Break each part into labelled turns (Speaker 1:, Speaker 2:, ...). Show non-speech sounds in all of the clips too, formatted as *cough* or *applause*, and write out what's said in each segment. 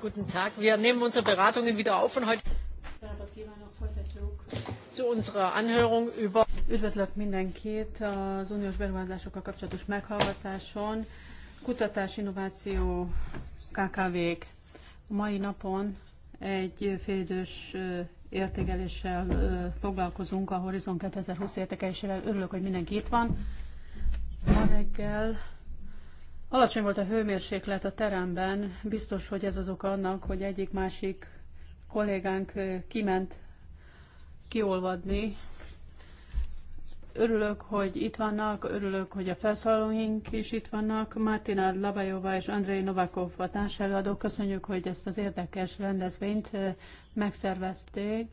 Speaker 1: Guten Tag. Wir nehmen unsere Beratungen wieder auf und heute zu unserer Anhörung über Üdvözlök mindenkit az uniós beruházásokkal kapcsolatos meghallgatáson. Kutatás, innováció, KKV-k. A mai napon egy félidős értékeléssel foglalkozunk a Horizon 2020 értékelésével. Örülök, hogy mindenki itt van. Ma reggel Alacsony volt a hőmérséklet a teremben, biztos, hogy ez az oka annak, hogy egyik-másik kollégánk kiment kiolvadni. Örülök, hogy itt vannak, örülök, hogy a felszállóink is itt vannak. Martina Labajova és Andrei Novakov a társelőadók. Köszönjük, hogy ezt az érdekes rendezvényt megszervezték.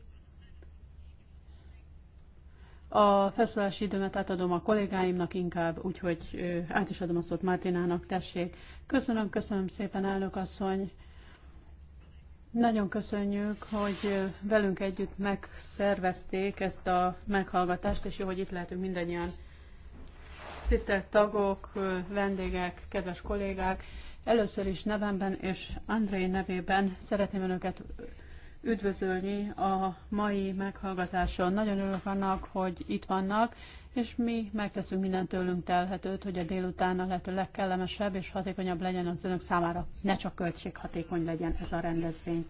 Speaker 1: A felszólási időmet átadom a kollégáimnak inkább, úgyhogy át is adom a szót Mártinának, tessék. Köszönöm, köszönöm szépen, elnök asszony. Nagyon köszönjük, hogy velünk együtt megszervezték ezt a meghallgatást, és jó, hogy itt lehetünk mindannyian. Tisztelt tagok, vendégek, kedves kollégák! Először is nevemben és Andrei nevében szeretném önöket üdvözölni a mai meghallgatáson. Nagyon örülök annak, hogy itt vannak, és mi megteszünk mindent tőlünk telhetőt, hogy a délután a lehető legkellemesebb és hatékonyabb legyen az önök számára. Ne csak költséghatékony legyen ez a rendezvény.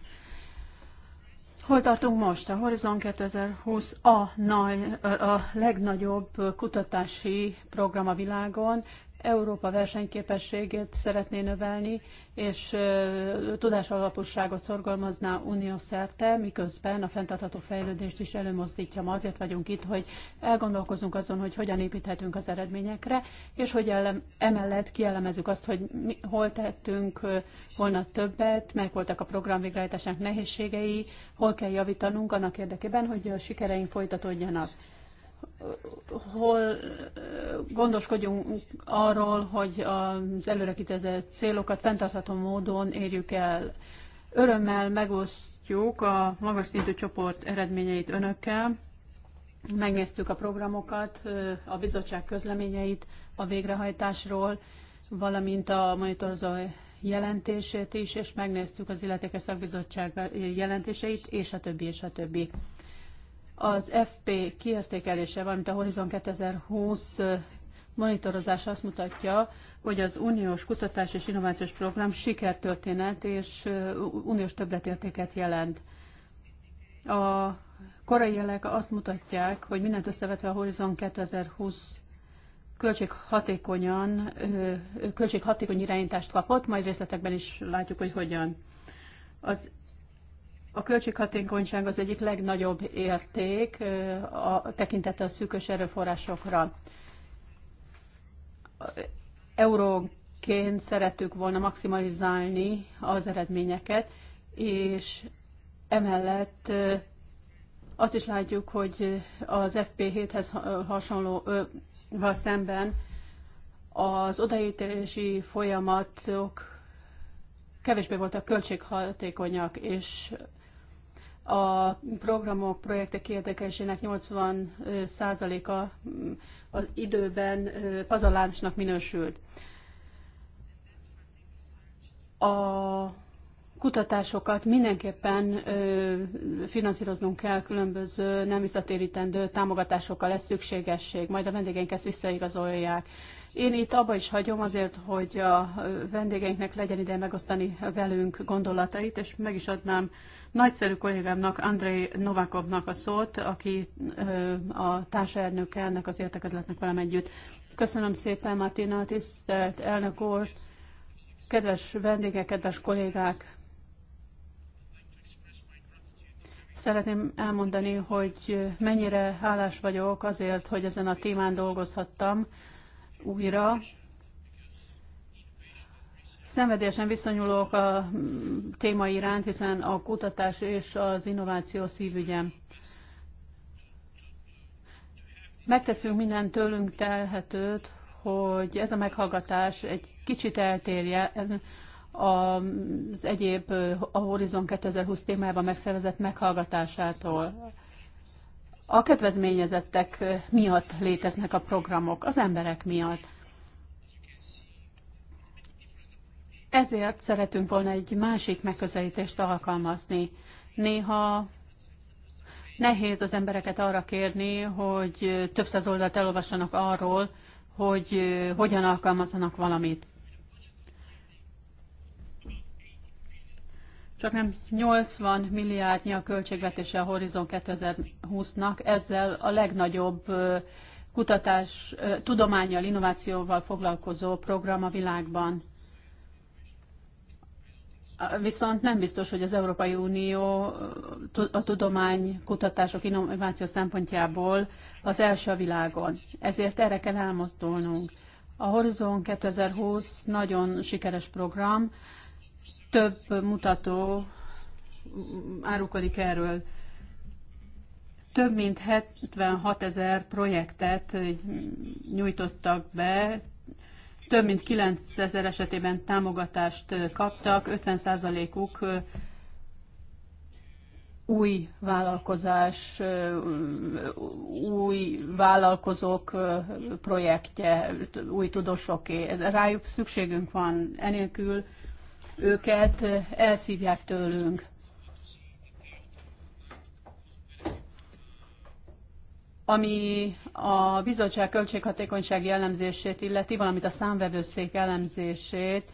Speaker 1: Hol tartunk most? A Horizon 2020 a, nagy, a legnagyobb kutatási program a világon. Európa versenyképességét szeretné növelni, és tudásalaposságot szorgalmazná unió szerte, miközben a fenntartható fejlődést is előmozdítja. Ma azért vagyunk itt, hogy elgondolkozunk azon, hogy hogyan építhetünk az eredményekre, és hogy emellett kielemezzük azt, hogy mi, hol tettünk volna többet, meg voltak a program végrehajtásának nehézségei, hol kell javítanunk annak érdekében, hogy a sikereink folytatódjanak hol gondoskodjunk arról, hogy az előre kitezett célokat fenntartható módon érjük el. Örömmel megosztjuk a magas szintű csoport eredményeit önökkel, megnéztük a programokat, a bizottság közleményeit a végrehajtásról, valamint a monitorozó jelentését is, és megnéztük az illetékes szakbizottság jelentéseit, és a többi, és a többi. Az FP kiértékelése, valamint a Horizon 2020 monitorozás azt mutatja, hogy az uniós kutatás és innovációs program sikertörténet és uniós többletértéket jelent. A korai jelek azt mutatják, hogy mindent összevetve a Horizon 2020 költséghatékonyan, költséghatékony irányítást kapott, majd részletekben is látjuk, hogy hogyan. Az a költséghatékonyság az egyik legnagyobb érték a tekintete a szűkös erőforrásokra. Eurónként szerettük volna maximalizálni az eredményeket, és emellett azt is látjuk, hogy az FP7-hez hasonló, ha szemben az odaítélési folyamatok kevésbé voltak költséghatékonyak, és a programok, projektek érdekesének 80%-a mm, az időben pazarlásnak minősült. A kutatásokat mindenképpen finanszíroznunk kell, különböző nem visszatérítendő támogatásokkal lesz szükségesség, majd a vendégeink ezt visszaigazolják. Én itt abba is hagyom azért, hogy a vendégeinknek legyen ide megosztani velünk gondolatait, és meg is adnám nagyszerű kollégámnak, Andrei Novakovnak a szót, aki a társelnöke ennek az értekezletnek velem együtt. Köszönöm szépen, Martina, tisztelt elnök úr, kedves vendégek, kedves kollégák! Szeretném elmondani, hogy mennyire hálás vagyok azért, hogy ezen a témán dolgozhattam újra, szenvedélyesen viszonyulok a téma iránt, hiszen a kutatás és az innováció szívügyem. Megteszünk minden tőlünk telhetőt, hogy ez a meghallgatás egy kicsit eltérjen az egyéb a Horizon 2020 témában megszervezett meghallgatásától. A kedvezményezettek miatt léteznek a programok, az emberek miatt. Ezért szeretünk volna egy másik megközelítést alkalmazni. Néha nehéz az embereket arra kérni, hogy több száz oldalt elolvassanak arról, hogy hogyan alkalmazzanak valamit. Csak nem 80 milliárdnyi a költségvetése a Horizon 2020-nak, ezzel a legnagyobb kutatás, tudományjal, innovációval foglalkozó program a világban. Viszont nem biztos, hogy az Európai Unió a tudomány, kutatások, innováció szempontjából az első a világon. Ezért erre kell elmozdulnunk. A Horizon 2020 nagyon sikeres program, több mutató árukodik erről. Több mint 76 ezer projektet nyújtottak be több mint 9000 esetében támogatást kaptak, 50%-uk új vállalkozás, új vállalkozók projektje, új tudósoké. Rájuk szükségünk van, enélkül őket elszívják tőlünk. Ami a bizottság költséghatékonysági elemzését illeti, valamint a számvevőszék elemzését,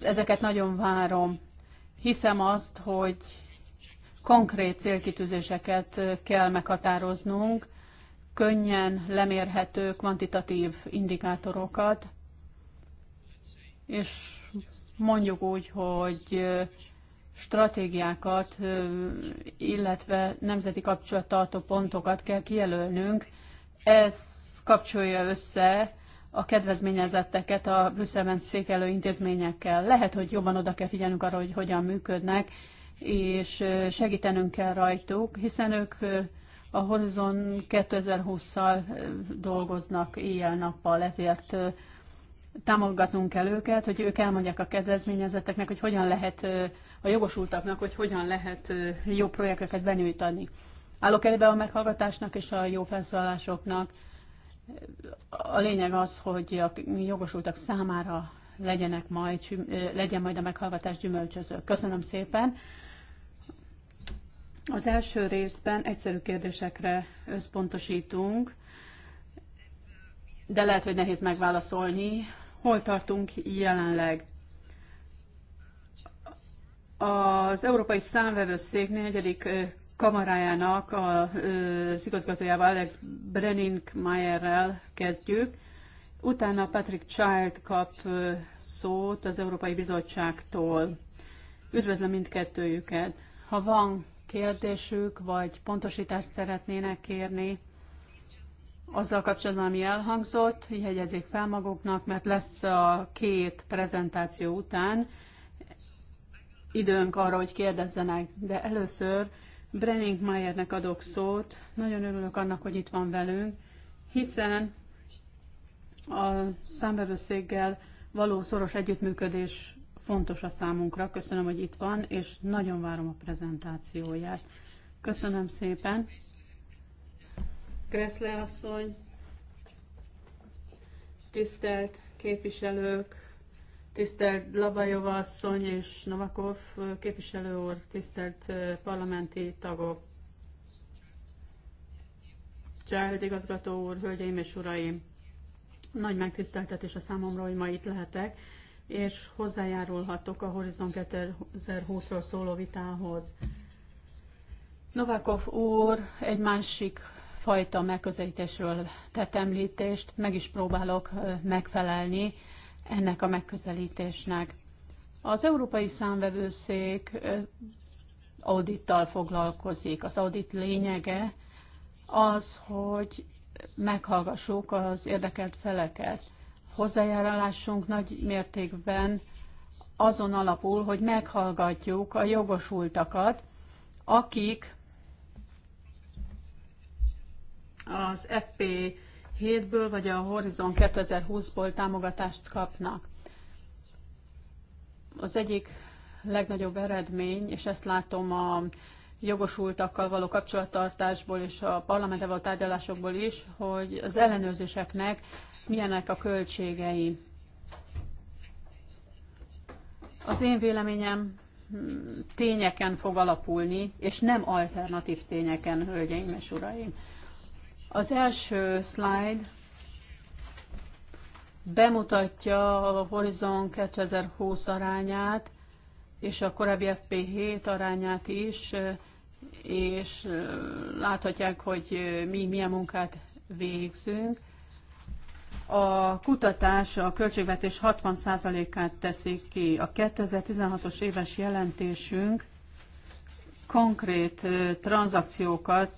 Speaker 1: ezeket nagyon várom. Hiszem azt, hogy konkrét célkitűzéseket kell meghatároznunk, könnyen lemérhető kvantitatív indikátorokat, és mondjuk úgy, hogy stratégiákat, illetve nemzeti kapcsolattartó pontokat kell kijelölnünk. Ez kapcsolja össze a kedvezményezetteket a Brüsszelben székelő intézményekkel. Lehet, hogy jobban oda kell figyelnünk arra, hogy hogyan működnek, és segítenünk kell rajtuk, hiszen ők a Horizon 2020-szal dolgoznak éjjel-nappal, ezért támogatnunk kell őket, hogy ők elmondják a kedvezményezetteknek, hogy hogyan lehet a jogosultaknak, hogy hogyan lehet jó projekteket benyújtani. Állok elébe a meghallgatásnak és a jó felszólalásoknak. A lényeg az, hogy a jogosultak számára legyenek majd, legyen majd a meghallgatás gyümölcsöző. Köszönöm szépen! Az első részben egyszerű kérdésekre összpontosítunk, de lehet, hogy nehéz megválaszolni. Hol tartunk jelenleg? Az Európai Számvevőszék negyedik kamarájának az igazgatójával Alex Mayerrel kezdjük. Utána Patrick Child kap szót az Európai Bizottságtól. Üdvözlöm mindkettőjüket. Ha van kérdésük, vagy pontosítást szeretnének kérni, azzal kapcsolatban, ami elhangzott, jegyezzék fel maguknak, mert lesz a két prezentáció után időnk arra, hogy kérdezzenek, de először Brenning Mayernek adok szót. Nagyon örülök annak, hogy itt van velünk, hiszen a számbevőszéggel való szoros együttműködés fontos a számunkra. Köszönöm, hogy itt van, és nagyon várom a prezentációját. Köszönöm szépen. Kreszle asszony, tisztelt képviselők, tisztelt Labajova asszony és Novakov képviselő úr, tisztelt parlamenti tagok, Child igazgató úr, hölgyeim és uraim! Nagy megtiszteltetés a számomra, hogy ma itt lehetek, és hozzájárulhatok a Horizon 2020-ról szóló vitához. Novakov úr egy másik fajta megközelítésről tett említést, meg is próbálok megfelelni ennek a megközelítésnek. Az Európai Számvevőszék audittal foglalkozik. Az audit lényege az, hogy meghallgassuk az érdekelt feleket. Hozzájárulásunk nagy mértékben azon alapul, hogy meghallgatjuk a jogosultakat, akik az FP 2007-ből vagy a Horizon 2020-ból támogatást kapnak. Az egyik legnagyobb eredmény, és ezt látom a jogosultakkal való kapcsolattartásból és a parlamentre való tárgyalásokból is, hogy az ellenőrzéseknek milyenek a költségei. Az én véleményem hm, tényeken fog alapulni, és nem alternatív tényeken, hölgyeim és uraim. Az első slide bemutatja a Horizon 2020 arányát, és a korábbi FP7 arányát is, és láthatják, hogy mi milyen munkát végzünk. A kutatás a költségvetés 60%-át teszik ki. A 2016-os éves jelentésünk konkrét tranzakciókat,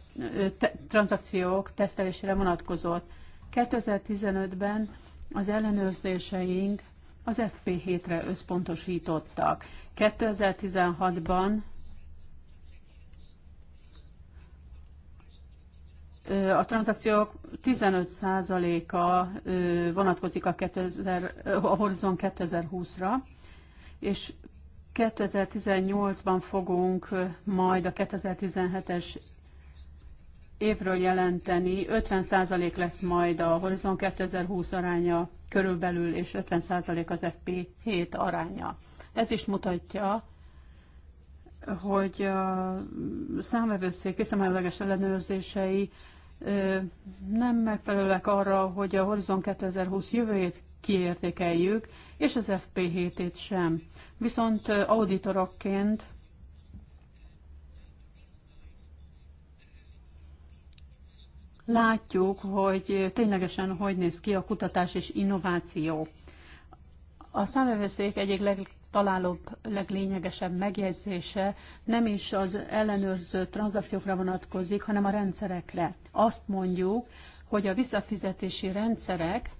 Speaker 1: te, tranzakciók tesztelésére vonatkozott. 2015-ben az ellenőrzéseink az FP7-re összpontosítottak. 2016-ban A tranzakciók 15%-a vonatkozik a, 2000, a Horizon 2020-ra, és 2018-ban fogunk majd a 2017-es évről jelenteni. 50% lesz majd a Horizon 2020 aránya körülbelül, és 50% az FP7 aránya. Ez is mutatja, hogy a számvevőszék visszamenőleges ellenőrzései nem megfelelőek arra, hogy a Horizon 2020 jövőjét kiértékeljük, és az FP7-ét sem. Viszont auditorokként látjuk, hogy ténylegesen hogy néz ki a kutatás és innováció. A számvevőszék egyik legtalálóbb, leglényegesebb megjegyzése nem is az ellenőrző tranzakciókra vonatkozik, hanem a rendszerekre. Azt mondjuk, hogy a visszafizetési rendszerek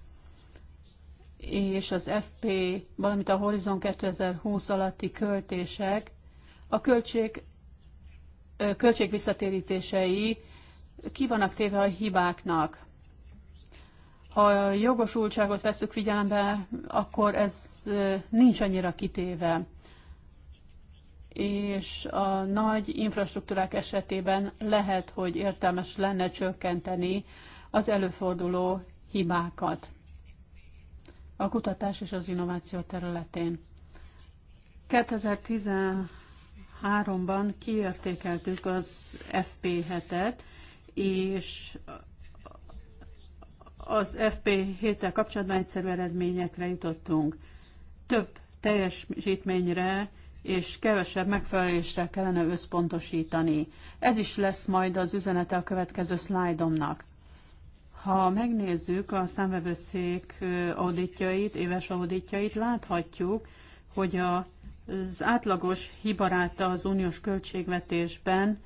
Speaker 1: és az FP, valamint a Horizon 2020 alatti költések, a költség, költség visszatérítései ki vannak téve a hibáknak. Ha a jogosultságot veszük figyelembe, akkor ez nincs annyira kitéve. És a nagy infrastruktúrák esetében lehet, hogy értelmes lenne csökkenteni az előforduló hibákat a kutatás és az innováció területén. 2013-ban kiértékeltük az FP7-et, és az FP7-tel kapcsolatban egyszerű eredményekre jutottunk. Több teljesítményre és kevesebb megfelelésre kellene összpontosítani. Ez is lesz majd az üzenete a következő szlájdomnak. Ha megnézzük a számvevőszék auditjait, éves auditjait, láthatjuk, hogy az átlagos hibaráta az uniós költségvetésben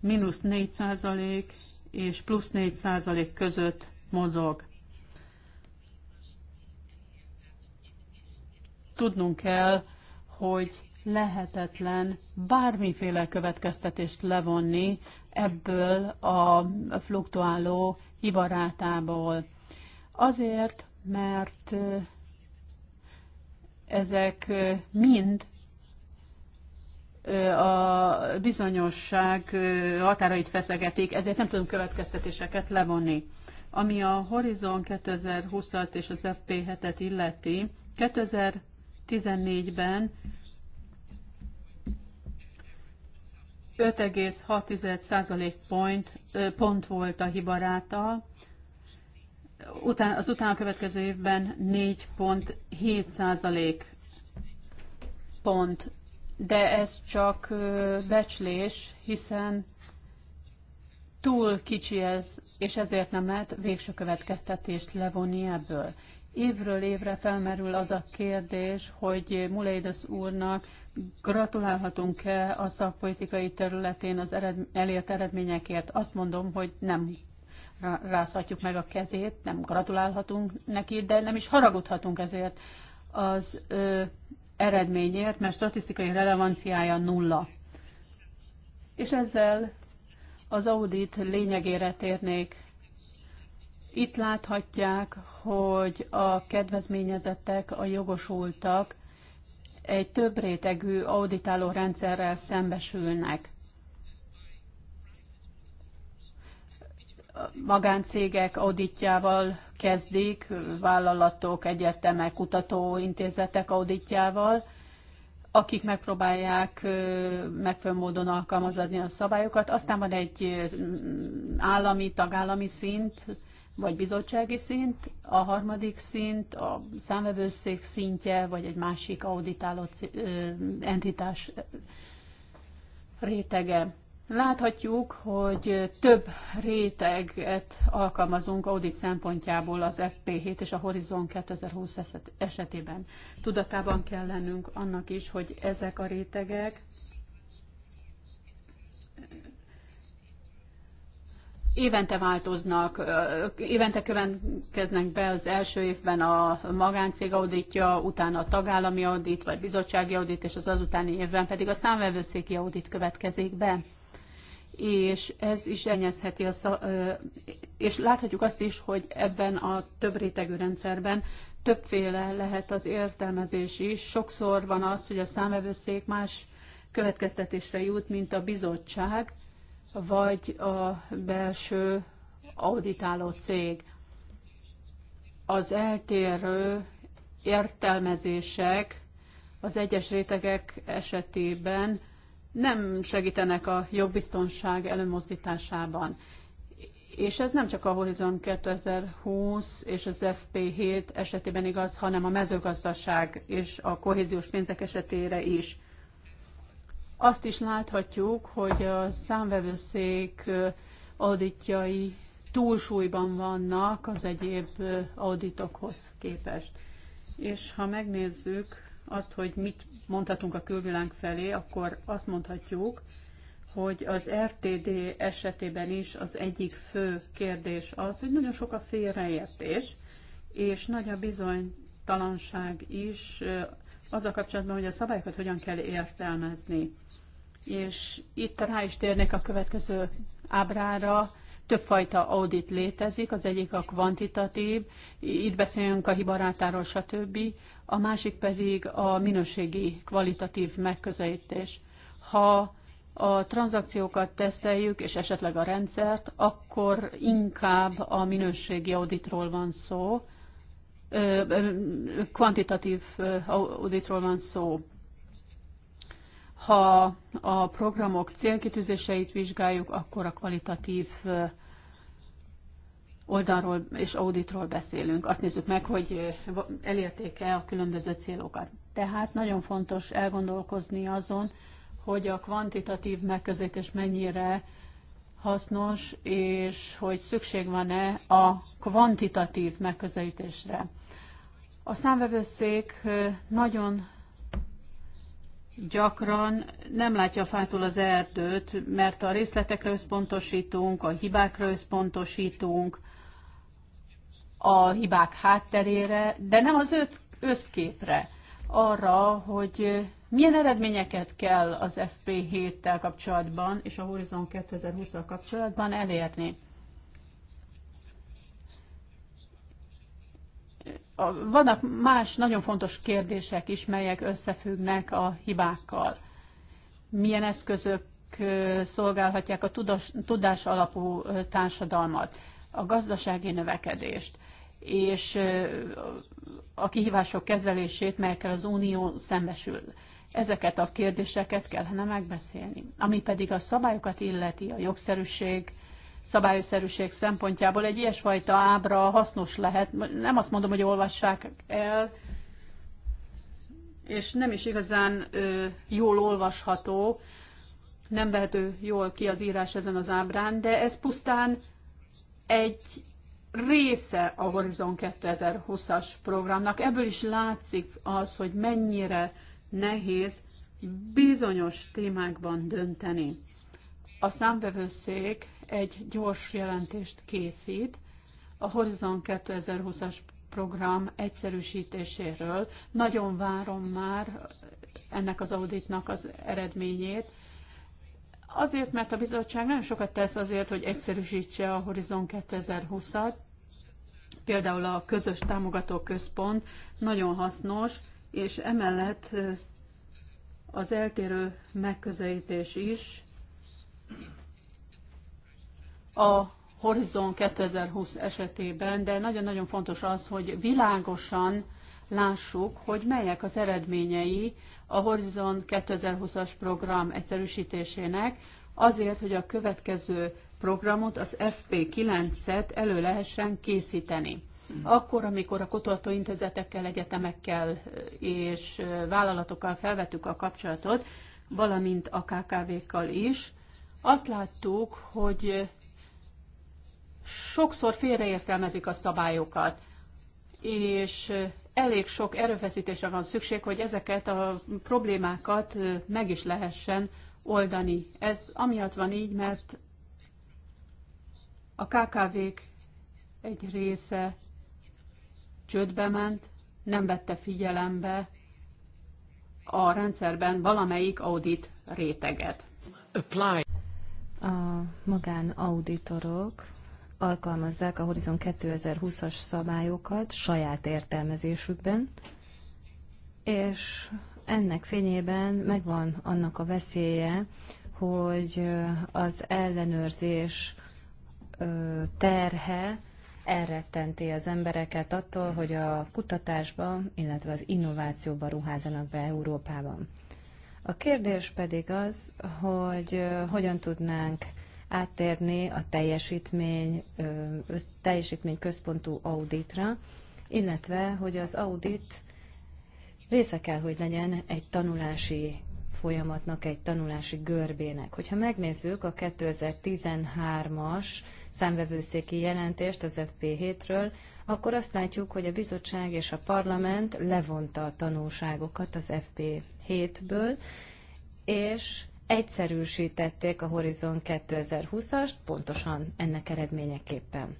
Speaker 1: mínusz 4 százalék és plusz 4 százalék között mozog. Tudnunk kell, hogy lehetetlen bármiféle következtetést levonni ebből a fluktuáló hibarátából. Azért, mert ezek mind a bizonyosság határait feszegetik, ezért nem tudunk következtetéseket levonni. Ami a Horizon 2020-at és az FP7-et illeti, 2014-ben 5,6% pont, pont volt a hibaráta, Után, az utána következő évben 4,7% pont, de ez csak becslés, hiszen túl kicsi ez, és ezért nem lehet végső következtetést levonni ebből. Évről évre felmerül az a kérdés, hogy Muleidos úrnak Gratulálhatunk-e a szakpolitikai területén az eredm- elért eredményekért? Azt mondom, hogy nem rázhatjuk meg a kezét, nem gratulálhatunk neki, de nem is haragudhatunk ezért az ö, eredményért, mert statisztikai relevanciája nulla. És ezzel az audit lényegére térnék. Itt láthatják, hogy a kedvezményezettek, a jogosultak egy több rétegű auditáló rendszerrel szembesülnek. Magáncégek auditjával kezdik, vállalatok, egyetemek, kutatóintézetek auditjával, akik megpróbálják megfelelő módon alkalmazni a szabályokat. Aztán van egy állami, tagállami szint, vagy bizottsági szint, a harmadik szint a számvevőszék szintje, vagy egy másik auditáló entitás rétege. Láthatjuk, hogy több réteget alkalmazunk audit szempontjából az FP7 és a Horizon 2020 esetében. Tudatában kell lennünk annak is, hogy ezek a rétegek évente változnak, évente következnek be az első évben a magáncég auditja, utána a tagállami audit, vagy bizottsági audit, és az azutáni évben pedig a számvevőszéki audit következik be. És ez is enyezheti a szak, és láthatjuk azt is, hogy ebben a több rétegű rendszerben többféle lehet az értelmezés is. Sokszor van az, hogy a számvevőszék más következtetésre jut, mint a bizottság, vagy a belső auditáló cég. Az eltérő értelmezések az egyes rétegek esetében nem segítenek a jogbiztonság előmozdításában. És ez nem csak a Horizon 2020 és az FP7 esetében igaz, hanem a mezőgazdaság és a kohéziós pénzek esetére is. Azt is láthatjuk, hogy a számvevőszék auditjai túlsúlyban vannak az egyéb auditokhoz képest. És ha megnézzük azt, hogy mit mondhatunk a külvilág felé, akkor azt mondhatjuk, hogy az RTD esetében is az egyik fő kérdés az, hogy nagyon sok a félreértés, és nagy a bizonytalanság is a kapcsolatban, hogy a szabályokat hogyan kell értelmezni. És itt rá is térnék a következő ábrára. Többfajta audit létezik, az egyik a kvantitatív, itt beszélünk a hibarátáról, stb. A másik pedig a minőségi, kvalitatív megközelítés. Ha a tranzakciókat teszteljük, és esetleg a rendszert, akkor inkább a minőségi auditról van szó, kvantitatív auditról van szó. Ha a programok célkitűzéseit vizsgáljuk, akkor a kvalitatív oldalról és auditról beszélünk. Azt nézzük meg, hogy elérték-e a különböző célokat. Tehát nagyon fontos elgondolkozni azon, hogy a kvantitatív megközelítés mennyire hasznos, és hogy szükség van-e a kvantitatív megközelítésre. A számvevőszék nagyon gyakran nem látja a fától az erdőt, mert a részletekre összpontosítunk, a hibákra összpontosítunk, a hibák hátterére, de nem az öt összképre, arra, hogy milyen eredményeket kell az FP7-tel kapcsolatban és a Horizon 2020-al kapcsolatban elérni? Vannak más nagyon fontos kérdések is, melyek összefüggnek a hibákkal. Milyen eszközök szolgálhatják a tudás, tudás alapú társadalmat, a gazdasági növekedést, és a kihívások kezelését, melyekkel az Unió szembesül Ezeket a kérdéseket kellene megbeszélni. Ami pedig a szabályokat illeti, a jogszerűség, szabályszerűség szempontjából egy ilyesfajta ábra hasznos lehet. Nem azt mondom, hogy olvassák el, és nem is igazán ö, jól olvasható, nem vehető jól ki az írás ezen az ábrán, de ez pusztán egy része a Horizon 2020-as programnak. Ebből is látszik az, hogy mennyire nehéz bizonyos témákban dönteni. A számvevőszék egy gyors jelentést készít a Horizon 2020-as program egyszerűsítéséről. Nagyon várom már ennek az auditnak az eredményét, Azért, mert a bizottság nagyon sokat tesz azért, hogy egyszerűsítse a Horizon 2020-at. Például a közös támogató központ nagyon hasznos, és emellett az eltérő megközelítés is a Horizon 2020 esetében, de nagyon-nagyon fontos az, hogy világosan lássuk, hogy melyek az eredményei a Horizon 2020-as program egyszerűsítésének, azért, hogy a következő programot, az FP9-et elő lehessen készíteni. Akkor, amikor a kutatóintézetekkel, egyetemekkel eh, és eh, vállalatokkal felvettük a kapcsolatot, valamint a KKV-kkal is, azt láttuk, hogy eh, sokszor félreértelmezik a szabályokat, és elég sok erőfeszítésre van szükség, hogy ezeket a problémákat meg is lehessen oldani. Ez amiatt van így, mert a KKV-k egy része csődbe ment, nem vette figyelembe a rendszerben valamelyik audit réteget. Apply.
Speaker 2: A magánauditorok alkalmazzák a Horizon 2020-as szabályokat saját értelmezésükben, és ennek fényében megvan annak a veszélye, hogy az ellenőrzés terhe elrettenti az embereket attól, hogy a kutatásba, illetve az innovációba ruházanak be Európában. A kérdés pedig az, hogy hogyan tudnánk áttérni a teljesítmény, teljesítmény központú auditra, illetve hogy az audit része kell, hogy legyen egy tanulási folyamatnak, egy tanulási görbének. Hogyha megnézzük a 2013-as számvevőszéki jelentést az FP7-ről, akkor azt látjuk, hogy a bizottság és a parlament levonta a tanulságokat az FP7-ből, és egyszerűsítették a Horizon 2020-ast, pontosan ennek eredményeképpen.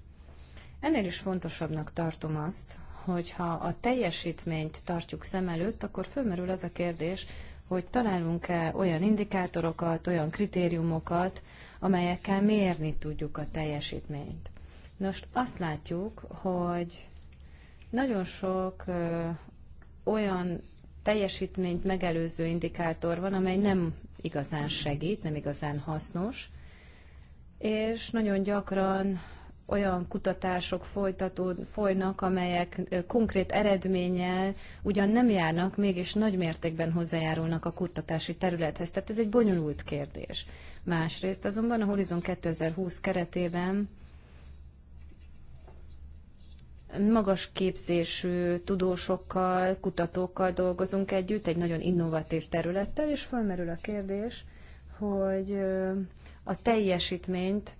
Speaker 2: Ennél is fontosabbnak tartom azt, hogyha a teljesítményt tartjuk szem előtt, akkor fölmerül az a kérdés, hogy találunk-e olyan indikátorokat, olyan kritériumokat, amelyekkel mérni tudjuk a teljesítményt. Nos, azt látjuk, hogy nagyon sok ö, olyan teljesítményt megelőző indikátor van, amely nem igazán segít, nem igazán hasznos, és nagyon gyakran olyan kutatások folytató, folynak, amelyek konkrét eredménnyel ugyan nem járnak, mégis nagy mértékben hozzájárulnak a kutatási területhez. Tehát ez egy bonyolult kérdés. Másrészt azonban a Horizon 2020 keretében magas képzésű tudósokkal, kutatókkal dolgozunk együtt, egy nagyon innovatív területtel, és felmerül a kérdés, hogy a teljesítményt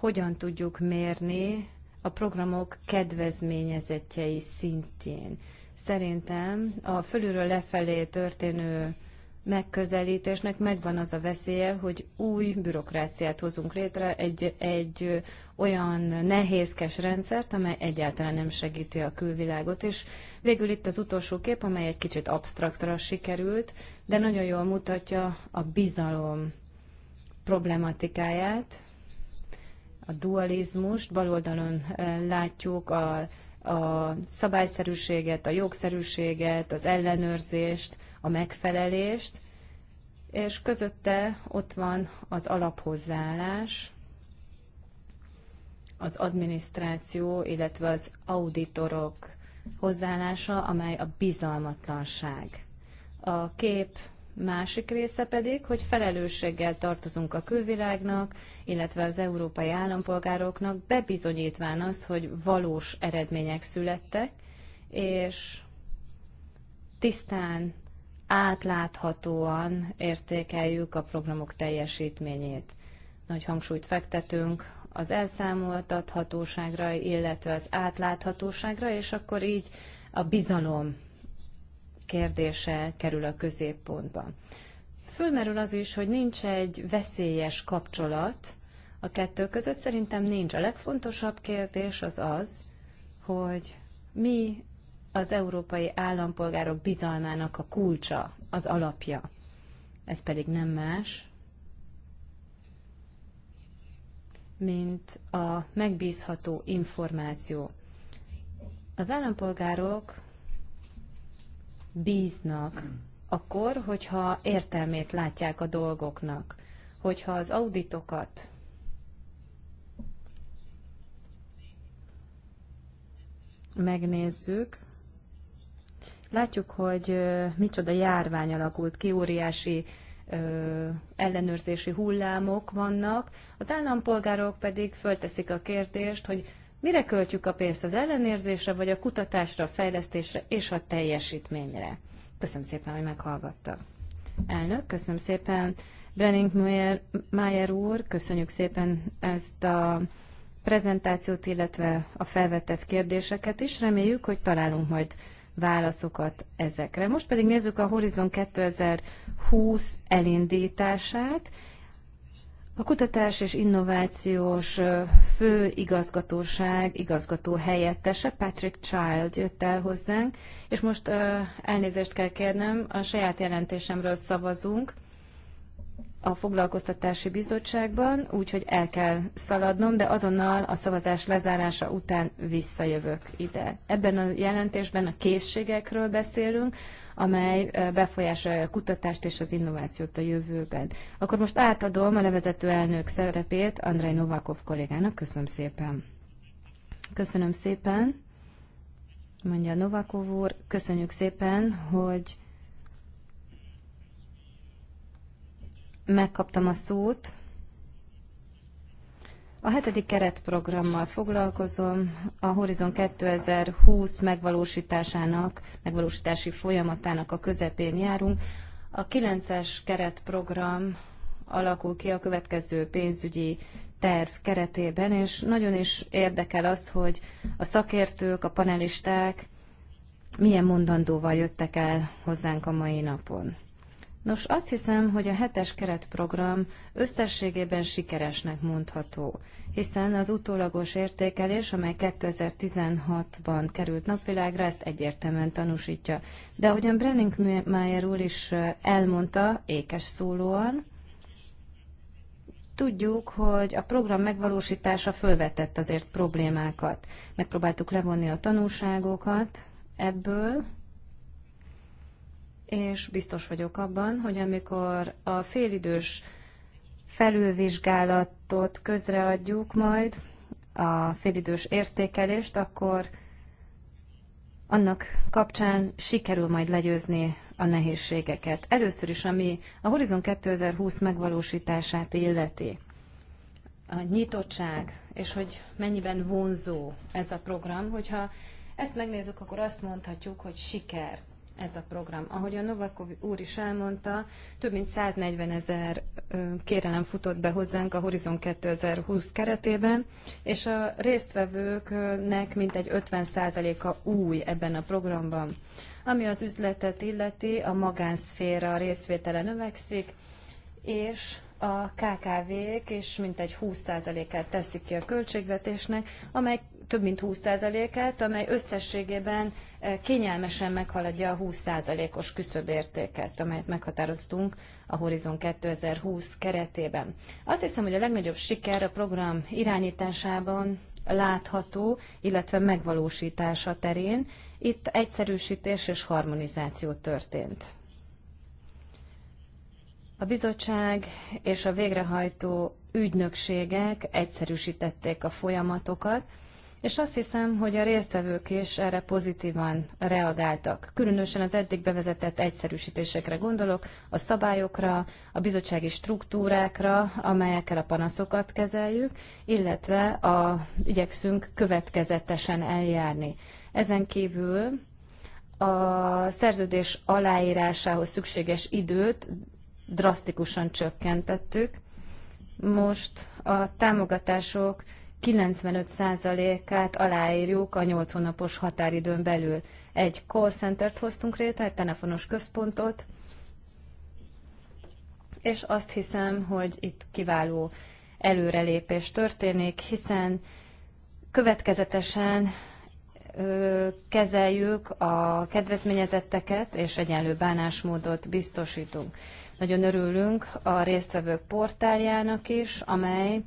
Speaker 2: hogyan tudjuk mérni a programok kedvezményezettjei szintjén. Szerintem a fölülről lefelé történő megközelítésnek megvan az a veszélye, hogy új bürokráciát hozunk létre, egy, egy olyan nehézkes rendszert, amely egyáltalán nem segíti a külvilágot, és végül itt az utolsó kép, amely egy kicsit absztraktra sikerült, de nagyon jól mutatja a bizalom problematikáját, a dualizmust, baloldalon látjuk a, a szabályszerűséget, a jogszerűséget, az ellenőrzést, a megfelelést, és közötte ott van az alaphozzáállás, az adminisztráció, illetve az auditorok hozzáállása, amely a bizalmatlanság. A kép Másik része pedig, hogy felelősséggel tartozunk a külvilágnak, illetve az európai állampolgároknak, bebizonyítván az, hogy valós eredmények születtek, és tisztán, átláthatóan értékeljük a programok teljesítményét. Nagy hangsúlyt fektetünk az elszámoltathatóságra, illetve az átláthatóságra, és akkor így a bizalom kérdése kerül a középpontba. Fölmerül az is, hogy nincs egy veszélyes kapcsolat a kettő között. Szerintem nincs. A legfontosabb kérdés az az, hogy mi az európai állampolgárok bizalmának a kulcsa, az alapja. Ez pedig nem más, mint a megbízható információ. Az állampolgárok bíznak, akkor, hogyha értelmét látják a dolgoknak, hogyha az auditokat megnézzük, látjuk, hogy micsoda járvány alakult ki, óriási ellenőrzési hullámok vannak, az állampolgárok pedig fölteszik a kérdést, hogy Mire költjük a pénzt? Az ellenérzésre, vagy a kutatásra, a fejlesztésre és a teljesítményre? Köszönöm szépen, hogy meghallgatta. Elnök, köszönöm szépen. Brenning Mayer úr, köszönjük szépen ezt a prezentációt, illetve a felvetett kérdéseket is. Reméljük, hogy találunk majd válaszokat ezekre. Most pedig nézzük a Horizon 2020 elindítását. A kutatás és innovációs főigazgatóság igazgató helyettese Patrick Child jött el hozzánk, és most elnézést kell kérnem, a saját jelentésemről szavazunk a foglalkoztatási bizottságban, úgyhogy el kell szaladnom, de azonnal a szavazás lezárása után visszajövök ide. Ebben a jelentésben a készségekről beszélünk, amely befolyásolja a kutatást és az innovációt a jövőben. Akkor most átadom a levezető elnök szerepét Andrei Novakov kollégának. Köszönöm szépen. Köszönöm szépen, mondja Novakov úr. Köszönjük szépen, hogy megkaptam a szót. A hetedik keretprogrammal foglalkozom, a Horizon 2020 megvalósításának, megvalósítási folyamatának a közepén járunk. A kilences keretprogram alakul ki a következő pénzügyi terv keretében, és nagyon is érdekel az, hogy a szakértők, a panelisták milyen mondandóval jöttek el hozzánk a mai napon. Nos, azt hiszem, hogy a hetes keretprogram összességében sikeresnek mondható, hiszen az utólagos értékelés, amely 2016-ban került napvilágra, ezt egyértelműen tanúsítja. De ahogyan Brenning Mayer úr is elmondta, ékes szólóan, tudjuk, hogy a program megvalósítása fölvetett azért problémákat. Megpróbáltuk levonni a tanulságokat ebből, és biztos vagyok abban, hogy amikor a félidős felülvizsgálatot közreadjuk majd, a félidős értékelést, akkor annak kapcsán sikerül majd legyőzni a nehézségeket. Először is, ami a Horizon 2020 megvalósítását illeti, a nyitottság, és hogy mennyiben vonzó ez a program, hogyha ezt megnézzük, akkor azt mondhatjuk, hogy siker ez a program. Ahogy a Novakov úr is elmondta, több mint 140 ezer kérelem futott be hozzánk a Horizon 2020 keretében, és a résztvevőknek mintegy 50%-a új ebben a programban. Ami az üzletet illeti, a magánszféra részvétele növekszik, és a KKV-k is mintegy 20%-át teszik ki a költségvetésnek, amely több mint 20%-át, amely összességében eh, kényelmesen meghaladja a 20%-os küszöbértéket, amelyet meghatároztunk a Horizon 2020 keretében. Azt hiszem, hogy a legnagyobb siker a program irányításában látható, illetve megvalósítása terén. Itt egyszerűsítés és harmonizáció történt. A bizottság és a végrehajtó ügynökségek egyszerűsítették a folyamatokat, és azt hiszem, hogy a résztvevők is erre pozitívan reagáltak. Különösen az eddig bevezetett egyszerűsítésekre gondolok, a szabályokra, a bizottsági struktúrákra, amelyekkel a panaszokat kezeljük, illetve a, igyekszünk következetesen eljárni. Ezen kívül a szerződés aláírásához szükséges időt drasztikusan csökkentettük. Most a támogatások 95%-át aláírjuk a 8 hónapos határidőn belül. Egy call centert hoztunk létre, egy telefonos központot, és azt hiszem, hogy itt kiváló előrelépés történik, hiszen következetesen ö, kezeljük a kedvezményezetteket, és egyenlő bánásmódot biztosítunk. Nagyon örülünk a résztvevők portáljának is, amely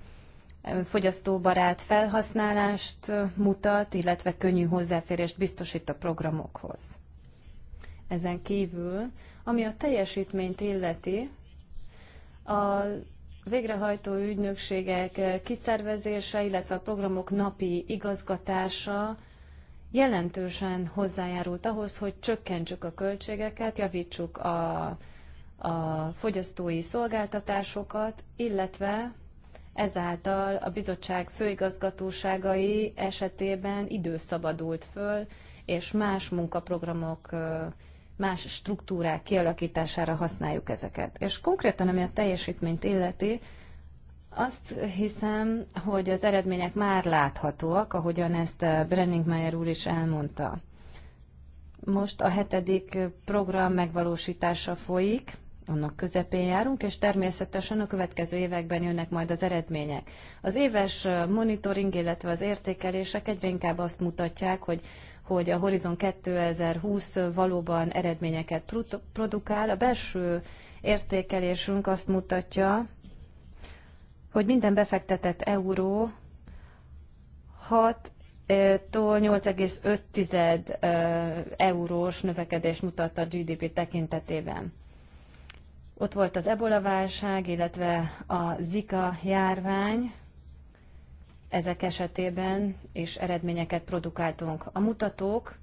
Speaker 2: fogyasztóbarát felhasználást mutat, illetve könnyű hozzáférést biztosít a programokhoz. Ezen kívül, ami a teljesítményt illeti, a végrehajtó ügynökségek kiszervezése, illetve a programok napi igazgatása jelentősen hozzájárult ahhoz, hogy csökkentsük a költségeket, javítsuk a, a fogyasztói szolgáltatásokat, illetve ezáltal a bizottság főigazgatóságai esetében idő szabadult föl, és más munkaprogramok, más struktúrák kialakítására használjuk ezeket. És konkrétan, ami a teljesítményt illeti, azt hiszem, hogy az eredmények már láthatóak, ahogyan ezt Brenningmeier úr is elmondta. Most a hetedik program megvalósítása folyik, annak közepén járunk, és természetesen a következő években jönnek majd az eredmények. Az éves monitoring, illetve az értékelések egyre inkább azt mutatják, hogy hogy a Horizon 2020 valóban eredményeket produkál. A belső értékelésünk azt mutatja, hogy minden befektetett euró 6-tól 8,5 eurós növekedést mutat a GDP tekintetében. Ott volt az ebola válság, illetve a zika járvány. Ezek esetében is eredményeket produkáltunk. A mutatók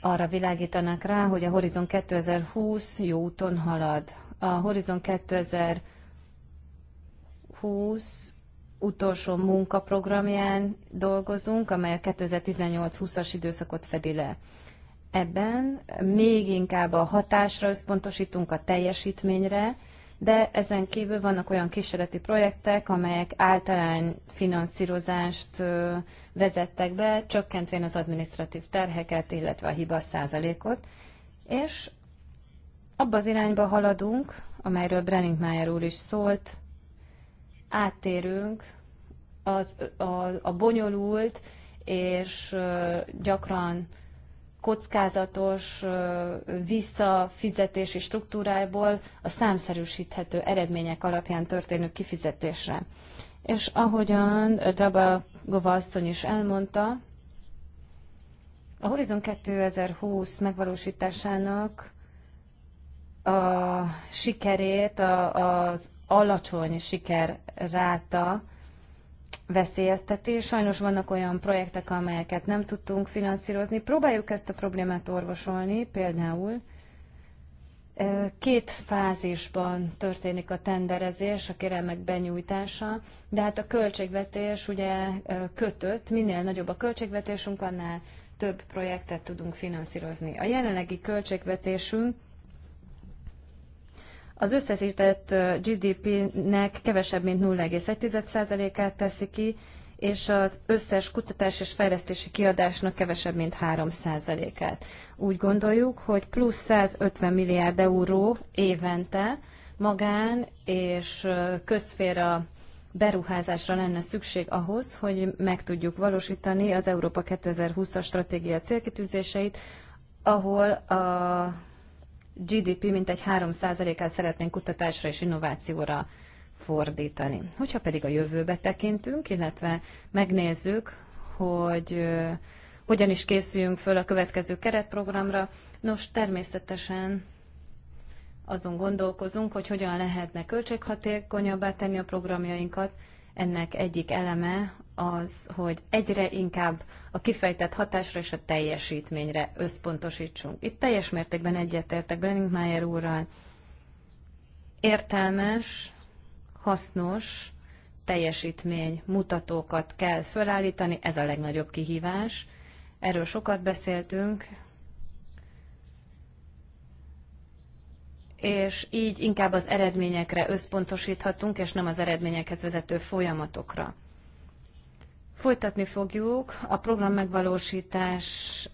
Speaker 2: arra világítanak rá, hogy a Horizon 2020 jó úton halad. A Horizon 2020 utolsó munkaprogramján dolgozunk, amely a 2018-20-as időszakot fedi le. Ebben még inkább a hatásra összpontosítunk, a teljesítményre, de ezen kívül vannak olyan kísérleti projektek, amelyek általán finanszírozást vezettek be, csökkentvén az administratív terheket, illetve a hiba százalékot, és abba az irányba haladunk, amelyről Brenningmeier úr is szólt, áttérünk az, a, a bonyolult és gyakran kockázatos visszafizetési struktúrából a számszerűsíthető eredmények alapján történő kifizetésre. És ahogyan Taba asszony is elmondta, a Horizon 2020 megvalósításának a sikerét, a, az alacsony sikerráta veszélyezteti. Sajnos vannak olyan projektek, amelyeket nem tudtunk finanszírozni. Próbáljuk ezt a problémát orvosolni, például két fázisban történik a tenderezés, a kérelmek benyújtása, de hát a költségvetés ugye kötött, minél nagyobb a költségvetésünk, annál több projektet tudunk finanszírozni. A jelenlegi költségvetésünk az összesített GDP-nek kevesebb, mint 0,1%-át teszi ki, és az összes kutatás és fejlesztési kiadásnak kevesebb, mint 3%-át. Úgy gondoljuk, hogy plusz 150 milliárd euró évente magán és közféra beruházásra lenne szükség ahhoz, hogy meg tudjuk valósítani az Európa 2020-as stratégia célkitűzéseit, ahol a GDP mintegy 3%-át szeretnénk kutatásra és innovációra fordítani. Hogyha pedig a jövőbe tekintünk, illetve megnézzük, hogy hogyan is készüljünk föl a következő keretprogramra, nos, természetesen azon gondolkozunk, hogy hogyan lehetne költséghatékonyabbá tenni a programjainkat. Ennek egyik eleme az, hogy egyre inkább a kifejtett hatásra és a teljesítményre összpontosítsunk. Itt teljes mértékben egyetértek Brenningmeier úrral. Értelmes, hasznos teljesítmény mutatókat kell felállítani, ez a legnagyobb kihívás. Erről sokat beszéltünk, és így inkább az eredményekre összpontosíthatunk, és nem az eredményekhez vezető folyamatokra. Folytatni fogjuk a program megvalósítás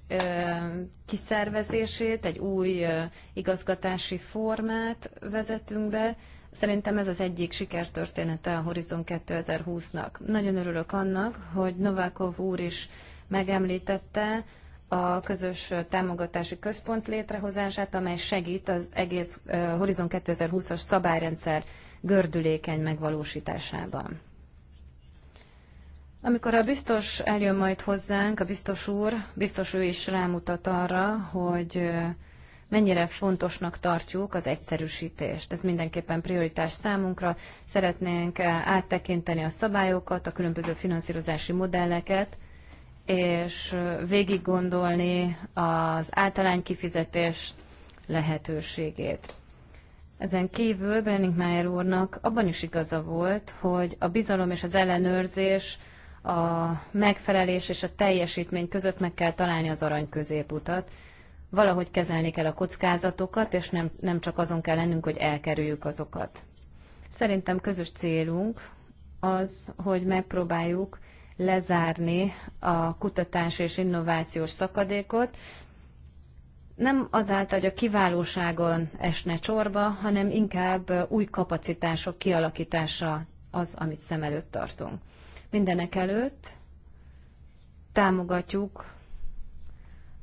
Speaker 2: kiszervezését, egy új igazgatási formát vezetünk be. Szerintem ez az egyik sikertörténete a Horizon 2020-nak. Nagyon örülök annak, hogy Novákov úr is megemlítette a közös támogatási központ létrehozását, amely segít az egész Horizon 2020-as szabályrendszer gördülékeny megvalósításában. Amikor a biztos eljön majd hozzánk, a biztos úr, biztos ő is rámutat arra, hogy mennyire fontosnak tartjuk az egyszerűsítést. Ez mindenképpen prioritás számunkra. Szeretnénk áttekinteni a szabályokat, a különböző finanszírozási modelleket, és végig gondolni az általány kifizetés lehetőségét. Ezen kívül Brenningmeier úrnak abban is igaza volt, hogy a bizalom és az ellenőrzés a megfelelés és a teljesítmény között meg kell találni az arany középutat. Valahogy kezelni kell a kockázatokat, és nem, nem csak azon kell lennünk, hogy elkerüljük azokat. Szerintem közös célunk az, hogy megpróbáljuk lezárni a kutatás és innovációs szakadékot, nem azáltal, hogy a kiválóságon esne csorba, hanem inkább új kapacitások kialakítása az, amit szem előtt tartunk. Mindenek előtt támogatjuk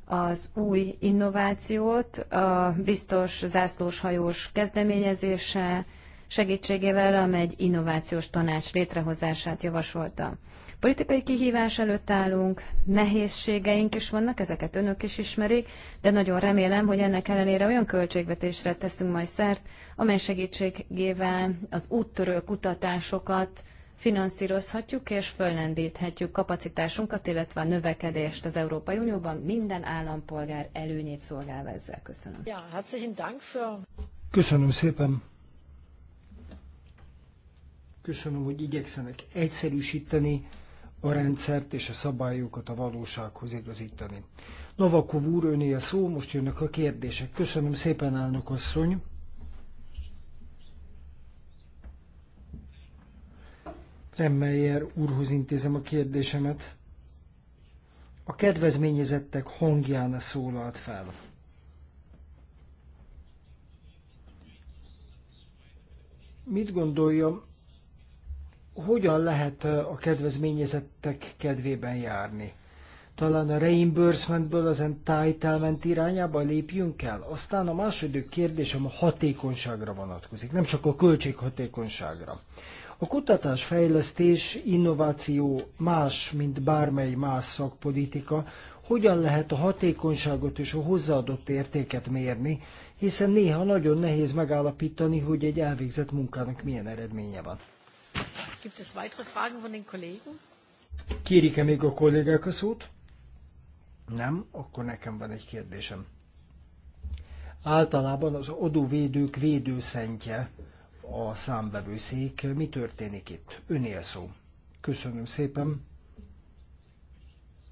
Speaker 2: az új innovációt, a biztos hajós kezdeményezése segítségével, amely egy innovációs tanács létrehozását javasolta. Politikai kihívás előtt állunk, nehézségeink is vannak, ezeket önök is ismerik, de nagyon remélem, hogy ennek ellenére olyan költségvetésre teszünk majd szert, amely segítségével az úttörő kutatásokat finanszírozhatjuk és föllendíthetjük kapacitásunkat, illetve a növekedést az Európai Unióban. Minden állampolgár előnyét szolgálva ezzel. Köszönöm.
Speaker 1: Ja, herzlichen Dank für...
Speaker 3: Köszönöm szépen. Köszönöm, hogy igyekszenek egyszerűsíteni a rendszert és a szabályokat a valósághoz igazítani. Novakov úr, öné a szó, most jönnek a kérdések. Köszönöm szépen, elnök asszony. Remmeyer úrhoz intézem a kérdésemet. A kedvezményezettek hangján szólalt fel. Mit gondolja, hogyan lehet a kedvezményezettek kedvében járni? Talán a reimbursementből az entitlement irányába lépjünk el? Aztán a második kérdésem a hatékonyságra vonatkozik, nem csak a költséghatékonyságra. A kutatás, fejlesztés, innováció más, mint bármely más szakpolitika, hogyan lehet a hatékonyságot és a hozzáadott értéket mérni, hiszen néha nagyon nehéz megállapítani, hogy egy elvégzett munkának milyen eredménye van.
Speaker 1: Gibt es weitere Fragen von den Kollegen?
Speaker 3: Kérik-e még a kollégák a szót? Nem? Akkor nekem van egy kérdésem. Általában az adóvédők védőszentje a számbevőszék. Mi történik itt? Önél szó. Köszönöm szépen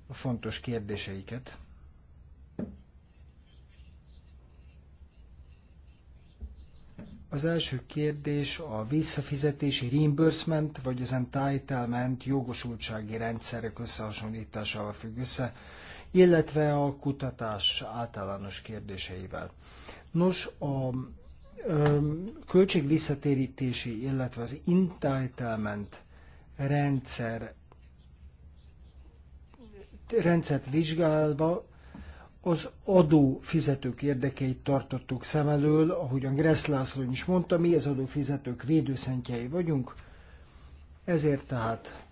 Speaker 3: a fontos kérdéseiket. Az első kérdés a visszafizetési reimbursement vagy az entitlement jogosultsági rendszerek összehasonlításával függ össze, illetve a kutatás általános kérdéseivel. Nos, a költségvisszatérítési, illetve az entitlement rendszer rendszert vizsgálva az adófizetők érdekeit tartottuk szem elől, ahogyan Gressz László is mondta, mi az adófizetők védőszentjei vagyunk, ezért tehát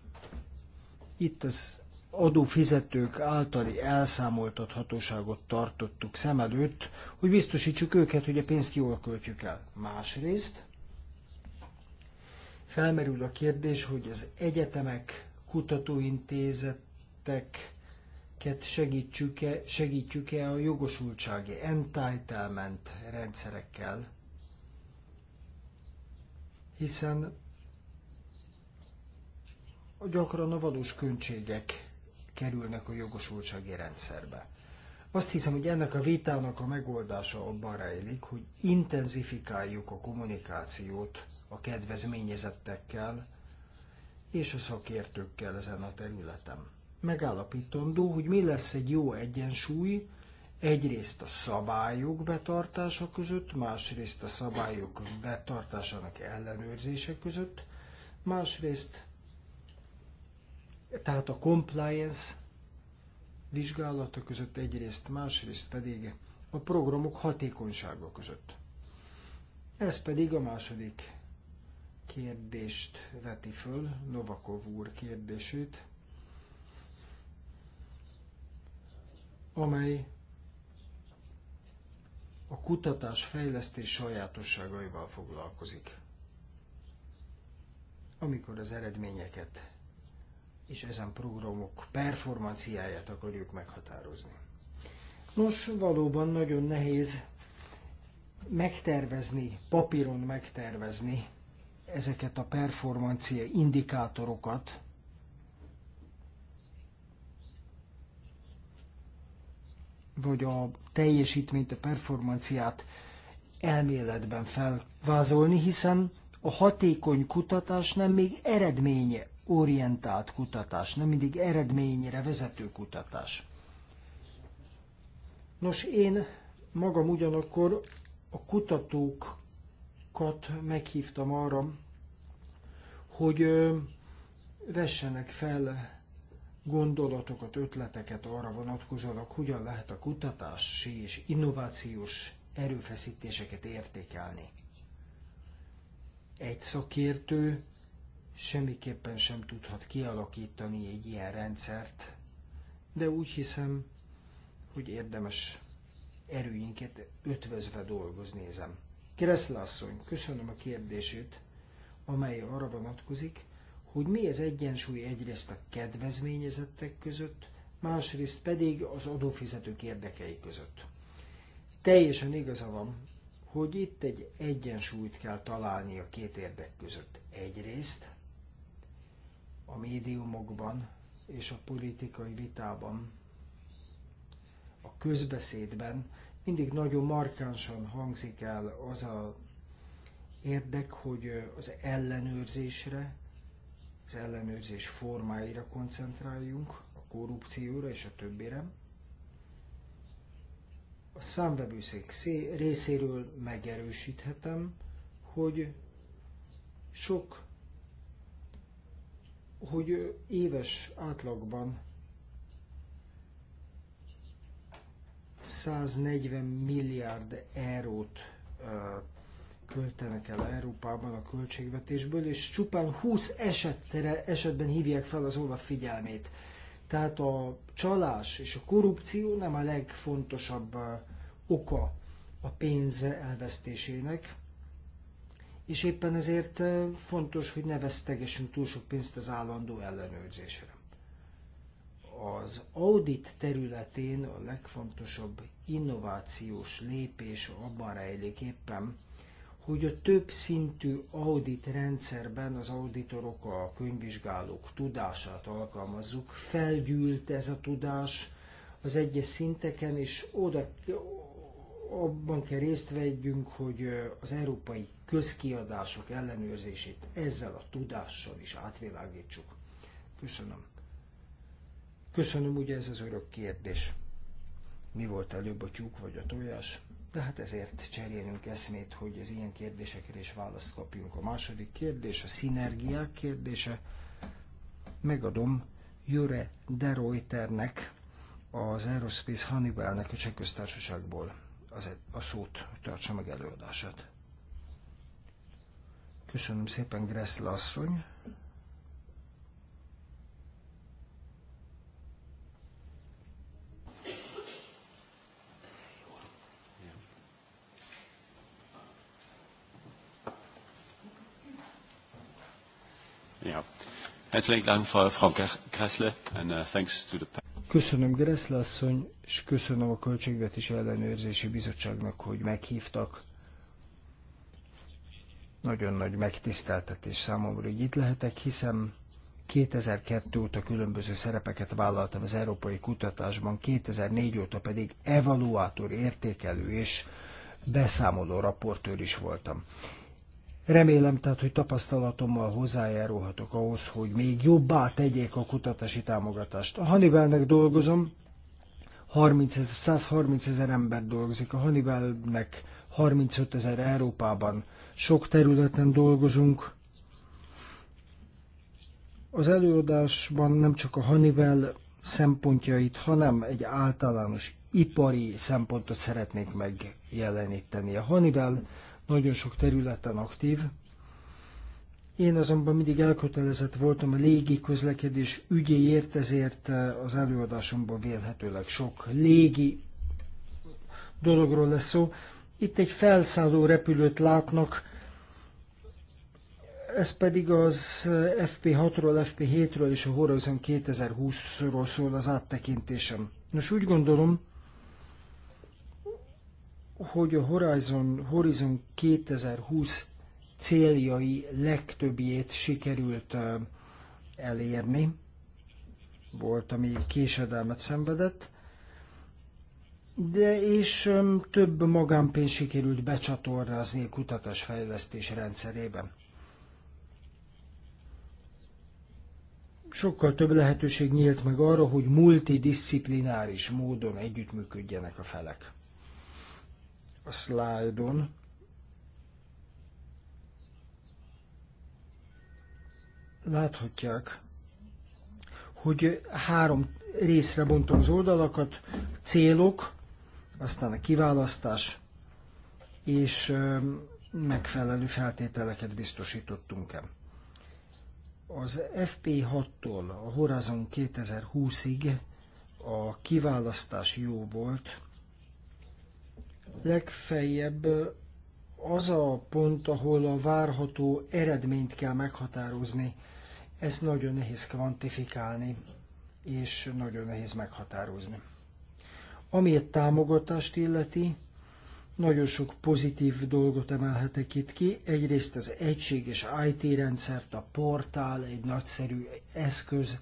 Speaker 3: itt az adófizetők általi elszámoltathatóságot tartottuk szem előtt, hogy biztosítsuk őket, hogy a pénzt jól költjük el. Másrészt felmerül a kérdés, hogy az egyetemek, kutatóintézeteket segítsük-e, segítjük-e a jogosultsági entitlement rendszerekkel, hiszen gyakran a valós költségek kerülnek a jogosultsági rendszerbe. Azt hiszem, hogy ennek a vitának a megoldása abban rejlik, hogy intenzifikáljuk a kommunikációt a kedvezményezettekkel és a szakértőkkel ezen a területen. Megállapítandó, hogy mi lesz egy jó egyensúly, egyrészt a szabályok betartása között, másrészt a szabályok betartásának ellenőrzése között, másrészt tehát a compliance vizsgálata között egyrészt, másrészt pedig a programok hatékonysága között. Ez pedig a második kérdést veti föl, Novakov úr kérdését, amely a kutatás fejlesztés sajátosságaival foglalkozik, amikor az eredményeket és ezen programok performanciáját akarjuk meghatározni. Nos, valóban nagyon nehéz megtervezni, papíron megtervezni ezeket a performancia indikátorokat, vagy a teljesítményt, a performanciát elméletben felvázolni, hiszen a hatékony kutatás nem még eredménye orientált kutatás, nem mindig eredményre vezető kutatás. Nos, én magam ugyanakkor a kutatókat meghívtam arra, hogy vessenek fel gondolatokat, ötleteket arra vonatkozólag, hogyan lehet a kutatási és innovációs erőfeszítéseket értékelni. Egy szakértő semmiképpen sem tudhat kialakítani egy ilyen rendszert, de úgy hiszem, hogy érdemes erőinket ötvözve dolgozni ezen. Kereszle asszony, köszönöm a kérdését, amely arra vonatkozik, hogy mi az egyensúly egyrészt a kedvezményezettek között, másrészt pedig az adófizetők érdekei között. Teljesen igaza van, hogy itt egy egyensúlyt kell találni a két érdek között. Egyrészt a médiumokban és a politikai vitában, a közbeszédben mindig nagyon markánsan hangzik el az a érdek, hogy az ellenőrzésre, az ellenőrzés formáira koncentráljunk, a korrupcióra és a többire. A számvevőszék részéről megerősíthetem, hogy sok hogy éves átlagban 140 milliárd eurót költenek el Európában a költségvetésből, és csupán 20 esetre, esetben hívják fel az olva figyelmét. Tehát a csalás és a korrupció nem a legfontosabb oka a pénz elvesztésének és éppen ezért fontos, hogy ne vesztegessünk túl sok pénzt az állandó ellenőrzésre. Az audit területén a legfontosabb innovációs lépés abban rejlik éppen, hogy a több szintű audit rendszerben az auditorok, a könyvvizsgálók tudását alkalmazzuk. Felgyűlt ez a tudás az egyes szinteken, és oda abban kell részt vegyünk, hogy az európai közkiadások ellenőrzését ezzel a tudással is átvilágítsuk. Köszönöm. Köszönöm, ugye ez az örök kérdés. Mi volt előbb a tyúk vagy a tojás? Tehát ezért cserélünk eszmét, hogy az ilyen kérdésekre is választ kapjunk. A második kérdés, a szinergiák kérdése. Megadom Jure Deroiternek, az Aerospace Hannibalnek a Csehköztársaságból az, a szót tartsa meg előadását. Köszönöm szépen, Gressle asszony. Ja. Herzlichen Dank, Frau Gressle, and uh, thanks to the panel. Köszönöm Gereszle asszony, és köszönöm a Költségvetés Ellenőrzési Bizottságnak, hogy meghívtak. Nagyon nagy megtiszteltetés számomra, hogy itt lehetek, hiszen 2002 óta különböző szerepeket vállaltam az európai kutatásban, 2004 óta pedig evaluátor, értékelő és beszámoló raportőr is voltam. Remélem tehát, hogy tapasztalatommal hozzájárulhatok ahhoz, hogy még jobbá tegyék a kutatási támogatást. A Hannibalnek dolgozom, 30 130 ezer ember dolgozik. A Hannibalnek 35 ezer Európában. Sok területen dolgozunk. Az előadásban nem csak a Hannibal szempontjait, hanem egy általános ipari szempontot szeretnék megjeleníteni. A Hannibal nagyon sok területen aktív. Én azonban mindig elkötelezett voltam a légi közlekedés ügyéért, ezért eh, az előadásomban vélhetőleg sok légi dologról lesz szó. Itt egy felszálló repülőt látnak, ez pedig az eh, FP6-ról, FP7-ről és a Horizon 2020-ról szól az áttekintésem. Nos, úgy gondolom, hogy a Horizon, Horizon 2020 céljai legtöbbjét sikerült elérni. Volt, ami késedelmet szenvedett, de és több magánpénz sikerült becsatornázni a kutatásfejlesztés rendszerében. Sokkal több lehetőség nyílt meg arra, hogy multidisziplináris módon együttműködjenek a felek a szlájdon. Láthatják, hogy három részre bontom az oldalakat, célok, aztán a kiválasztás, és megfelelő feltételeket biztosítottunk-e. Az FP6-tól a Horizon 2020-ig a kiválasztás jó volt, legfeljebb az a pont, ahol a várható eredményt kell meghatározni. Ez nagyon nehéz kvantifikálni, és nagyon nehéz meghatározni. Ami a támogatást illeti, nagyon sok pozitív dolgot emelhetek itt ki. Egyrészt az egységes IT rendszert, a portál egy nagyszerű eszköz,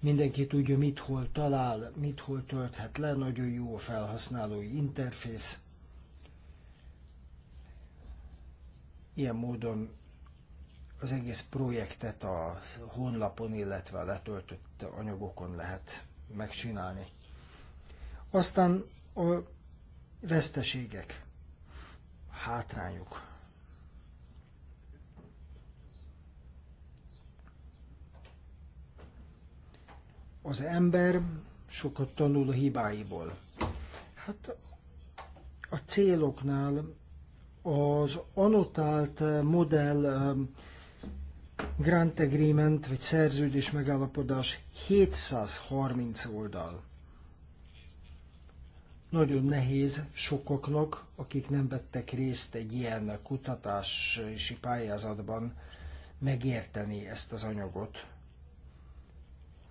Speaker 3: mindenki tudja, mit hol talál, mit hol tölthet le, nagyon jó a felhasználói interfész. Ilyen módon az egész projektet a honlapon, illetve a letöltött anyagokon lehet megcsinálni. Aztán a veszteségek, hátrányok. Az ember sokat tanul a hibáiból. Hát a céloknál az anotált eh, modell eh, Grant Agreement, vagy szerződés megállapodás 730 oldal. Nagyon nehéz sokaknak, akik nem vettek részt egy ilyen kutatási pályázatban, megérteni ezt az anyagot.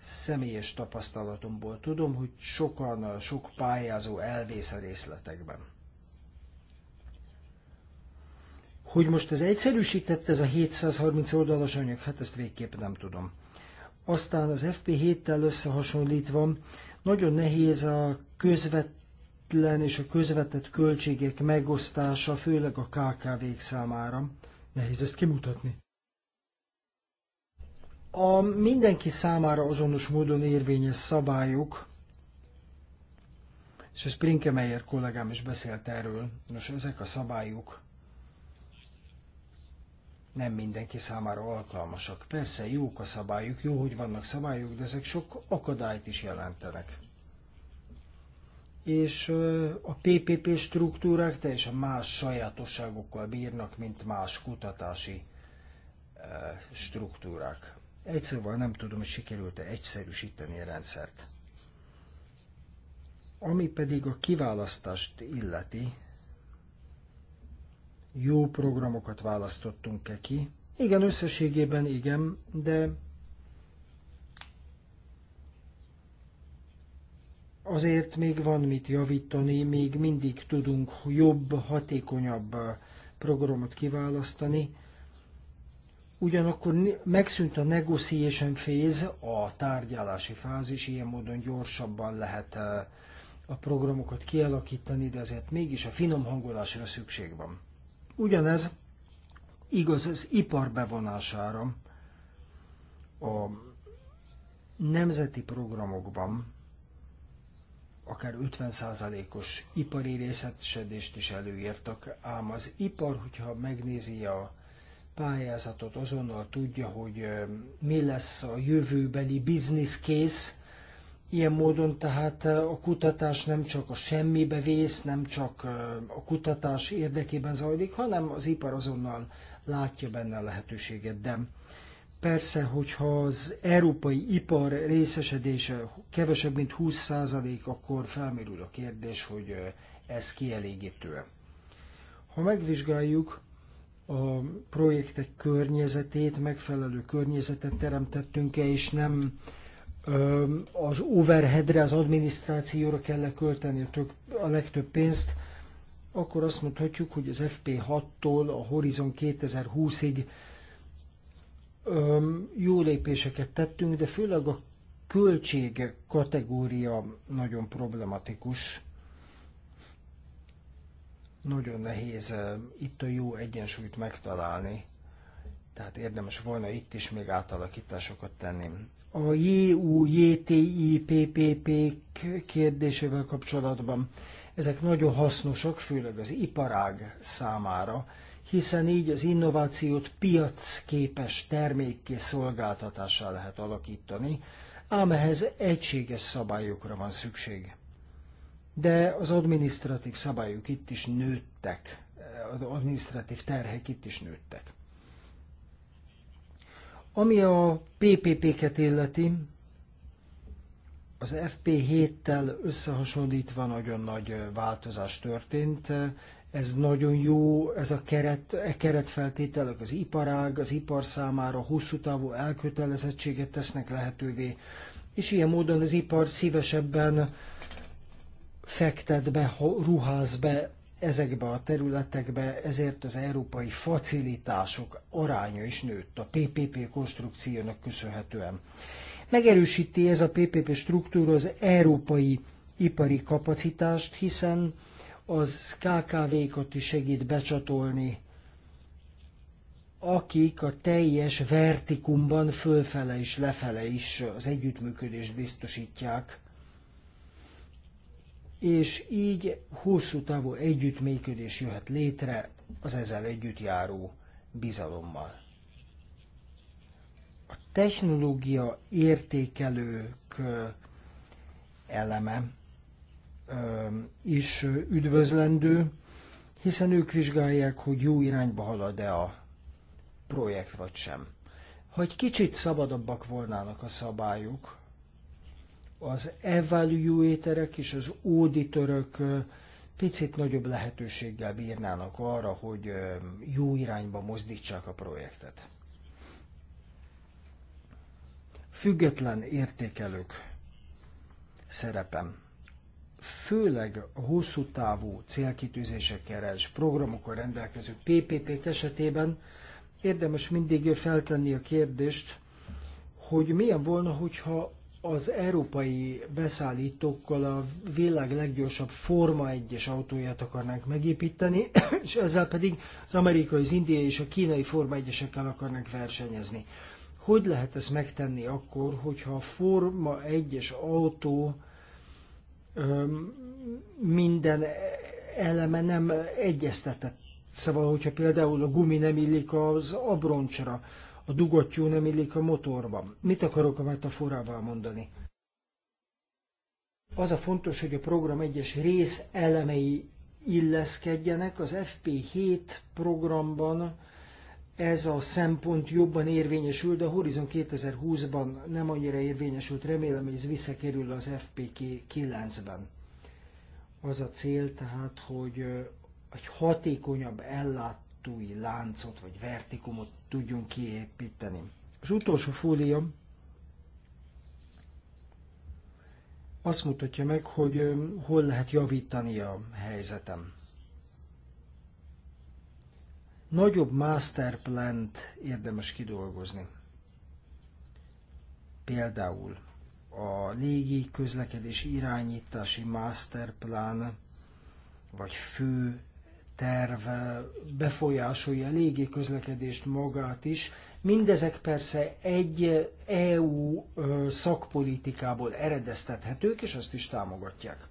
Speaker 3: Személyes tapasztalatomból tudom, hogy sokan, sok pályázó elvész a részletekben. Hogy most ez egyszerűsített ez a 730 oldalas anyag, hát ezt végképp nem tudom. Aztán az FP7-tel összehasonlítva nagyon nehéz a közvetlen és a közvetett költségek megosztása, főleg a kkv számára. Nehéz ezt kimutatni. A mindenki számára azonos módon érvényes szabályok, és a Sprinkemeyer kollégám is beszélt erről, nos ezek a szabályok nem mindenki számára alkalmasak. Persze jók a szabályok, jó, hogy vannak szabályok, de ezek sok akadályt is jelentenek. És a PPP struktúrák teljesen más sajátosságokkal bírnak, mint más kutatási struktúrák. Egyszerűen szóval nem tudom, hogy sikerült-e egyszerűsíteni a rendszert. Ami pedig a kiválasztást illeti, jó programokat választottunk-e ki. Igen, összességében igen, de azért még van mit javítani, még mindig tudunk jobb, hatékonyabb programot kiválasztani. Ugyanakkor megszűnt a negotiation phase, a tárgyalási fázis, ilyen módon gyorsabban lehet eh, a programokat kialakítani, de azért mégis a finom hangolásra szükség van. Ugyanez igaz az ipar bevonására. A nemzeti programokban akár 50%-os ipari részesedést is előírtak, ám az ipar, hogyha megnézi a pályázatot, azonnal tudja, hogy mi lesz a jövőbeli business case, Ilyen módon tehát a kutatás nem csak a semmibe vész, nem csak a kutatás érdekében zajlik, hanem az ipar azonnal látja benne a lehetőséget. De persze, hogyha az európai ipar részesedése kevesebb, mint 20%, akkor felmerül a kérdés, hogy ez kielégítő Ha megvizsgáljuk a projektek környezetét, megfelelő környezetet teremtettünk-e, és nem az overheadre, az adminisztrációra kell költeni a, tök, a legtöbb pénzt, akkor azt mondhatjuk, hogy az FP6-tól a Horizon 2020-ig jó lépéseket tettünk, de főleg a költség kategória nagyon problematikus. Nagyon nehéz itt a jó egyensúlyt megtalálni tehát érdemes volna itt is még átalakításokat tenni. A JU, JTI, PPP kérdésével kapcsolatban ezek nagyon hasznosak, főleg az iparág számára, hiszen így az innovációt piacképes termékké szolgáltatásá lehet alakítani, ám ehhez egységes szabályokra van szükség. De az adminisztratív szabályok itt is nőttek, az adminisztratív terhek itt is nőttek. Ami a PPP-ket illeti, az FP7-tel összehasonlítva nagyon nagy változás történt. Ez nagyon jó, ez a keret, e keretfeltételek az iparág, az ipar számára hosszú távú elkötelezettséget tesznek lehetővé, és ilyen módon az ipar szívesebben fektet be, ruház be ezekbe a területekbe, ezért az európai facilitások aránya is nőtt a PPP konstrukciónak köszönhetően. Megerősíti ez a PPP struktúra az európai ipari kapacitást, hiszen az KKV-kat is segít becsatolni, akik a teljes vertikumban fölfele és lefele is az együttműködést biztosítják és így hosszú távú együttműködés jöhet létre az ezzel együtt járó bizalommal. A technológia értékelők eleme is üdvözlendő, hiszen ők vizsgálják, hogy jó irányba halad-e a projekt vagy sem. Ha egy kicsit szabadabbak volnának a szabályok, az evaluatorek és az auditorok picit nagyobb lehetőséggel bírnának arra, hogy jó irányba mozdítsák a projektet. Független értékelők szerepem. Főleg a hosszú távú célkitűzésekkel és programokon rendelkező PPP-k esetében érdemes mindig feltenni a kérdést, hogy milyen volna, hogyha az európai beszállítókkal a világ leggyorsabb Forma egyes autóját akarnánk megépíteni, *coughs* és ezzel pedig az amerikai, az indiai és a kínai Forma egyesekkel akarnánk versenyezni. Hogy lehet ezt megtenni akkor, hogyha a Forma egyes autó minden eleme nem egyeztetett? Szóval, hogyha például a gumi nem illik az abroncsra, a jó nem illik a motorban. Mit akarok a metaforával mondani? Az a fontos, hogy a program egyes rész elemei illeszkedjenek. Az FP7 programban ez a szempont jobban érvényesül, de a Horizon 2020-ban nem annyira érvényesült. Remélem, hogy ez visszakerül az FP9-ben. Az a cél tehát, hogy egy hatékonyabb ellát gyártói láncot vagy vertikumot tudjunk kiépíteni. Az utolsó fólia azt mutatja meg, hogy hol lehet javítani a helyzetem. Nagyobb masterplant érdemes kidolgozni. Például a légi közlekedés irányítási masterplan, vagy fő terv eh, befolyásolja a légi közlekedést magát is. Mindezek persze egy EU eh, e eh, szakpolitikából eredeztethetők, és azt is támogatják.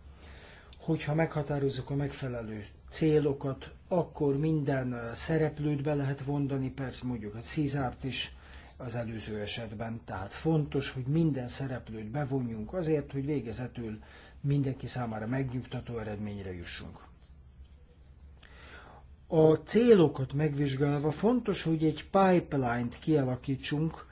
Speaker 3: Hogyha meghatározzuk a megfelelő célokat, akkor minden szereplőt be lehet vondani, persze mondjuk a Cizárt is az előző esetben. Tehát fontos, hogy minden szereplőt bevonjunk azért, hogy végezetül mindenki számára megnyugtató eredményre jussunk a célokat megvizsgálva fontos, hogy egy pipeline-t kialakítsunk,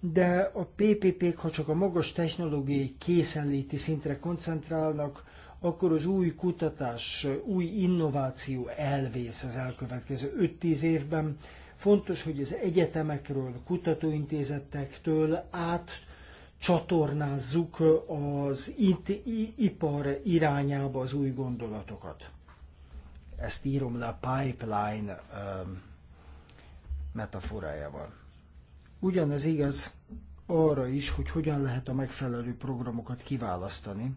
Speaker 3: de a PPP-k, ha csak a magas technológiai készenléti szintre koncentrálnak, akkor az új kutatás, új innováció elvész az elkövetkező 5-10 évben. Fontos, hogy az egyetemekről, kutatóintézetektől át csatornázzuk az ipar irányába az új gondolatokat. Ezt írom le a pipeline um, metaforájával. Ugyanez igaz arra is, hogy hogyan lehet a megfelelő programokat kiválasztani.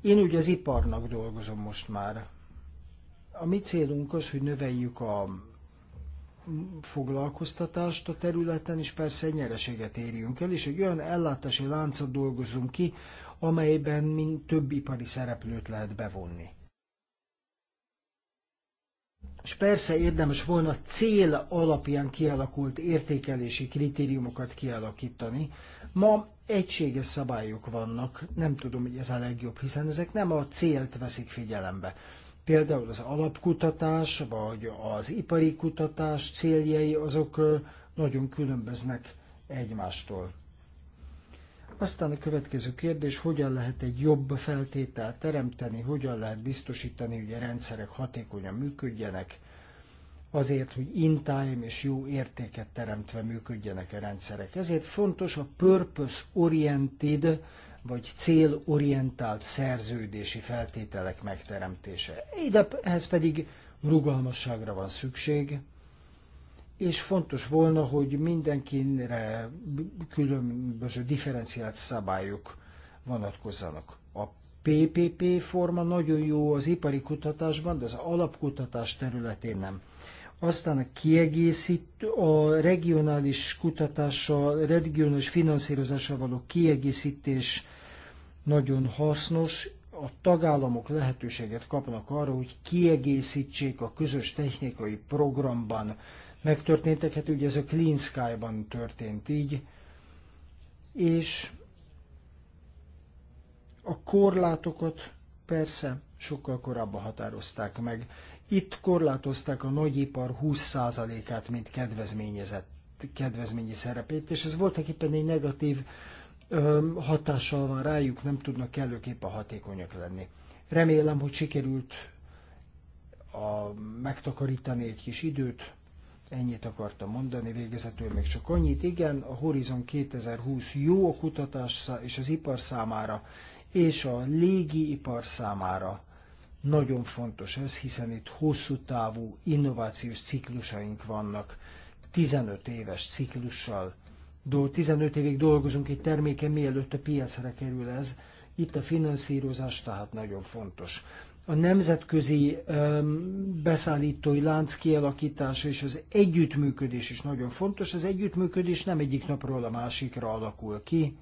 Speaker 3: Én ugye az iparnak dolgozom most már. A mi célunk az, hogy növeljük a foglalkoztatást a területen, és persze nyereséget érjünk el, és egy olyan ellátási láncot dolgozunk ki, amelyben mind több ipari szereplőt lehet bevonni és persze érdemes volna cél alapján kialakult értékelési kritériumokat kialakítani. Ma egységes szabályok vannak, nem tudom, hogy ez a legjobb, hiszen ezek nem a célt veszik figyelembe. Például az alapkutatás, vagy az ipari kutatás céljai, azok nagyon különböznek egymástól. Aztán a következő kérdés, hogyan lehet egy jobb feltételt teremteni, hogyan lehet biztosítani, hogy a rendszerek hatékonyan működjenek, azért, hogy in time és jó értéket teremtve működjenek a rendszerek. Ezért fontos a purpose-oriented vagy célorientált szerződési feltételek megteremtése. Ide ehhez pedig rugalmasságra van szükség, és fontos volna, hogy mindenkinre különböző differenciált szabályok vonatkozzanak. A PPP forma nagyon jó az ipari kutatásban, de az alapkutatás területén nem. Aztán a kiegészít, a regionális kutatással, regionális finanszírozással való kiegészítés nagyon hasznos, a tagállamok lehetőséget kapnak arra, hogy kiegészítsék a közös technikai programban megtörténtek, hát ugye ez a Clean Sky-ban történt így, és a korlátokat persze sokkal korábban határozták meg. Itt korlátozták a nagyipar 20%-át, mint kedvezményezett, kedvezményi szerepét, és ez voltak éppen egy negatív ö, hatással van rájuk, nem tudnak kellőképpen hatékonyak lenni. Remélem, hogy sikerült a, megtakarítani egy kis időt, Ennyit akartam mondani, végezetül még csak annyit. Igen, a Horizon 2020 jó a kutatás és az ipar számára, és a légi ipar számára. Nagyon fontos ez, hiszen itt hosszú távú innovációs ciklusaink vannak. 15 éves ciklussal. 15 évig dolgozunk egy terméken, mielőtt a piacra kerül ez. Itt a finanszírozás tehát nagyon fontos a nemzetközi beszállítói lánc kialakítása és az együttműködés is nagyon fontos. Az együttműködés nem egyik napról a másikra alakul ki.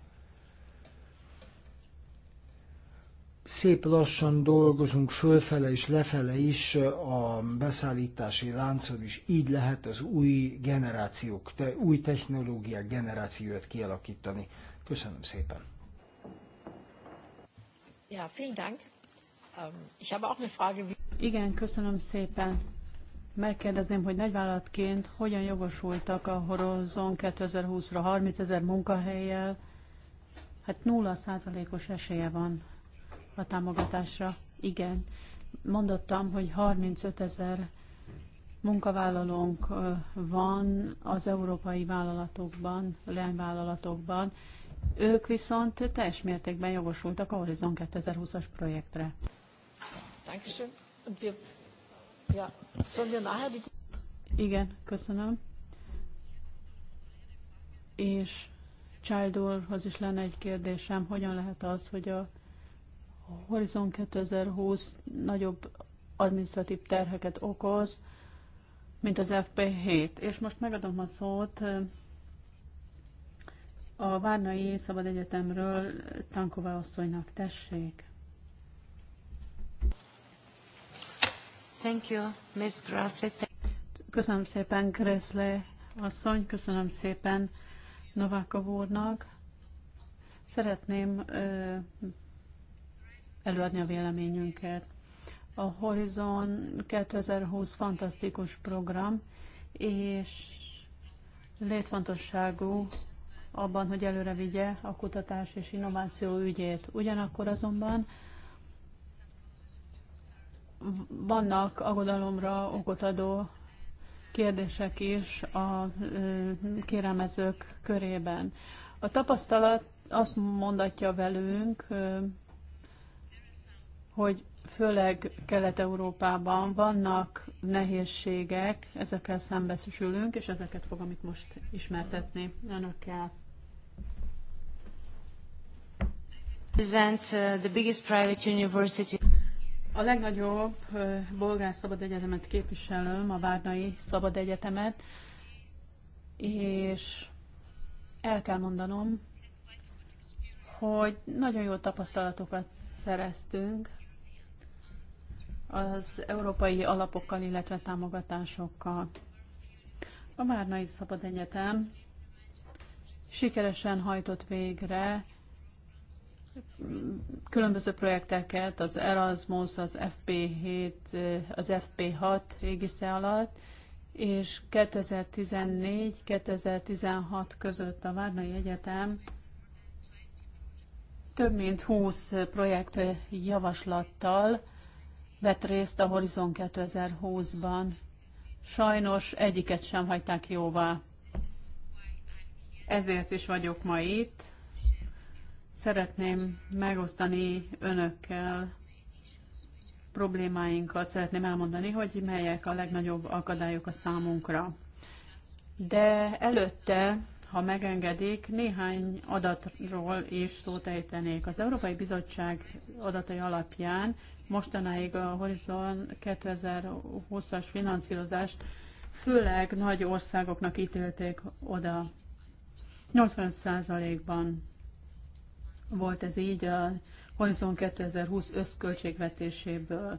Speaker 3: Szép lassan dolgozunk fölfele és lefele is a beszállítási láncon is. Így lehet az új generációk, új technológiák generációt kialakítani. Köszönöm szépen!
Speaker 1: Ja, vielen Dank. Um, Igen, köszönöm szépen. Megkérdezném, hogy nagyvállalatként hogyan jogosultak a Horizon 2020-ra 30 ezer munkahelyjel? Hát nulla százalékos esélye van a támogatásra. Igen. Mondottam, hogy 35 ezer munkavállalónk van az európai vállalatokban, leányvállalatokban, ők viszont teljes mértékben jogosultak a Horizon 2020-as projektre. Dankeschön. Und wir, ja, sollen wir nachher die... Igen, köszönöm. És Child úrhoz is lenne egy kérdésem, hogyan lehet az, hogy a Horizon 2020 nagyobb administratív terheket okoz, mint az FP7. És most megadom a szót eh, a Várnai Szabad Egyetemről Tankova asszonynak. Tessék! Thank you, Ms. Grassley. Köszönöm szépen, Gressle asszony, köszönöm szépen Novákov úrnak. Szeretném ö, előadni a véleményünket. A Horizon 2020 fantasztikus program, és létfontosságú abban, hogy előre vigye a kutatás és innováció ügyét. Ugyanakkor azonban vannak aggodalomra okot adó kérdések is a kérelmezők körében. A tapasztalat azt mondatja velünk, hogy főleg Kelet-Európában vannak nehézségek, ezekkel szembesülünk, és ezeket fogom itt most ismertetni önökkel.
Speaker 2: Presents uh, the biggest private university.
Speaker 1: A legnagyobb bolgár szabad egyetemet képviselőm, a Várnai Szabad Egyetemet, és el kell mondanom, hogy nagyon jó tapasztalatokat szereztünk az európai alapokkal, illetve támogatásokkal. A Várnai Szabad Egyetem sikeresen hajtott végre különböző projekteket, az Erasmus, az FP7, az FP6 égisze alatt, és 2014-2016 között a Várnai Egyetem több mint 20 projekt javaslattal vett részt a Horizon 2020-ban. Sajnos egyiket sem hagyták jóvá. Ezért is vagyok ma itt, Szeretném megosztani önökkel problémáinkat, szeretném elmondani, hogy melyek a legnagyobb akadályok a számunkra. De előtte, ha megengedik, néhány adatról is szót ejtenék. Az Európai Bizottság adatai alapján mostanáig a Horizon 2020-as finanszírozást főleg nagy országoknak ítélték oda. 85%-ban volt ez így a Horizon 2020 összköltségvetéséből.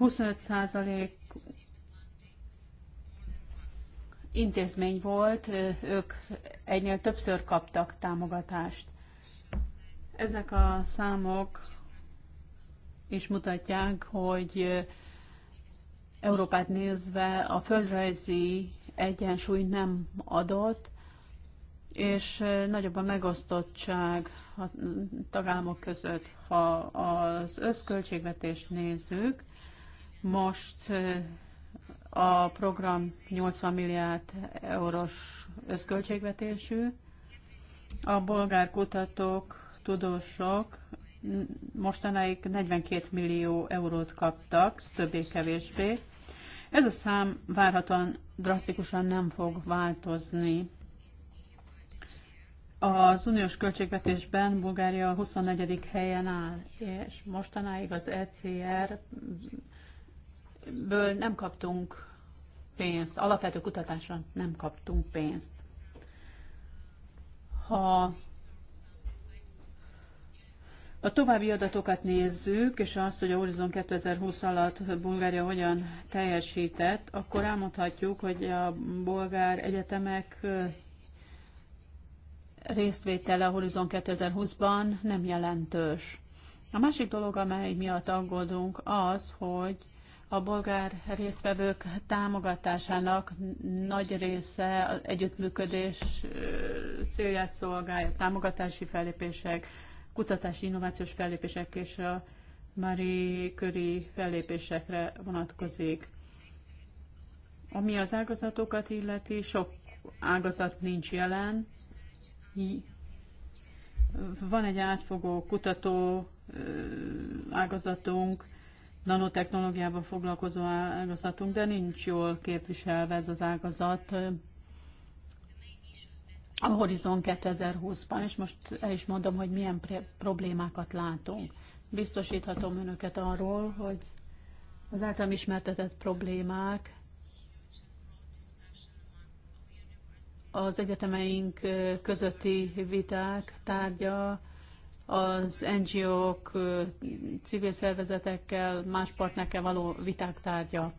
Speaker 1: 25% intézmény volt, ők egynél többször kaptak támogatást. Ezek a számok is mutatják, hogy Európát nézve a földrajzi egyensúly nem adott, és nagyobb a megosztottság a tagállamok között. Ha az összköltségvetést nézzük, most a program 80 milliárd eurós összköltségvetésű, a bolgár kutatók, tudósok mostanáig 42 millió eurót kaptak, többé-kevésbé. Ez a szám várhatóan drasztikusan nem fog változni az uniós költségvetésben Bulgária a 24. helyen áll, és mostanáig az ECR-ből nem kaptunk pénzt, alapvető kutatásra nem kaptunk pénzt. Ha a további adatokat nézzük, és azt, hogy a Horizon 2020 alatt Bulgária hogyan teljesített, akkor elmondhatjuk, hogy a bolgár egyetemek részvétele a Horizon 2020-ban nem jelentős. A másik dolog, amely miatt aggódunk, az, hogy a bolgár résztvevők támogatásának nagy része az együttműködés célját szolgálja, támogatási fellépések, kutatási innovációs fellépések és a Marie Curie fellépésekre vonatkozik. Ami az ágazatokat illeti, sok ágazat nincs jelen, van egy átfogó kutató ágazatunk, nanotechnológiával foglalkozó ágazatunk, de nincs jól képviselve ez az ágazat a Horizon 2020-ban, és most el is mondom, hogy milyen problémákat látunk. Biztosíthatom önöket arról, hogy az általam ismertetett problémák az egyetemeink közötti viták tárgya, az NGO-k, civil szervezetekkel, más partnerekkel való viták tárgya.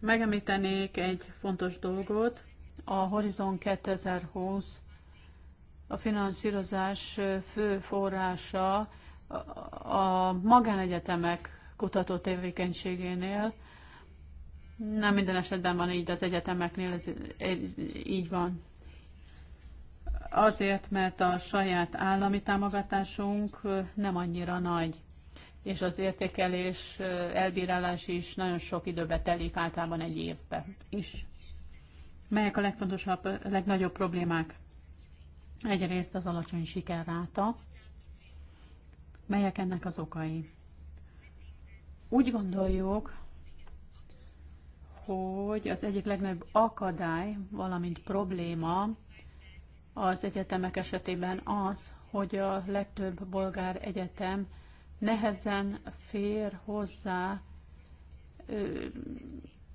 Speaker 1: Megemlítenék egy fontos dolgot, a Horizon 2020 a finanszírozás fő forrása a magánegyetemek kutató tevékenységénél, nem minden esetben van így, az egyetemeknél ez így van. Azért, mert a saját állami támogatásunk nem annyira nagy, és az értékelés, elbírálás is nagyon sok időbe telik, általában egy évbe is. Melyek a legfontosabb, legnagyobb problémák? Egyrészt az alacsony sikerráta. Melyek ennek az okai? Úgy gondoljuk, hogy az egyik legnagyobb akadály, valamint probléma az egyetemek esetében az, hogy a legtöbb bolgár egyetem nehezen fér hozzá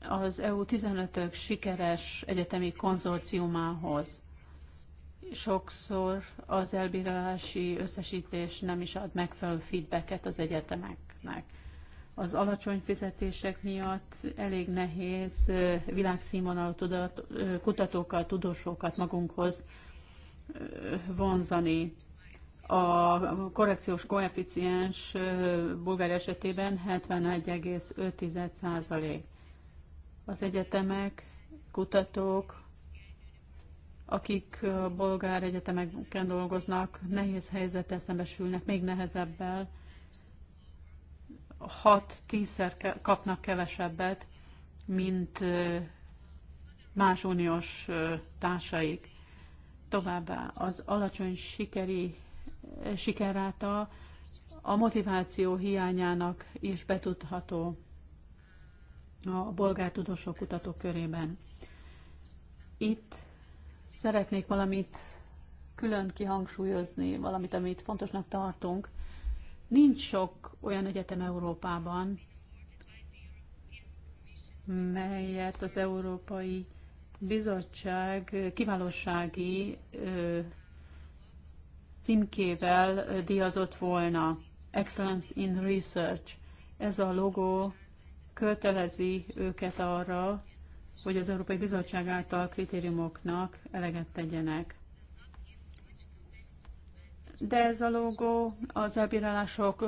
Speaker 1: az EU 15-ök sikeres egyetemi konzorciumához. Sokszor az elbírálási összesítés nem is ad megfelelő feedbacket az egyetemeknek az alacsony fizetések miatt elég nehéz világszínvonalú tudat, kutatókat, tudósokat magunkhoz vonzani. A korrekciós koeficiens bulgár esetében 71,5 Az egyetemek, kutatók, akik bolgár egyetemeken dolgoznak, nehéz helyzetet szembesülnek, még nehezebbel, 6-10-szer kapnak kevesebbet, mint más uniós társaik. Továbbá az alacsony sikeri, sikeráta a motiváció hiányának is betudható a bolgár tudósok kutatók körében. Itt szeretnék valamit külön kihangsúlyozni, valamit, amit fontosnak tartunk – Nincs sok olyan egyetem Európában, melyet az Európai Bizottság kiválósági címkével díjazott volna. Excellence in Research. Ez a logó kötelezi őket arra, hogy az Európai Bizottság által kritériumoknak eleget tegyenek de ez a logó az elbírálások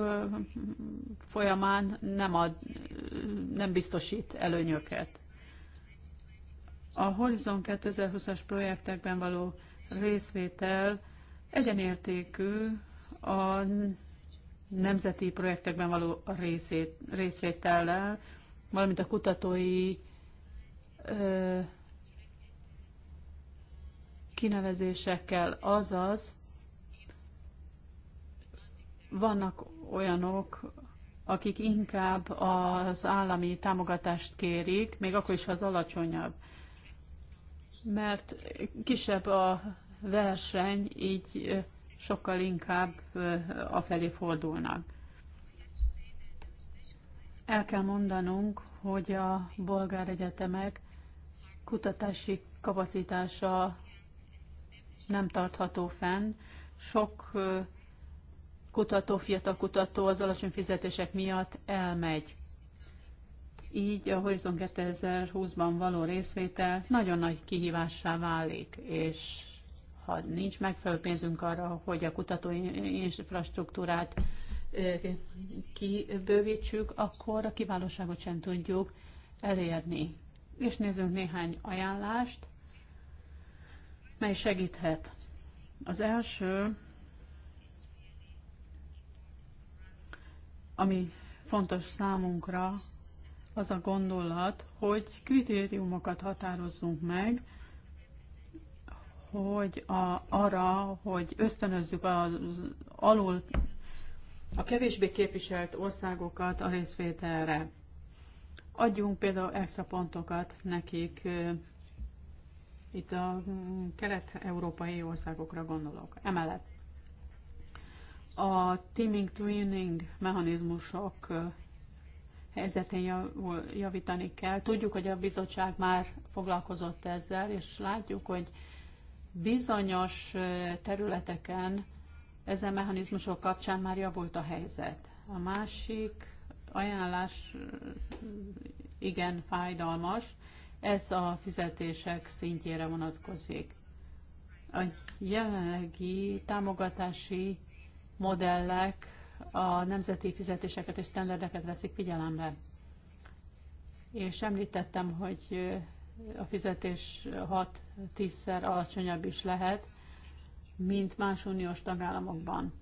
Speaker 1: folyamán nem, ad, nem biztosít előnyöket. A Horizon 2020-as projektekben való részvétel egyenértékű a nemzeti projektekben való részét, részvétellel, valamint a kutatói ö, kinevezésekkel, azaz vannak olyanok, akik inkább az állami támogatást kérik, még akkor is, ha az alacsonyabb. Mert kisebb a verseny, így sokkal inkább afelé fordulnak. El kell mondanunk, hogy a bolgár egyetemek kutatási kapacitása nem tartható fenn. Sok kutató, fiatal kutató az alacsony fizetések miatt elmegy. Így a Horizon 2020-ban való részvétel nagyon nagy kihívássá válik, és ha nincs megfelelő pénzünk arra, hogy a kutató infrastruktúrát kibővítsük, akkor a kiválóságot sem tudjuk elérni. És nézzünk néhány ajánlást, mely segíthet. Az első Ami fontos számunkra, az a gondolat, hogy kritériumokat határozzunk meg, hogy a, arra, hogy ösztönözzük az alul a kevésbé képviselt országokat a részvételre. Adjunk például extra pontokat nekik, itt a kelet-európai országokra gondolok. Emellett a teaming twinning mechanizmusok helyzetén javítani kell. Tudjuk, hogy a bizottság már foglalkozott ezzel, és látjuk, hogy bizonyos területeken ezen mechanizmusok kapcsán már javult a helyzet. A másik ajánlás igen fájdalmas, ez a fizetések szintjére vonatkozik. A jelenlegi támogatási modellek a nemzeti fizetéseket és sztenderdeket veszik figyelembe. És említettem, hogy a fizetés 6-10-szer alacsonyabb is lehet, mint más uniós tagállamokban.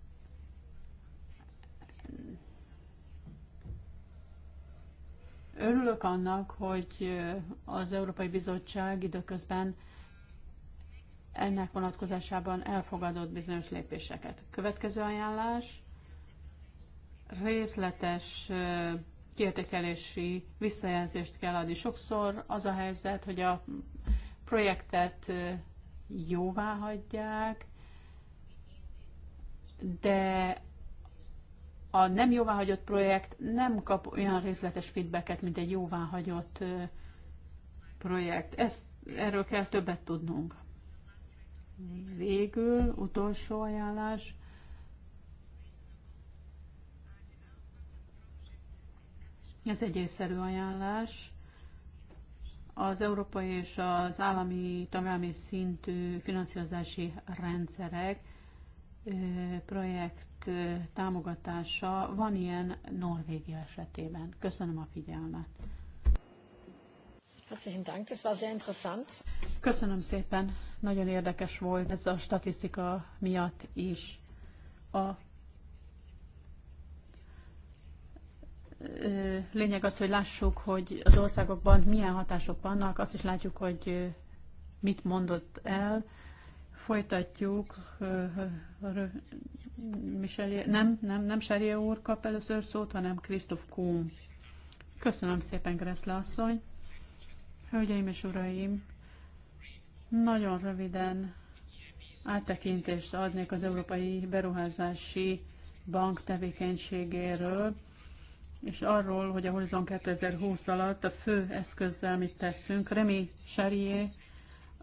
Speaker 1: Örülök annak, hogy az Európai Bizottság időközben ennek vonatkozásában elfogadott bizonyos lépéseket. Következő ajánlás részletes kiértékelési visszajelzést kell adni. Sokszor az a helyzet, hogy a projektet jóvá hagyják, de a nem jóváhagyott projekt nem kap olyan részletes feedbacket, mint egy jóváhagyott projekt. Ezt, erről kell többet tudnunk. Végül, utolsó ajánlás, ez egy észszerű ajánlás, az európai és az állami tagállami szintű finanszírozási rendszerek projekt támogatása van ilyen Norvégia esetében. Köszönöm a figyelmet. Köszönöm szépen, nagyon érdekes volt ez a statisztika miatt is. A lényeg az, hogy lássuk, hogy az országokban milyen hatások vannak, azt is látjuk, hogy mit mondott el. Folytatjuk. Nem, nem, nem Serje úr kap először szót, hanem Krisztof Kuhn. Köszönöm szépen, Greszle asszony. Hölgyeim és uraim, nagyon röviden áttekintést adnék az Európai Beruházási Bank tevékenységéről, és arról, hogy a Horizon 2020 alatt a fő eszközzel mit teszünk. Remi Serié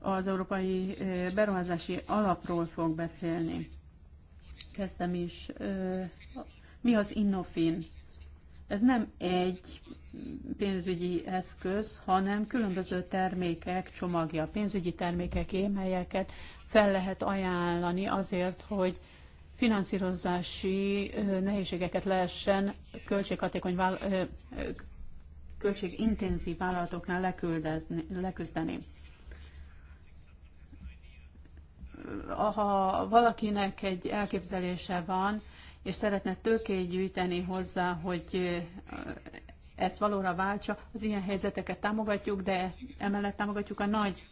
Speaker 1: az Európai eh, Beruházási Alapról fog beszélni. Kezdem is. Eh, mi az Innofin? Ez nem egy pénzügyi eszköz, hanem különböző termékek csomagja, pénzügyi termékek émelyeket fel lehet ajánlani azért, hogy finanszírozási nehézségeket lehessen költséghatékony költségintenzív vállalatoknál leküzdeni. Ha valakinek egy elképzelése van, és szeretne tőkét gyűjteni hozzá, hogy ezt valóra váltsa, az ilyen helyzeteket támogatjuk, de emellett támogatjuk a nagy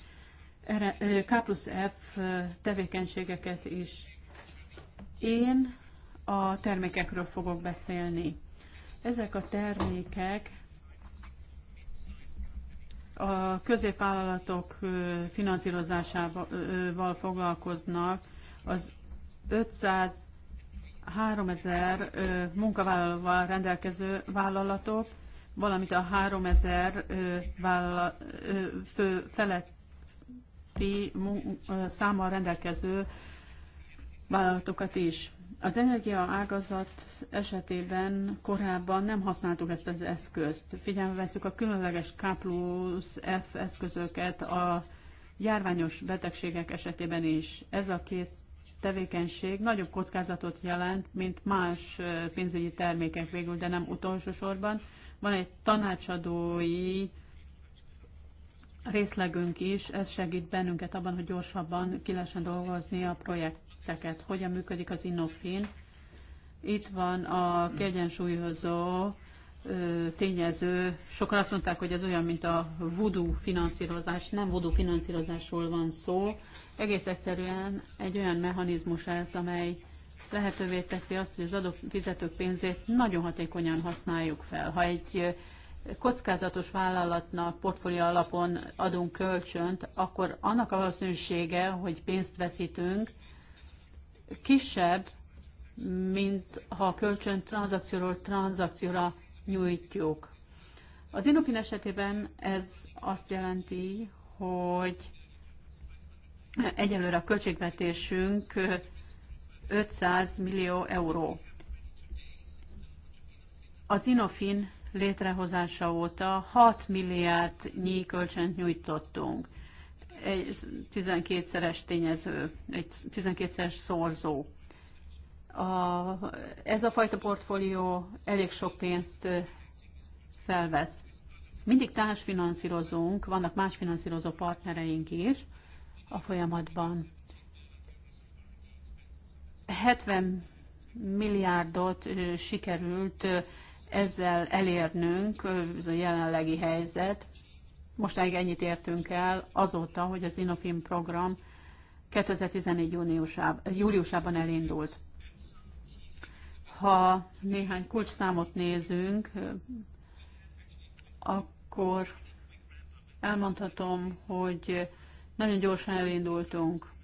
Speaker 1: K plusz F tevékenységeket is. Én a termékekről fogok beszélni. Ezek a termékek a középvállalatok finanszírozásával foglalkoznak, az 500 3000 munkavállalóval rendelkező vállalatok, valamint a 3000 fő feletti számmal rendelkező vállalatokat is. Az energia ágazat esetében korábban nem használtuk ezt az eszközt. Figyelme veszük a különleges K plusz F eszközöket a járványos betegségek esetében is. Ez a két tevékenység nagyobb kockázatot jelent, mint más pénzügyi termékek végül, de nem utolsó sorban. Van egy tanácsadói részlegünk is, ez segít bennünket abban, hogy gyorsabban ki lehessen dolgozni a projekteket. Hogyan működik az Innofin? Itt van a kiegyensúlyozó tényező. Sokan azt mondták, hogy ez olyan, mint a voodoo finanszírozás. Nem voodoo finanszírozásról van szó, egész egyszerűen egy olyan mechanizmus ez, amely lehetővé teszi azt, hogy az fizetők pénzét nagyon hatékonyan használjuk fel. Ha egy kockázatos vállalatnak portfólió alapon adunk kölcsönt, akkor annak a valószínűsége, hogy pénzt veszítünk, kisebb, mint ha a kölcsönt tranzakcióról tranzakcióra nyújtjuk. Az Inopin esetében ez azt jelenti, hogy Egyelőre a költségvetésünk 500 millió euró. Az Inofin létrehozása óta 6 nyi kölcsönt nyújtottunk. Egy 12-szeres tényező, egy 12-szeres szorzó. A, ez a fajta portfólió elég sok pénzt felvesz. Mindig társfinanszírozunk, vannak más finanszírozó partnereink is, a folyamatban. 70 milliárdot sikerült ezzel elérnünk, ez a jelenlegi helyzet. Mostanáig ennyit értünk el azóta, hogy az Inofim program 2014 júniusában, júliusában elindult. Ha néhány kulcsszámot nézünk, akkor elmondhatom, hogy nagyon gyorsan elindultunk.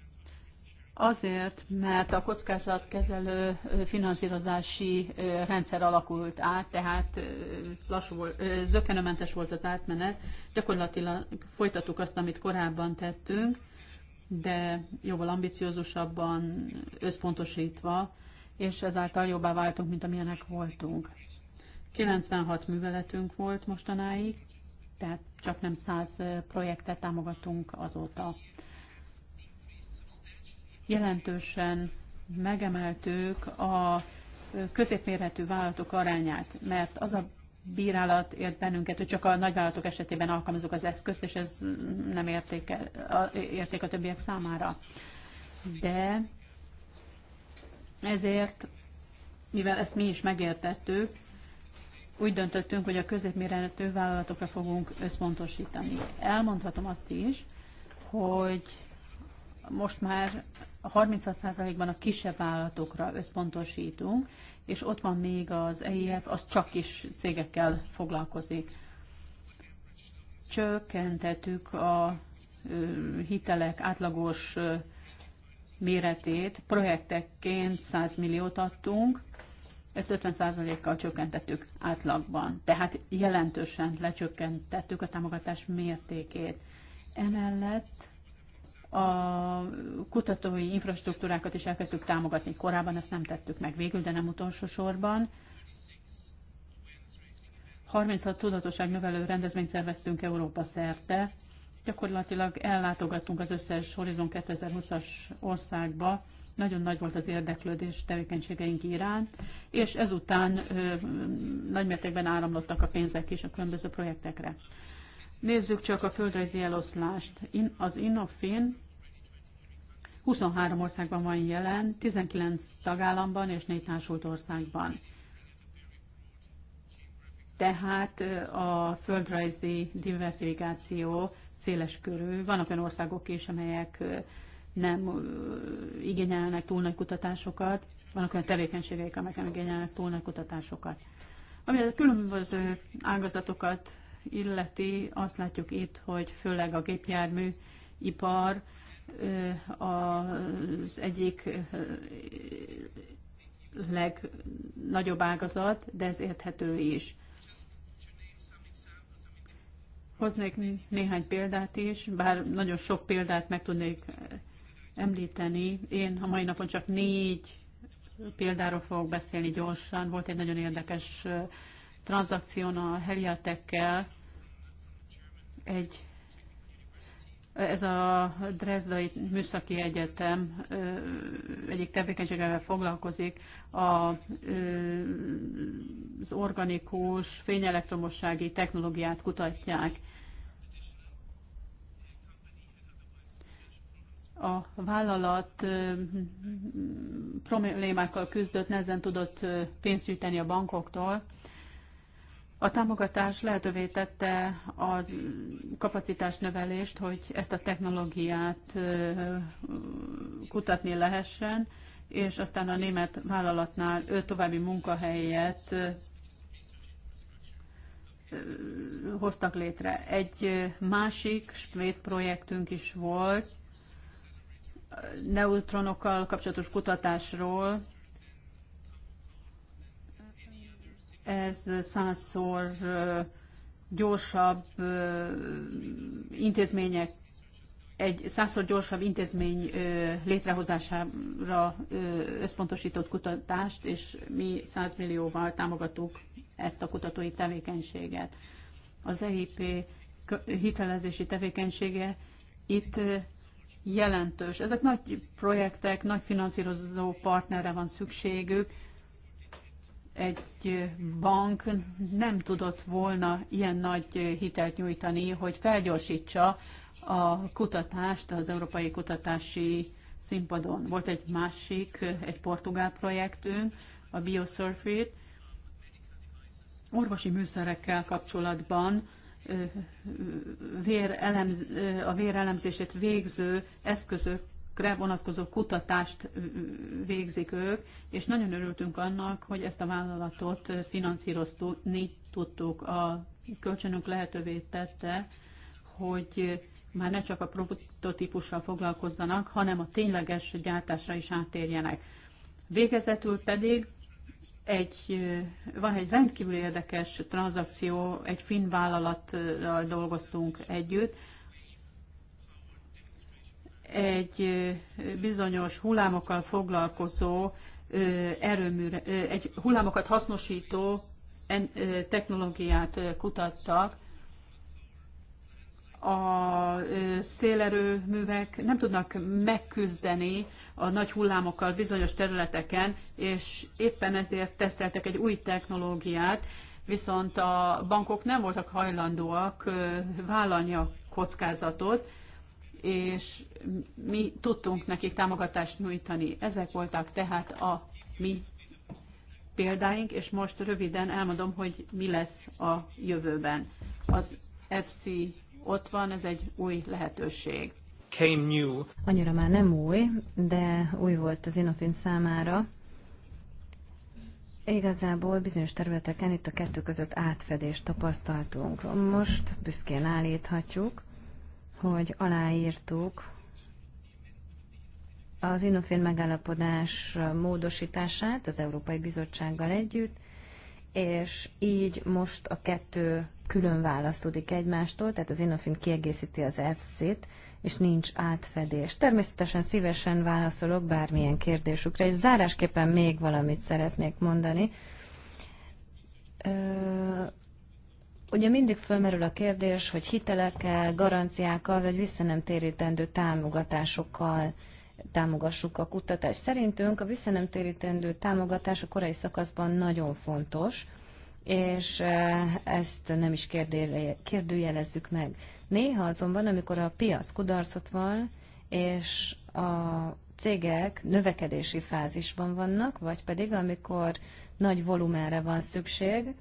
Speaker 1: Azért, mert a kockázatkezelő finanszírozási rendszer alakult át, tehát lassú volt, volt az átmenet. Gyakorlatilag folytattuk azt, amit korábban tettünk, de jóval ambiciózusabban, összpontosítva, és ezáltal jobbá váltunk, mint amilyenek voltunk. 96 műveletünk volt mostanáig, tehát csak nem 100 projektet támogatunk azóta. Jelentősen megemeltük a középmérhető vállalatok arányát, mert az a bírálat ért bennünket, hogy csak a nagyvállalatok esetében alkalmazunk az eszközt, és ez nem értéke, érték a többiek számára. De ezért, mivel ezt mi is megértettük, úgy döntöttünk, hogy a középméretű vállalatokra fogunk összpontosítani. Elmondhatom azt is, hogy most már 36%-ban a kisebb vállalatokra összpontosítunk, és ott van még az EIF, az csak kis cégekkel foglalkozik. Csökkentettük a hitelek átlagos méretét, projektekként 100 milliót adtunk, ezt 50%-kal csökkentettük átlagban, tehát jelentősen lecsökkentettük a támogatás mértékét. Emellett a kutatói infrastruktúrákat is elkezdtük támogatni. Korábban ezt nem tettük meg végül, de nem utolsó sorban. 36 tudatosságnövelő rendezvényt szerveztünk Európa szerte. Gyakorlatilag ellátogattunk az összes Horizon 2020-as országba, nagyon nagy volt az érdeklődés tevékenységeink iránt, és ezután nagymértékben áramlottak a pénzek is a különböző projektekre. Nézzük csak a földrajzi eloszlást. In, az Innofin 23 országban van jelen, 19 tagállamban és 4 társult országban. Tehát a földrajzi diversifikáció széles körül. Vannak olyan országok is, amelyek nem igényelnek túl nagy kutatásokat, vannak olyan tevékenységeik, amelyek nem igényelnek túl nagy kutatásokat. Ami a különböző ágazatokat illeti, azt látjuk itt, hogy főleg a gépjármű ipar az egyik legnagyobb ágazat, de ez érthető is. Hoznék néhány példát is, bár nagyon sok példát meg tudnék említeni. Én a mai napon csak négy példáról fogok beszélni gyorsan. Volt egy nagyon érdekes tranzakción a Heliatekkel. Egy, ez a Dresdai Műszaki Egyetem egyik tevékenységevel foglalkozik a, az organikus fényelektromossági technológiát kutatják. a vállalat problémákkal küzdött, nehezen tudott pénzt gyűjteni a bankoktól. A támogatás lehetővé tette a kapacitás növelést, hogy ezt a technológiát kutatni lehessen, és aztán a német vállalatnál öt további munkahelyet hoztak létre. Egy másik svéd projektünk is volt, neutronokkal kapcsolatos kutatásról. Ez százszor gyorsabb intézmények, egy százszor gyorsabb intézmény létrehozására összpontosított kutatást, és mi 100 millióval támogatuk ezt a kutatói tevékenységet. Az EIP hitelezési tevékenysége itt jelentős. Ezek nagy projektek, nagy finanszírozó partnerre van szükségük. Egy bank nem tudott volna ilyen nagy hitelt nyújtani, hogy felgyorsítsa a kutatást az európai kutatási színpadon. Volt egy másik, egy portugál projektünk, a Biosurfit, orvosi műszerekkel kapcsolatban a vérelemzését végző eszközökre vonatkozó kutatást végzik ők, és nagyon örültünk annak, hogy ezt a vállalatot finanszírozni tudtuk. A kölcsönünk lehetővé tette, hogy már ne csak a prototípussal foglalkozzanak, hanem a tényleges gyártásra is átérjenek. Végezetül pedig egy, van egy rendkívül érdekes tranzakció, egy finn vállalattal dolgoztunk együtt, egy bizonyos hullámokkal foglalkozó erőműre, egy hullámokat hasznosító technológiát kutattak, a szélerőművek nem tudnak megküzdeni a nagy hullámokkal bizonyos területeken, és éppen ezért teszteltek egy új technológiát, viszont a bankok nem voltak hajlandóak vállalni a kockázatot, és mi tudtunk nekik támogatást nyújtani. Ezek voltak tehát a mi példáink, és most röviden elmondom, hogy mi lesz a jövőben. Az FC ott van, ez egy új lehetőség.
Speaker 3: Came
Speaker 2: new. Annyira már nem új, de új volt az Inofin számára. Igazából bizonyos területeken itt a kettő között átfedést tapasztaltunk. Most büszkén állíthatjuk, hogy aláírtuk az Inofin megállapodás módosítását az Európai Bizottsággal együtt, és így most a kettő külön választódik egymástól, tehát az Innofin kiegészíti az EFSZ-t, és nincs átfedés. Természetesen szívesen válaszolok bármilyen kérdésükre, és zárásképpen még valamit szeretnék mondani. Ö, ugye mindig fölmerül a kérdés, hogy hitelekkel, garanciákkal, vagy visszanemtérítendő támogatásokkal támogassuk a kutatást. Szerintünk a visszanemtérítendő támogatás a korai szakaszban nagyon fontos, és eh, ezt nem is kérdőjelezzük meg. Néha azonban, amikor a piac kudarcot van, és a cégek növekedési fázisban vannak, vagy pedig amikor nagy volumenre van szükség,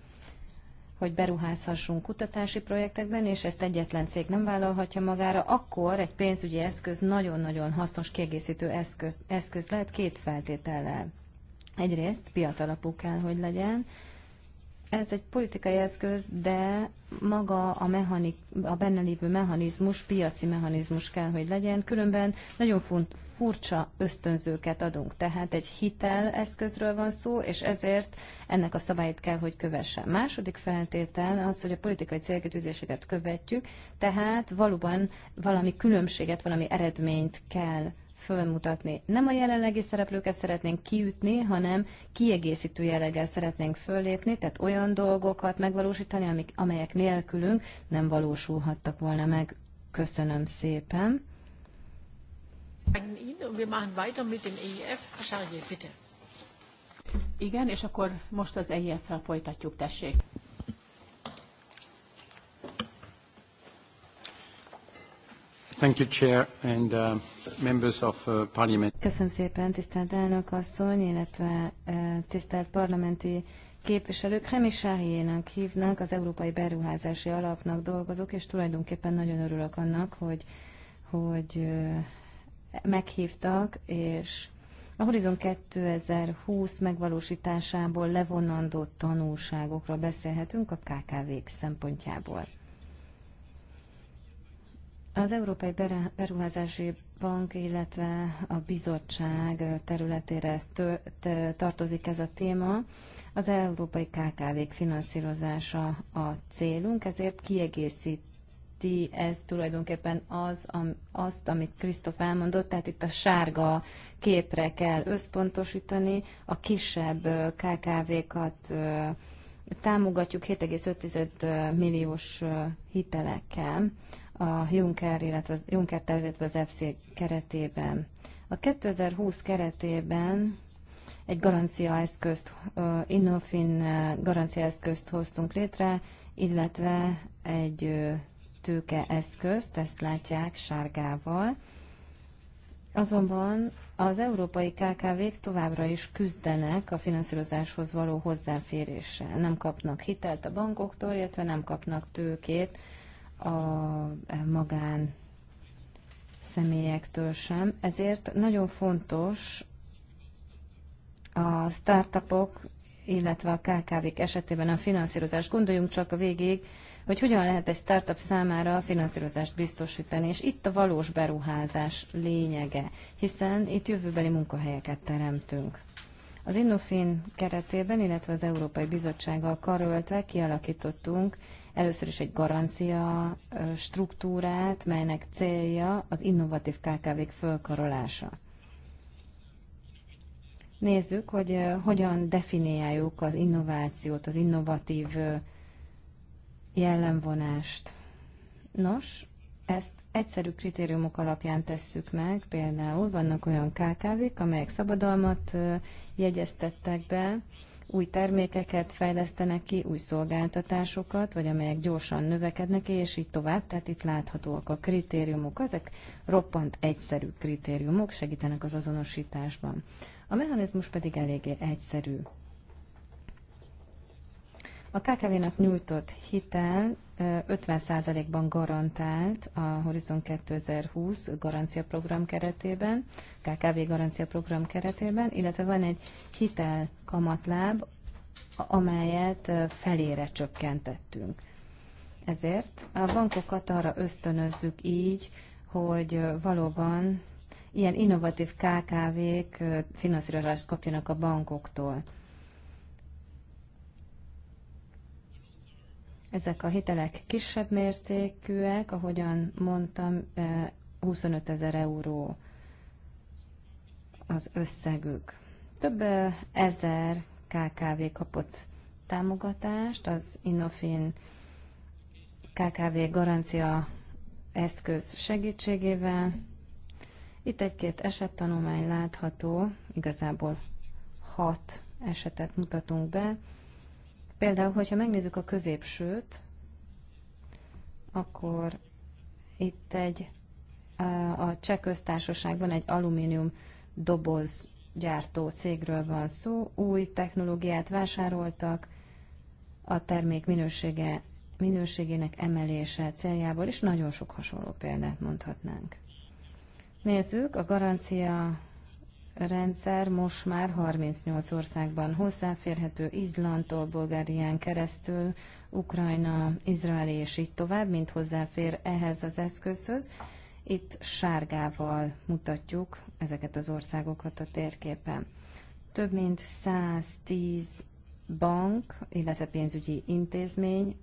Speaker 2: hogy beruházhassunk kutatási projektekben, és ezt egyetlen cég nem vállalhatja magára, akkor egy pénzügyi eszköz nagyon-nagyon hasznos kiegészítő eszköz, eszköz lehet két feltétellel. Egyrészt piacalapú kell, hogy legyen, ez egy politikai eszköz, de maga a, mechanik, a benne lévő mechanizmus, piaci mechanizmus kell, hogy legyen, különben nagyon font, furcsa ösztönzőket adunk. Tehát egy hitel eszközről van szó, és ezért ennek a szabályt kell, hogy kövesse. Második feltétel az, hogy a politikai célkitűzéseket követjük, tehát valóban valami különbséget, valami eredményt kell fölmutatni. Nem a jelenlegi szereplőket szeretnénk kiütni, hanem kiegészítő jelleggel szeretnénk föllépni, tehát olyan dolgokat megvalósítani, amik, amelyek nélkülünk nem valósulhattak volna meg. Köszönöm szépen.
Speaker 1: E e Igen, és akkor most az EIF-fel e folytatjuk, tessék.
Speaker 3: Thank you, Chair, and uh, members of uh, Parliament.
Speaker 2: Köszönöm szépen, tisztelt elnök asszony, illetve uh, tisztelt parlamenti képviselők. Remi Sárjénak hívnak, az Európai Beruházási Alapnak dolgozok, és tulajdonképpen nagyon örülök annak, hogy, hogy uh, meghívtak, és a Horizon 2020 megvalósításából levonandó tanulságokra beszélhetünk a KKV-k szempontjából. Az Európai Beruházási Bank, illetve a bizottság területére tört, tartozik ez a téma. Az európai KKV-k finanszírozása a célunk, ezért kiegészíti ez tulajdonképpen az, am, azt, amit Krisztof elmondott, tehát itt a sárga képre kell összpontosítani, a kisebb KKV-kat támogatjuk 7,5 milliós hitelekkel a Juncker, illetve a Juncker terv, az FC keretében. A 2020 keretében egy garanciaeszközt, Innofin garanciaeszközt hoztunk létre, illetve egy tőkeeszközt, ezt látják sárgával. Azonban az európai KKV-k továbbra is küzdenek a finanszírozáshoz való hozzáféréssel. Nem kapnak hitelt a bankoktól, illetve nem kapnak tőkét a magán személyektől sem. Ezért nagyon fontos a startupok, illetve a KKV-k esetében a finanszírozás. Gondoljunk csak a végig, hogy hogyan lehet egy startup számára a finanszírozást biztosítani, és itt a valós beruházás lényege, hiszen itt jövőbeli munkahelyeket teremtünk. Az Innofin keretében, illetve az Európai Bizottsággal karöltve kialakítottunk Először is egy garancia struktúrát, melynek célja az innovatív KKV-k fölkarolása. Nézzük, hogy hogyan definiáljuk az innovációt, az innovatív jellemvonást. Nos, ezt egyszerű kritériumok alapján tesszük meg, például vannak olyan KKV-k, amelyek szabadalmat jegyeztettek be, új termékeket fejlesztenek ki, új szolgáltatásokat, vagy amelyek gyorsan növekednek, és így tovább. Tehát itt láthatóak a kritériumok. Ezek roppant egyszerű kritériumok, segítenek az azonosításban. A mechanizmus pedig eléggé egyszerű. A KKV-nak nyújtott hitel 50%-ban garantált a Horizon 2020 garancia program keretében, KKV garancia program keretében, illetve van egy hitel kamatláb, amelyet felére csökkentettünk. Ezért a bankokat arra ösztönözzük így, hogy valóban ilyen innovatív KKV-k finanszírozást kapjanak a bankoktól. Ezek a hitelek kisebb mértékűek, ahogyan mondtam, 25 eh, ezer euró az összegük. Több eh, ezer KKV kapott támogatást, az Innofin KKV garancia eszköz segítségével. Itt egy-két esettanulmány látható, igazából hat esetet mutatunk be. Például, hogyha megnézzük a középsőt, akkor itt egy a cseh köztársaságban egy alumínium doboz gyártó cégről van szó, új technológiát vásároltak, a termék minősége, minőségének emelése céljából, és nagyon sok hasonló példát mondhatnánk. Nézzük a garancia rendszer most már 38 országban hozzáférhető, Izlandtól, Bulgárián keresztül, Ukrajna, Izrael és így tovább, mint hozzáfér ehhez az eszközhöz. Itt sárgával mutatjuk ezeket az országokat a térképen. Több mint 110 bank, illetve pénzügyi intézmény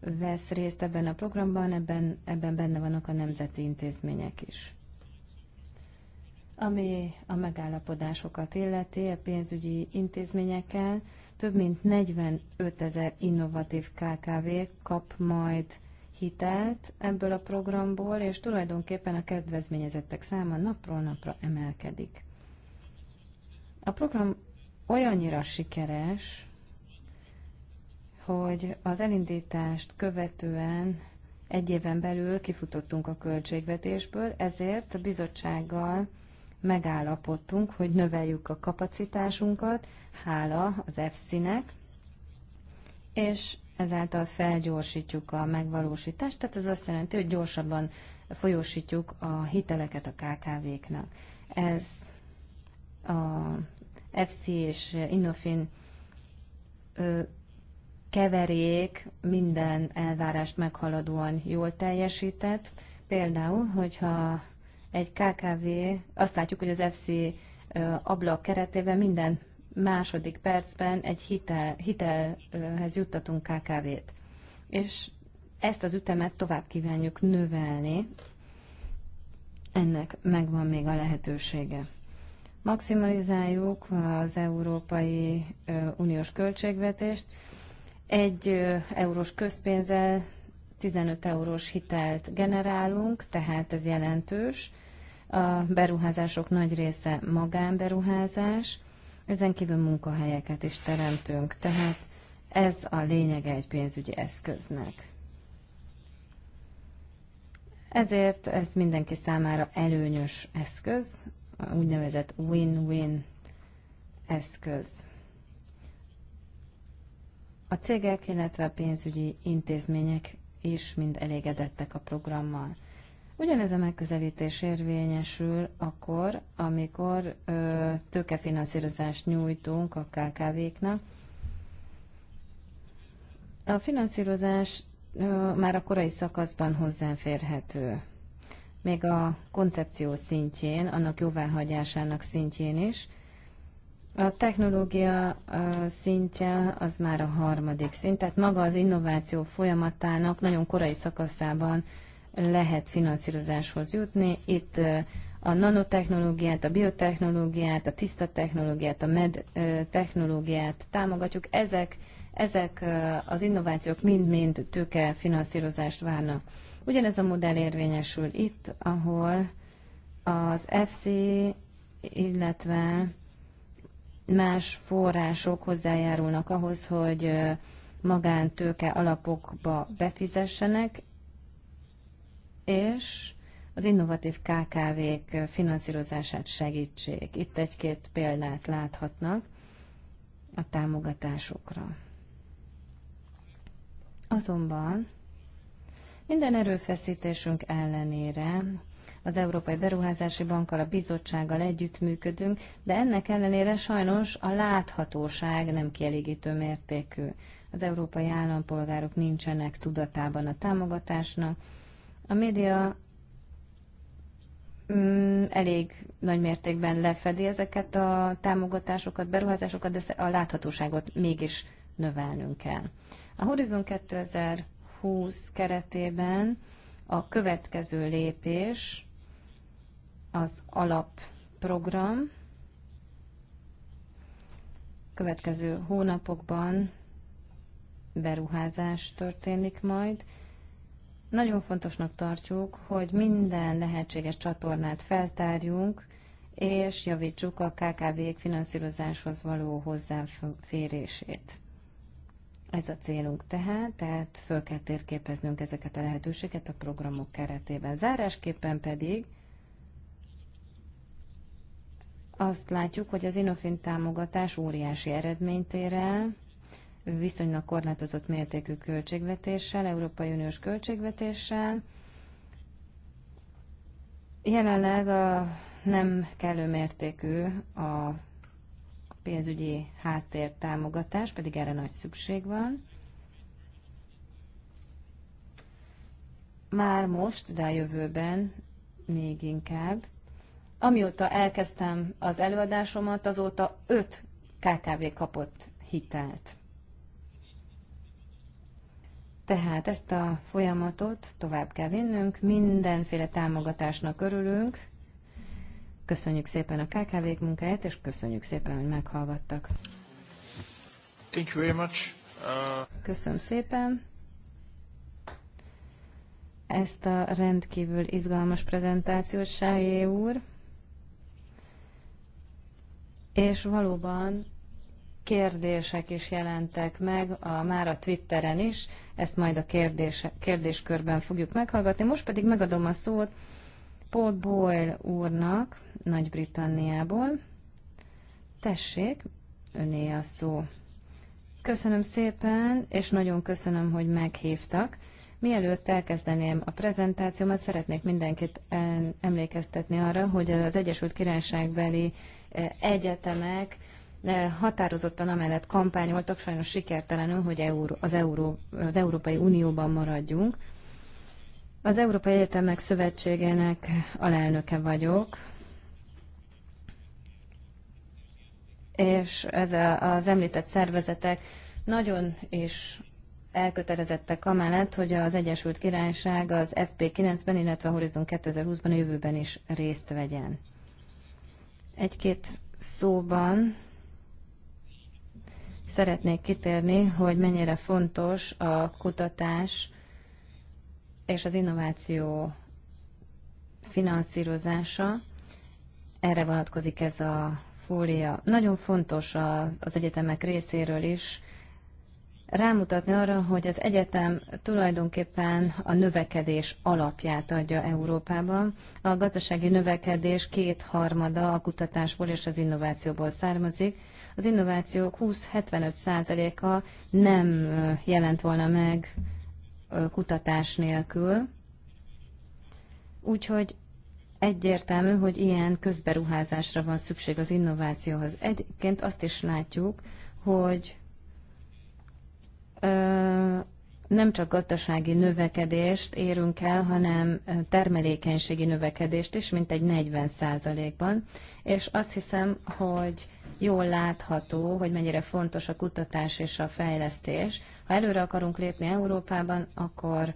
Speaker 2: vesz részt ebben a programban, ebben, ebben benne vannak a nemzeti intézmények is. Ami a megállapodásokat illeti, a pénzügyi intézményekkel több mint 45 ezer innovatív KKV kap majd hitelt ebből a programból, és tulajdonképpen a kedvezményezettek száma napról napra emelkedik. A program olyannyira sikeres, hogy az elindítást követően egy éven belül kifutottunk a költségvetésből, ezért a bizottsággal megállapodtunk, hogy növeljük a kapacitásunkat, hála az fc nek és ezáltal felgyorsítjuk a megvalósítást, tehát ez azt jelenti, hogy gyorsabban folyósítjuk a hiteleket a KKV-knak. Ez a FC és Innofin keverék minden elvárást meghaladóan jól teljesített. Például, hogyha egy KKV, azt látjuk, hogy az FC ablak keretében minden második percben egy hitel, hitelhez juttatunk KKV-t. És ezt az ütemet tovább kívánjuk növelni, ennek megvan még a lehetősége. Maximalizáljuk az Európai Uniós költségvetést. Egy eurós közpénzzel 15 eurós hitelt generálunk, tehát ez jelentős. A beruházások nagy része magánberuházás, ezen kívül munkahelyeket is teremtünk, tehát ez a lényege egy pénzügyi eszköznek. Ezért ez mindenki számára előnyös eszköz, úgynevezett win-win eszköz. A cégek, illetve a pénzügyi intézmények is mind elégedettek a programmal. Ugyanez a megközelítés érvényesül akkor, amikor ö, tőkefinanszírozást nyújtunk a KKV-knak. A finanszírozás ö, már a korai szakaszban hozzáférhető. Még a koncepció szintjén, annak jóváhagyásának szintjén is. A technológia szintje az már a harmadik szint, tehát maga az innováció folyamatának nagyon korai szakaszában lehet finanszírozáshoz jutni. Itt a nanotechnológiát, a biotechnológiát, a tiszta technológiát, a med technológiát támogatjuk. Ezek, ezek az innovációk mind-mind tőke finanszírozást várnak. Ugyanez a modell érvényesül itt, ahol az FC, illetve más források hozzájárulnak ahhoz, hogy magántőke alapokba befizessenek, és az innovatív KKV-k finanszírozását segítsék. Itt egy-két példát láthatnak a támogatásokra. Azonban minden erőfeszítésünk ellenére az Európai Beruházási Bankkal, a bizottsággal együttműködünk, de ennek ellenére sajnos a láthatóság nem kielégítő mértékű. Az európai állampolgárok nincsenek tudatában a támogatásnak, a média mm, elég nagy mértékben lefedi ezeket a támogatásokat, beruházásokat, de a láthatóságot mégis növelnünk kell. A Horizon 2020 keretében a következő lépés az alapprogram. Következő hónapokban beruházás történik majd. Nagyon fontosnak tartjuk, hogy minden lehetséges csatornát feltárjunk, és javítsuk a KKV-k finanszírozáshoz való hozzáférését. Ez a célunk tehát, tehát föl kell térképeznünk ezeket a lehetőséget a programok keretében. Zárásképpen pedig azt látjuk, hogy az Inofin támogatás óriási eredményt ér el, viszonylag korlátozott mértékű költségvetéssel, Európai Uniós költségvetéssel. Jelenleg a nem kellő mértékű a pénzügyi háttér támogatás, pedig erre nagy szükség van. Már most, de a jövőben még inkább. Amióta elkezdtem az előadásomat, azóta öt KKV kapott hitelt. Tehát ezt a folyamatot tovább kell vinnünk, mindenféle támogatásnak örülünk. Köszönjük szépen a KKV-k munkáját, és köszönjük szépen, hogy meghallgattak.
Speaker 3: Thank you very much.
Speaker 2: Uh... Köszönöm szépen ezt a rendkívül izgalmas prezentációt, Sájé úr. És valóban kérdések is jelentek meg, a, már a Twitteren is, ezt majd a kérdése, kérdéskörben fogjuk meghallgatni. Most pedig megadom a szót Paul Boyle úrnak Nagy-Britanniából. Tessék, öné a szó. Köszönöm szépen, és nagyon köszönöm, hogy meghívtak. Mielőtt elkezdeném a prezentációmat, szeretnék mindenkit emlékeztetni arra, hogy az Egyesült Királyságbeli eh, egyetemek határozottan amellett kampányoltak, sajnos sikertelenül, hogy az, Euró, az Európai Unióban maradjunk. Az Európai Egyetemek Szövetségének alelnöke vagyok, és ez a, az említett szervezetek nagyon is elkötelezettek amellett, hogy az Egyesült Királyság az FP9-ben, illetve a Horizon 2020-ban a jövőben is részt vegyen. Egy-két szóban szeretnék kitérni, hogy mennyire fontos a kutatás és az innováció finanszírozása. Erre vonatkozik ez a fólia. Nagyon fontos az egyetemek részéről is rámutatni arra, hogy az egyetem tulajdonképpen a növekedés alapját adja Európában. A gazdasági növekedés kétharmada a kutatásból és az innovációból származik. Az innovációk 20-75%-a nem jelent volna meg kutatás nélkül. Úgyhogy egyértelmű, hogy ilyen közberuházásra van szükség az innovációhoz. Egyébként azt is látjuk, hogy nem csak gazdasági növekedést érünk el, hanem termelékenységi növekedést is, mint egy 40%-ban. És azt hiszem, hogy jól látható, hogy mennyire fontos a kutatás és a fejlesztés. Ha előre akarunk lépni Európában, akkor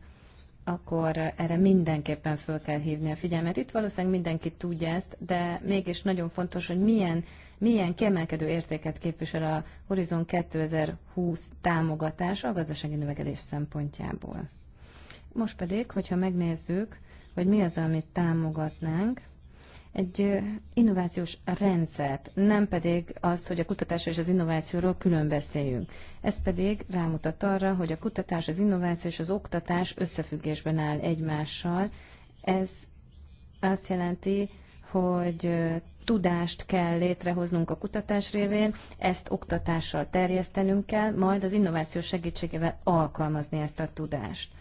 Speaker 2: akkor erre mindenképpen föl kell hívni a figyelmet. Itt valószínűleg mindenki tudja ezt, de mégis nagyon fontos, hogy milyen milyen kiemelkedő értéket képvisel a Horizon 2020 támogatása a gazdasági növekedés szempontjából. Most pedig, hogyha megnézzük, hogy mi az, amit támogatnánk, egy innovációs rendszert, nem pedig azt, hogy a kutatás és az innovációról külön beszéljünk. Ez pedig rámutat arra, hogy a kutatás, az innováció és az oktatás összefüggésben áll egymással. Ez azt jelenti, hogy tudást kell létrehoznunk a kutatás révén, ezt oktatással terjesztenünk kell, majd az innováció segítségével alkalmazni ezt a tudást.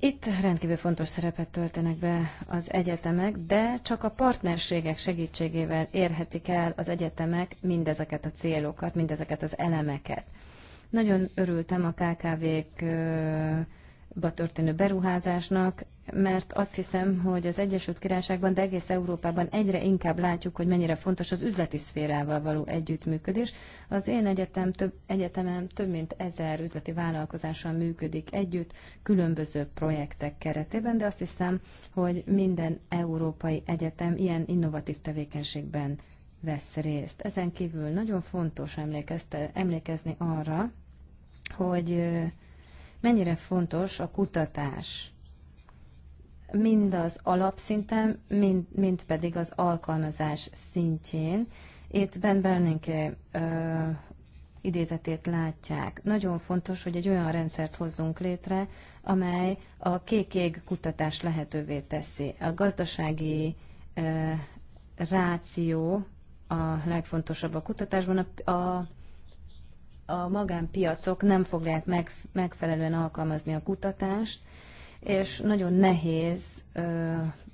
Speaker 2: Itt rendkívül fontos szerepet töltenek be az egyetemek, de csak a partnerségek segítségével érhetik el az egyetemek mindezeket a célokat, mindezeket az elemeket. Nagyon örültem a KKV-k történő beruházásnak, mert azt hiszem, hogy az Egyesült Királyságban, de egész Európában egyre inkább látjuk, hogy mennyire fontos az üzleti szférával való együttműködés. Az én egyetem több, egyetemem több mint ezer üzleti vállalkozással működik együtt, különböző projektek keretében, de azt hiszem, hogy minden európai egyetem ilyen innovatív tevékenységben vesz részt. Ezen kívül nagyon fontos emlékezni arra, hogy mennyire fontos a kutatás mind az alapszinten, mind, mind pedig az alkalmazás szintjén. Itt Ben ö, idézetét látják. Nagyon fontos, hogy egy olyan rendszert hozzunk létre, amely a kék-ég kutatás lehetővé teszi. A gazdasági ö, ráció a legfontosabb a kutatásban, a, a a magánpiacok nem fogják megfelelően alkalmazni a kutatást, és nagyon nehéz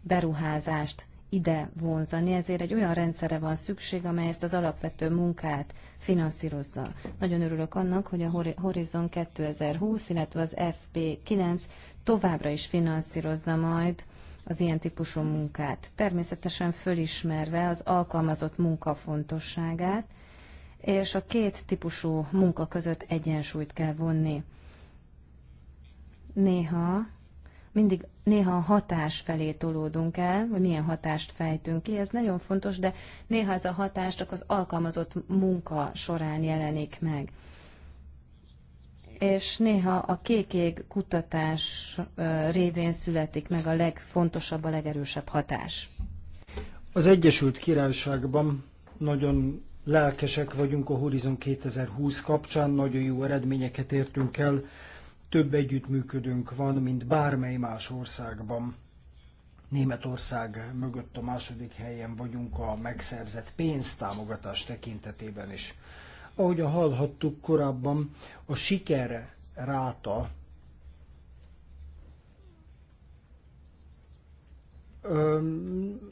Speaker 2: beruházást ide vonzani, ezért egy olyan rendszerre van szükség, amely ezt az alapvető munkát finanszírozza. Nagyon örülök annak, hogy a Horizon 2020, illetve az FP9 továbbra is finanszírozza majd az ilyen típusú munkát. Természetesen fölismerve az alkalmazott munka fontosságát, és a két típusú munka között egyensúlyt kell vonni. Néha mindig néha a hatás felé tolódunk el, hogy milyen hatást fejtünk ki, ez nagyon fontos, de néha ez a hatás csak az alkalmazott munka során jelenik meg. És néha a kékég kutatás révén születik meg a legfontosabb, a legerősebb hatás.
Speaker 3: Az Egyesült Királyságban nagyon lelkesek vagyunk a Horizon 2020 kapcsán, nagyon jó eredményeket értünk el, több együttműködünk van, mint bármely más országban. Németország mögött a második helyen vagyunk a megszerzett pénztámogatás tekintetében is. Ahogy a hallhattuk korábban, a sikere ráta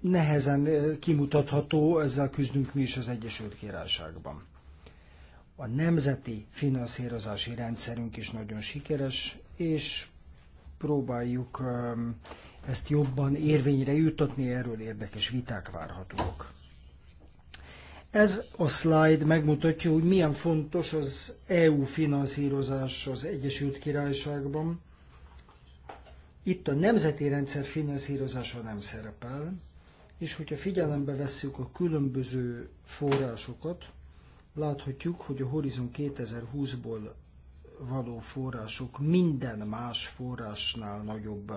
Speaker 3: nehezen kimutatható, ezzel küzdünk mi is az Egyesült Királyságban. A nemzeti finanszírozási rendszerünk is nagyon sikeres, és próbáljuk ezt jobban érvényre jutatni, erről érdekes viták várhatók. Ez a slide megmutatja, hogy milyen fontos az EU finanszírozás az Egyesült Királyságban. Itt a nemzeti rendszer finanszírozása nem szerepel, és hogyha figyelembe vesszük a különböző forrásokat, láthatjuk, hogy a Horizon 2020-ból való források minden más forrásnál nagyobb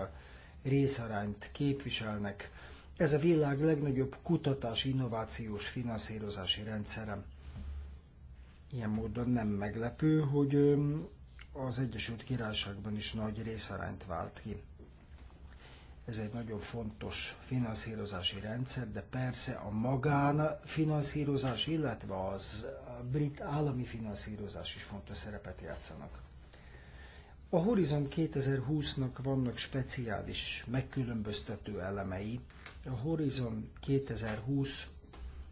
Speaker 3: részarányt képviselnek. Ez a világ legnagyobb kutatás innovációs finanszírozási rendszerem. Ilyen módon nem meglepő, hogy az Egyesült Királyságban is nagy részarányt vált ki. Ez egy nagyon fontos finanszírozási rendszer, de persze a magánfinanszírozás, illetve az brit állami finanszírozás is fontos szerepet játszanak. A Horizon 2020-nak vannak speciális, megkülönböztető elemei. A Horizon 2020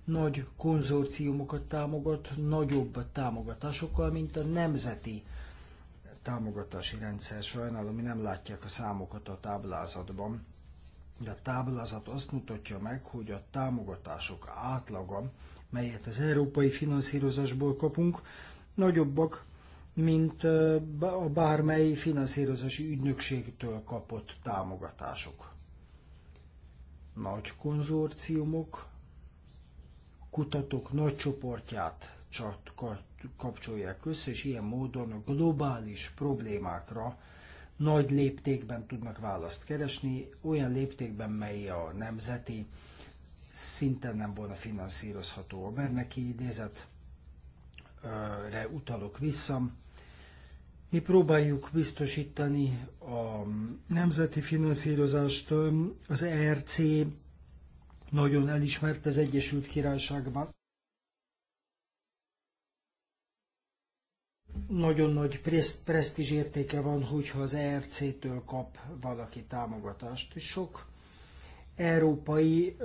Speaker 3: nagy konzorciumokat támogat, nagyobb támogatásokkal, mint a nemzeti támogatási rendszer. Sajnálom, mi nem látják a számokat a táblázatban. De a táblázat azt mutatja meg, hogy a támogatások átlaga, melyet az európai finanszírozásból kapunk, nagyobbak, mint a bármely finanszírozási ügynökségtől kapott támogatások. Nagy konzorciumok, kutatók nagy csoportját kapcsolják össze, és ilyen módon a globális problémákra nagy léptékben tudnak választ keresni, olyan léptékben, mely a nemzeti szinten nem volna finanszírozható. A Berneki idézetre utalok vissza. Mi próbáljuk biztosítani a nemzeti finanszírozást, az ERC nagyon elismert az Egyesült Királyságban, nagyon nagy presztízs értéke van, hogyha az ERC-től kap valaki támogatást. És sok európai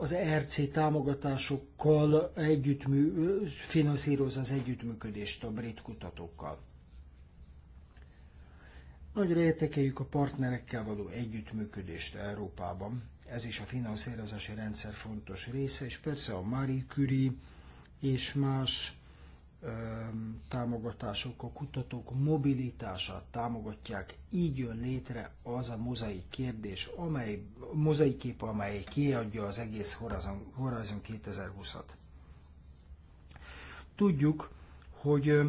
Speaker 3: az ERC támogatásokkal együttmű, finanszíroz az együttműködést a brit kutatókkal. Nagyra értékeljük a partnerekkel való együttműködést Európában. Ez is a finanszírozási rendszer fontos része, és persze a Marie Curie és más támogatások, a kutatók mobilitását támogatják. Így jön létre az a mozaik kérdés, amely, mozaik kép, amely kiadja az egész Horizon, Horizon 2020-at. Tudjuk, hogy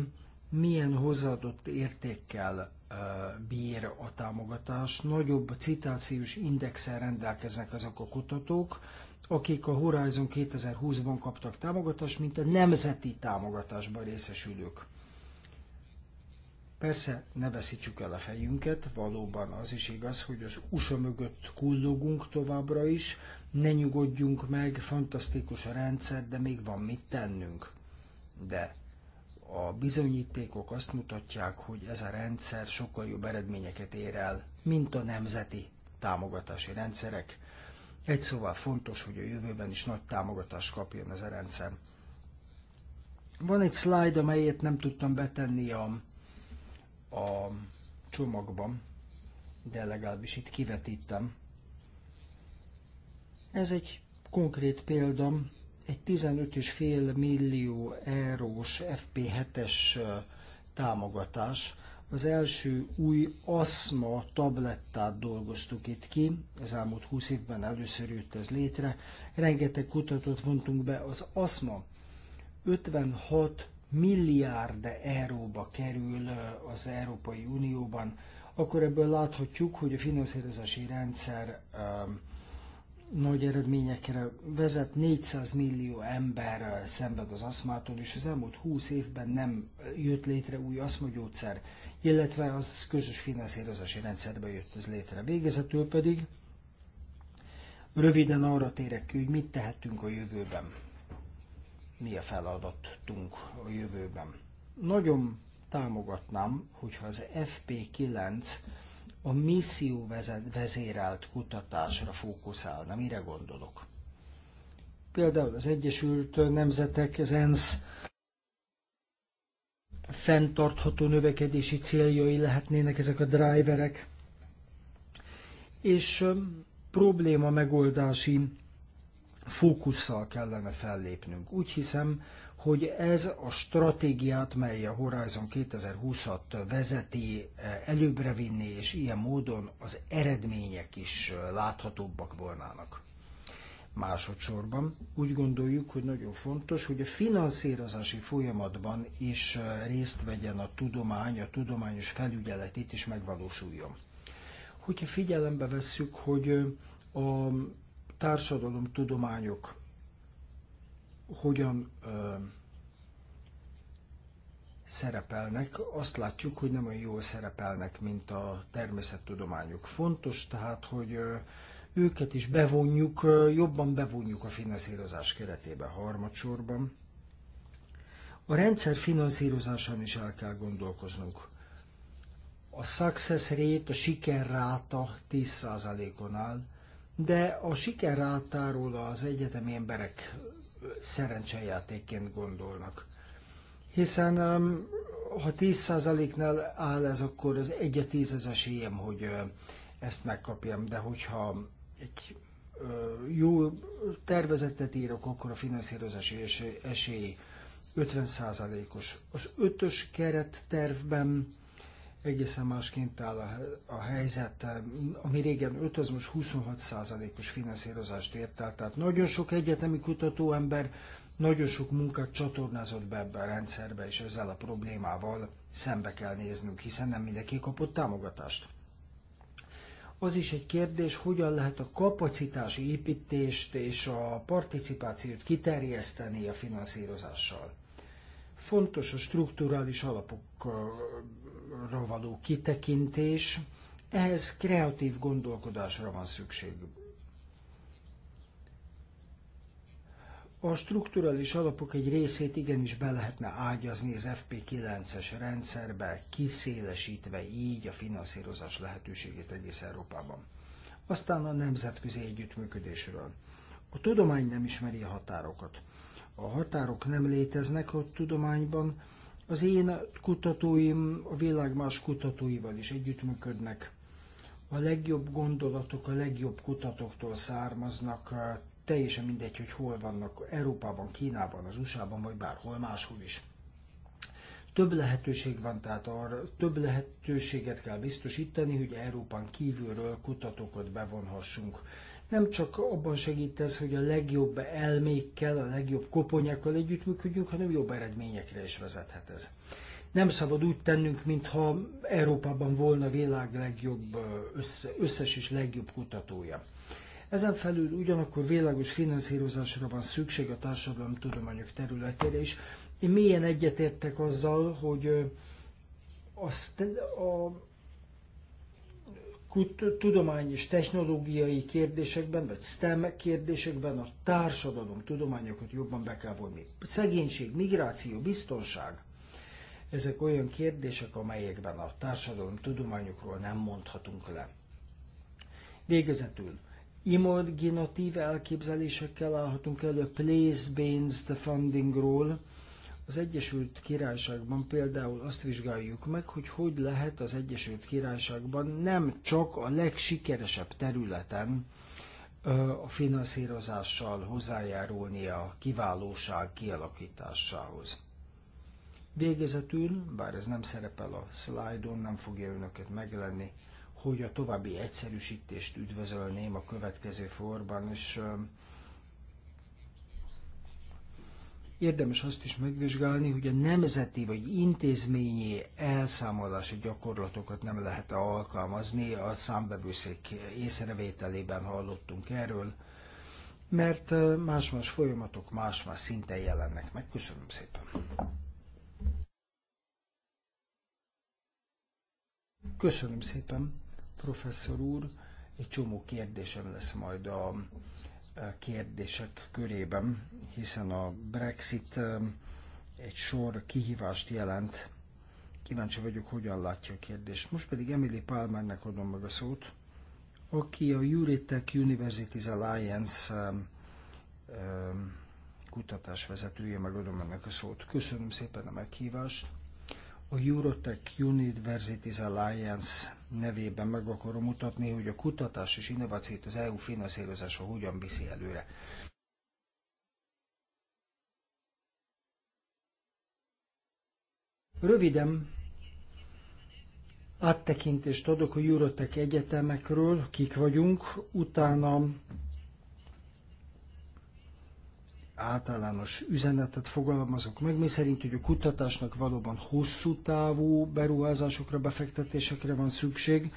Speaker 3: milyen hozzáadott értékkel bír a támogatás. Nagyobb citációs indexel rendelkeznek azok a kutatók, akik a Horizon 2020-ban kaptak támogatást, mint a nemzeti támogatásban részesülők. Persze ne veszítsük el a fejünket, valóban az is igaz, hogy az USA mögött kullogunk továbbra is, ne nyugodjunk meg, fantasztikus a rendszer, de még van mit tennünk. De a bizonyítékok azt mutatják, hogy ez a rendszer sokkal jobb eredményeket ér el, mint a nemzeti támogatási rendszerek, egy szóval fontos, hogy a jövőben is nagy támogatást kapjon ez a rendszer. Van egy slide, amelyet nem tudtam betenni a, a csomagban, de legalábbis itt kivetítem. Ez egy konkrét példa, egy 15,5 millió eurós FP7-es támogatás, az első új aszma tablettát dolgoztuk itt ki, az elmúlt 20 évben először jött ez létre. Rengeteg kutatót vontunk be, az aszma 56 milliárd euróba kerül az Európai Unióban, akkor ebből láthatjuk, hogy a finanszírozási rendszer um, nagy eredményekre vezet, 400 millió ember szenved az aszmától, és az elmúlt 20 évben nem jött létre új aszmagyógyszer, illetve az közös finanszírozási rendszerbe jött ez létre. Végezetül pedig röviden arra térek ki, hogy mit tehetünk a jövőben. Mi a feladatunk a jövőben. Nagyon támogatnám, hogyha az FP9 a misszió vezérelt kutatásra fókuszálna. Mire gondolok? Például az Egyesült Nemzetek, az ENSZ fenntartható növekedési céljai lehetnének ezek a driverek, és probléma megoldási fókusszal kellene fellépnünk. Úgy hiszem, hogy ez a stratégiát, mely a Horizon 2020-at vezeti, előbbre vinni, és ilyen módon az eredmények is láthatóbbak volnának. Másodszorban úgy gondoljuk, hogy nagyon fontos, hogy a finanszírozási folyamatban is részt vegyen a tudomány, a tudományos felügyelet itt is megvalósuljon. Hogyha figyelembe vesszük, hogy a társadalomtudományok hogyan ö, szerepelnek, azt látjuk, hogy nem olyan jól szerepelnek, mint a természettudományok. Fontos tehát, hogy ö, őket is bevonjuk, ö, jobban bevonjuk a finanszírozás keretébe harmadsorban. A rendszer finanszírozásán is el kell gondolkoznunk. A success rate, a sikerráta 10%-on áll, de a sikerrátáról az egyetemi emberek szerencsejátékként gondolnak. Hiszen um, ha 10%-nál áll ez, akkor az egy a tízez esélyem, hogy ezt megkapjam, de hogyha egy jó tervezetet írok, akkor a finanszírozási esély 50%-os. Az ötös kerettervben egészen másként áll a, a helyzet, ami régen 5, az most 26%-os finanszírozást ért el. Tehát nagyon sok egyetemi kutatóember nagyon sok munkát csatornázott be ebbe a rendszerbe, és ezzel a problémával szembe kell néznünk, hiszen nem mindenki kapott támogatást. Az is egy kérdés, hogyan lehet a kapacitási építést és a participációt kiterjeszteni a finanszírozással. Fontos a strukturális alapok való kitekintés, ehhez kreatív gondolkodásra van szükség. A strukturális alapok egy részét igenis be lehetne ágyazni az FP9-es rendszerbe, kiszélesítve így a finanszírozás lehetőségét egész Európában. Aztán a nemzetközi együttműködésről. A tudomány nem ismeri a határokat. A határok nem léteznek a tudományban, az én kutatóim a világ más kutatóival is együttműködnek. A legjobb gondolatok a legjobb kutatóktól származnak, teljesen mindegy, hogy hol vannak, Európában, Kínában, az USA-ban, vagy bárhol máshol is. Több lehetőség van, tehát arra több lehetőséget kell biztosítani, hogy Európán kívülről kutatókat bevonhassunk nem csak abban segít ez, hogy a legjobb elmékkel, a legjobb koponyákkal együttműködjünk, hanem jobb eredményekre is vezethet ez. Nem szabad úgy tennünk, mintha Európában volna világ legjobb, össze, összes és legjobb kutatója. Ezen felül ugyanakkor világos finanszírozásra van szükség a tudományok területére is. Én mélyen egyetértek azzal, hogy azt, a, tudomány és technológiai kérdésekben, vagy STEM kérdésekben a társadalom tudományokat jobban be kell vonni. Szegénység, migráció, biztonság, ezek olyan kérdések, amelyekben a társadalom tudományokról nem mondhatunk le. Végezetül, imaginatív elképzelésekkel állhatunk elő place-based fundingról, az Egyesült Királyságban például azt vizsgáljuk meg, hogy hogy lehet az Egyesült Királyságban nem csak a legsikeresebb területen a finanszírozással hozzájárulni a kiválóság kialakításához. Végezetül, bár ez nem szerepel a szlájdon, nem fogja önöket meglenni, hogy a további egyszerűsítést üdvözölném a következő forban, és érdemes azt is megvizsgálni, hogy a nemzeti vagy intézményi elszámolási gyakorlatokat nem lehet alkalmazni, a számbevőszék észrevételében hallottunk erről, mert más-más folyamatok más-más szinten jelennek meg. Köszönöm szépen! Köszönöm szépen, professzor úr! Egy csomó kérdésem lesz majd a kérdések körében, hiszen a Brexit um, egy sor kihívást jelent. Kíváncsi vagyok, hogyan látja a kérdést. Most pedig Emily Palmernek adom meg a szót, aki a Juritech Universities Alliance um, um, kutatás vezetője, megadom ennek a szót. Köszönöm szépen a meghívást a Eurotech Universities Alliance nevében meg akarom mutatni, hogy a kutatás és innovációt az EU finanszírozása hogyan viszi előre. Röviden áttekintést adok a Eurotech egyetemekről, kik vagyunk, utána általános üzenetet fogalmazok meg, mi szerint, hogy a kutatásnak valóban hosszú távú beruházásokra, befektetésekre van szükség.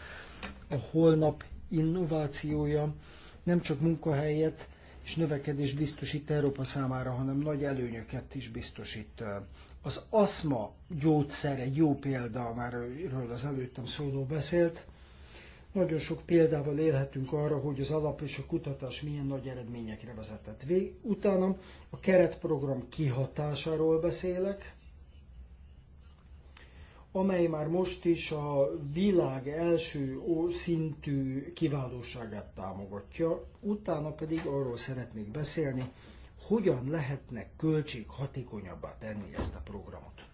Speaker 3: A holnap innovációja nem csak munkahelyet és növekedést biztosít Európa számára, hanem nagy előnyöket is biztosít. Az aszma gyógyszer egy jó példa, már erről az előttem szóló beszélt, nagyon sok példával élhetünk arra, hogy az alap és a kutatás milyen nagy eredményekre vezetett. Vég, utána a keretprogram kihatásáról beszélek, amely már most is a világ első szintű kiválóságát támogatja, utána pedig arról szeretnék beszélni, hogyan lehetne költséghatékonyabbá tenni ezt a programot.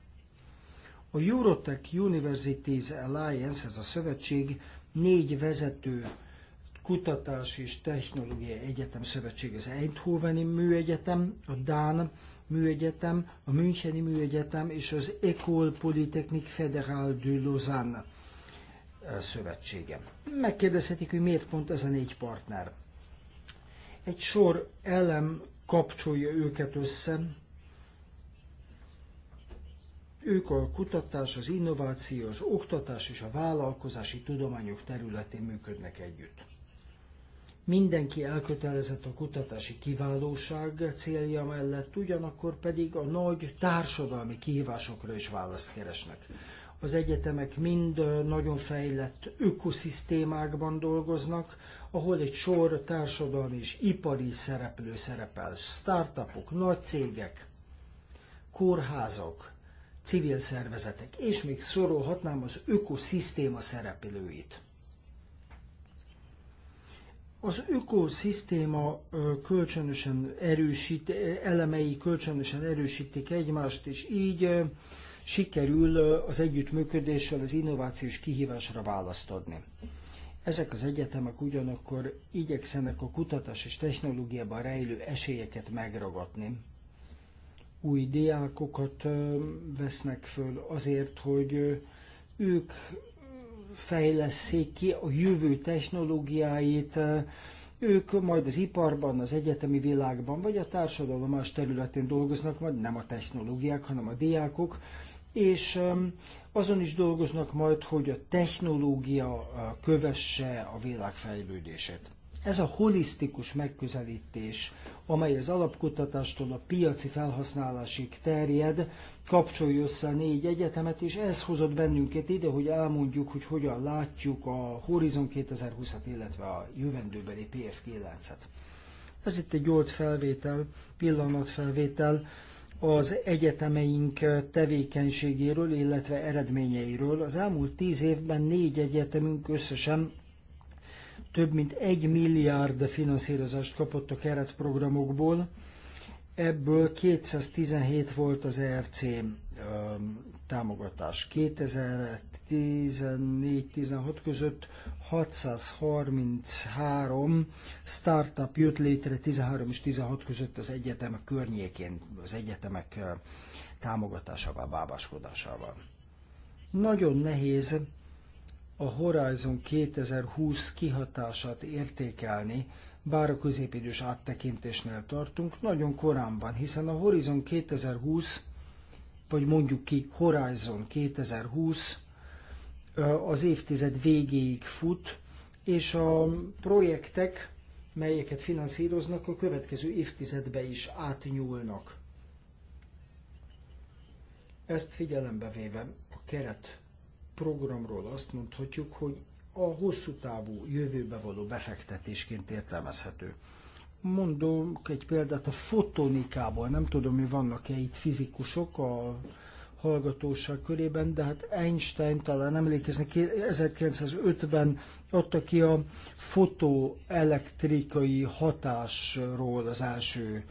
Speaker 3: A Eurotech Universities Alliance, ez a szövetség, négy vezető kutatási és technológiai egyetem szövetség, az Eindhoveni Műegyetem, a Dán Műegyetem, a Müncheni Műegyetem és az École Polytechnique Fédérale de Lausanne eh, szövetsége. Megkérdezhetik, hogy miért pont ez a négy partner. Egy sor elem kapcsolja őket össze, ők a kutatás, az innováció, az oktatás és a vállalkozási tudományok területén működnek együtt. Mindenki elkötelezett a kutatási kiválóság célja mellett, ugyanakkor pedig a nagy társadalmi kihívásokra is választ keresnek. Az egyetemek mind nagyon fejlett ökoszisztémákban dolgoznak, ahol egy sor társadalmi és ipari szereplő szerepel. Startupok, nagy cégek, kórházak, civil szervezetek, és még sorolhatnám az ökoszisztéma szereplőit. Az ökoszisztéma kölcsönösen erősít, elemei kölcsönösen erősítik egymást, és így sikerül az együttműködéssel az innovációs kihívásra választ adni. Ezek az egyetemek ugyanakkor igyekszenek a kutatás és technológiában rejlő esélyeket megragadni, új diákokat vesznek föl azért, hogy ők fejleszék ki a jövő technológiáit, ők majd az iparban, az egyetemi világban, vagy a társadalom más területén dolgoznak, majd nem a technológiák, hanem a diákok, és azon is dolgoznak majd, hogy a technológia kövesse a világ fejlődését. Ez a holisztikus megközelítés amely az alapkutatástól a piaci felhasználásig terjed, kapcsolja össze a négy egyetemet, és ez hozott bennünket ide, hogy elmondjuk, hogy hogyan látjuk a Horizon 2020-at, illetve a jövendőbeli PF9-et. Ez itt egy gyors felvétel, pillanatfelvétel az egyetemeink tevékenységéről, illetve eredményeiről. Az elmúlt tíz évben négy egyetemünk összesen több mint egy milliárd finanszírozást kapott a keretprogramokból, ebből 217 volt az ERC um, támogatás. 2014-16 között 633 startup jött létre 13 és 16 között az egyetemek környékén, az egyetemek uh, támogatásával, bábáskodásával. Nagyon nehéz a Horizon 2020 kihatását értékelni, bár a középidős áttekintésnél tartunk, nagyon koránban, hiszen a Horizon 2020, vagy mondjuk ki Horizon 2020 az évtized végéig fut, és a projektek, melyeket finanszíroznak, a következő évtizedbe is átnyúlnak. Ezt figyelembe véve a keret programról azt mondhatjuk, hogy a hosszú távú jövőbe való befektetésként értelmezhető. Mondom, egy példát a fotonikából, nem tudom, mi vannak-e itt fizikusok a hallgatóság körében, de hát Einstein talán emlékezni, 1905-ben adta ki a fotoelektrikai hatásról az első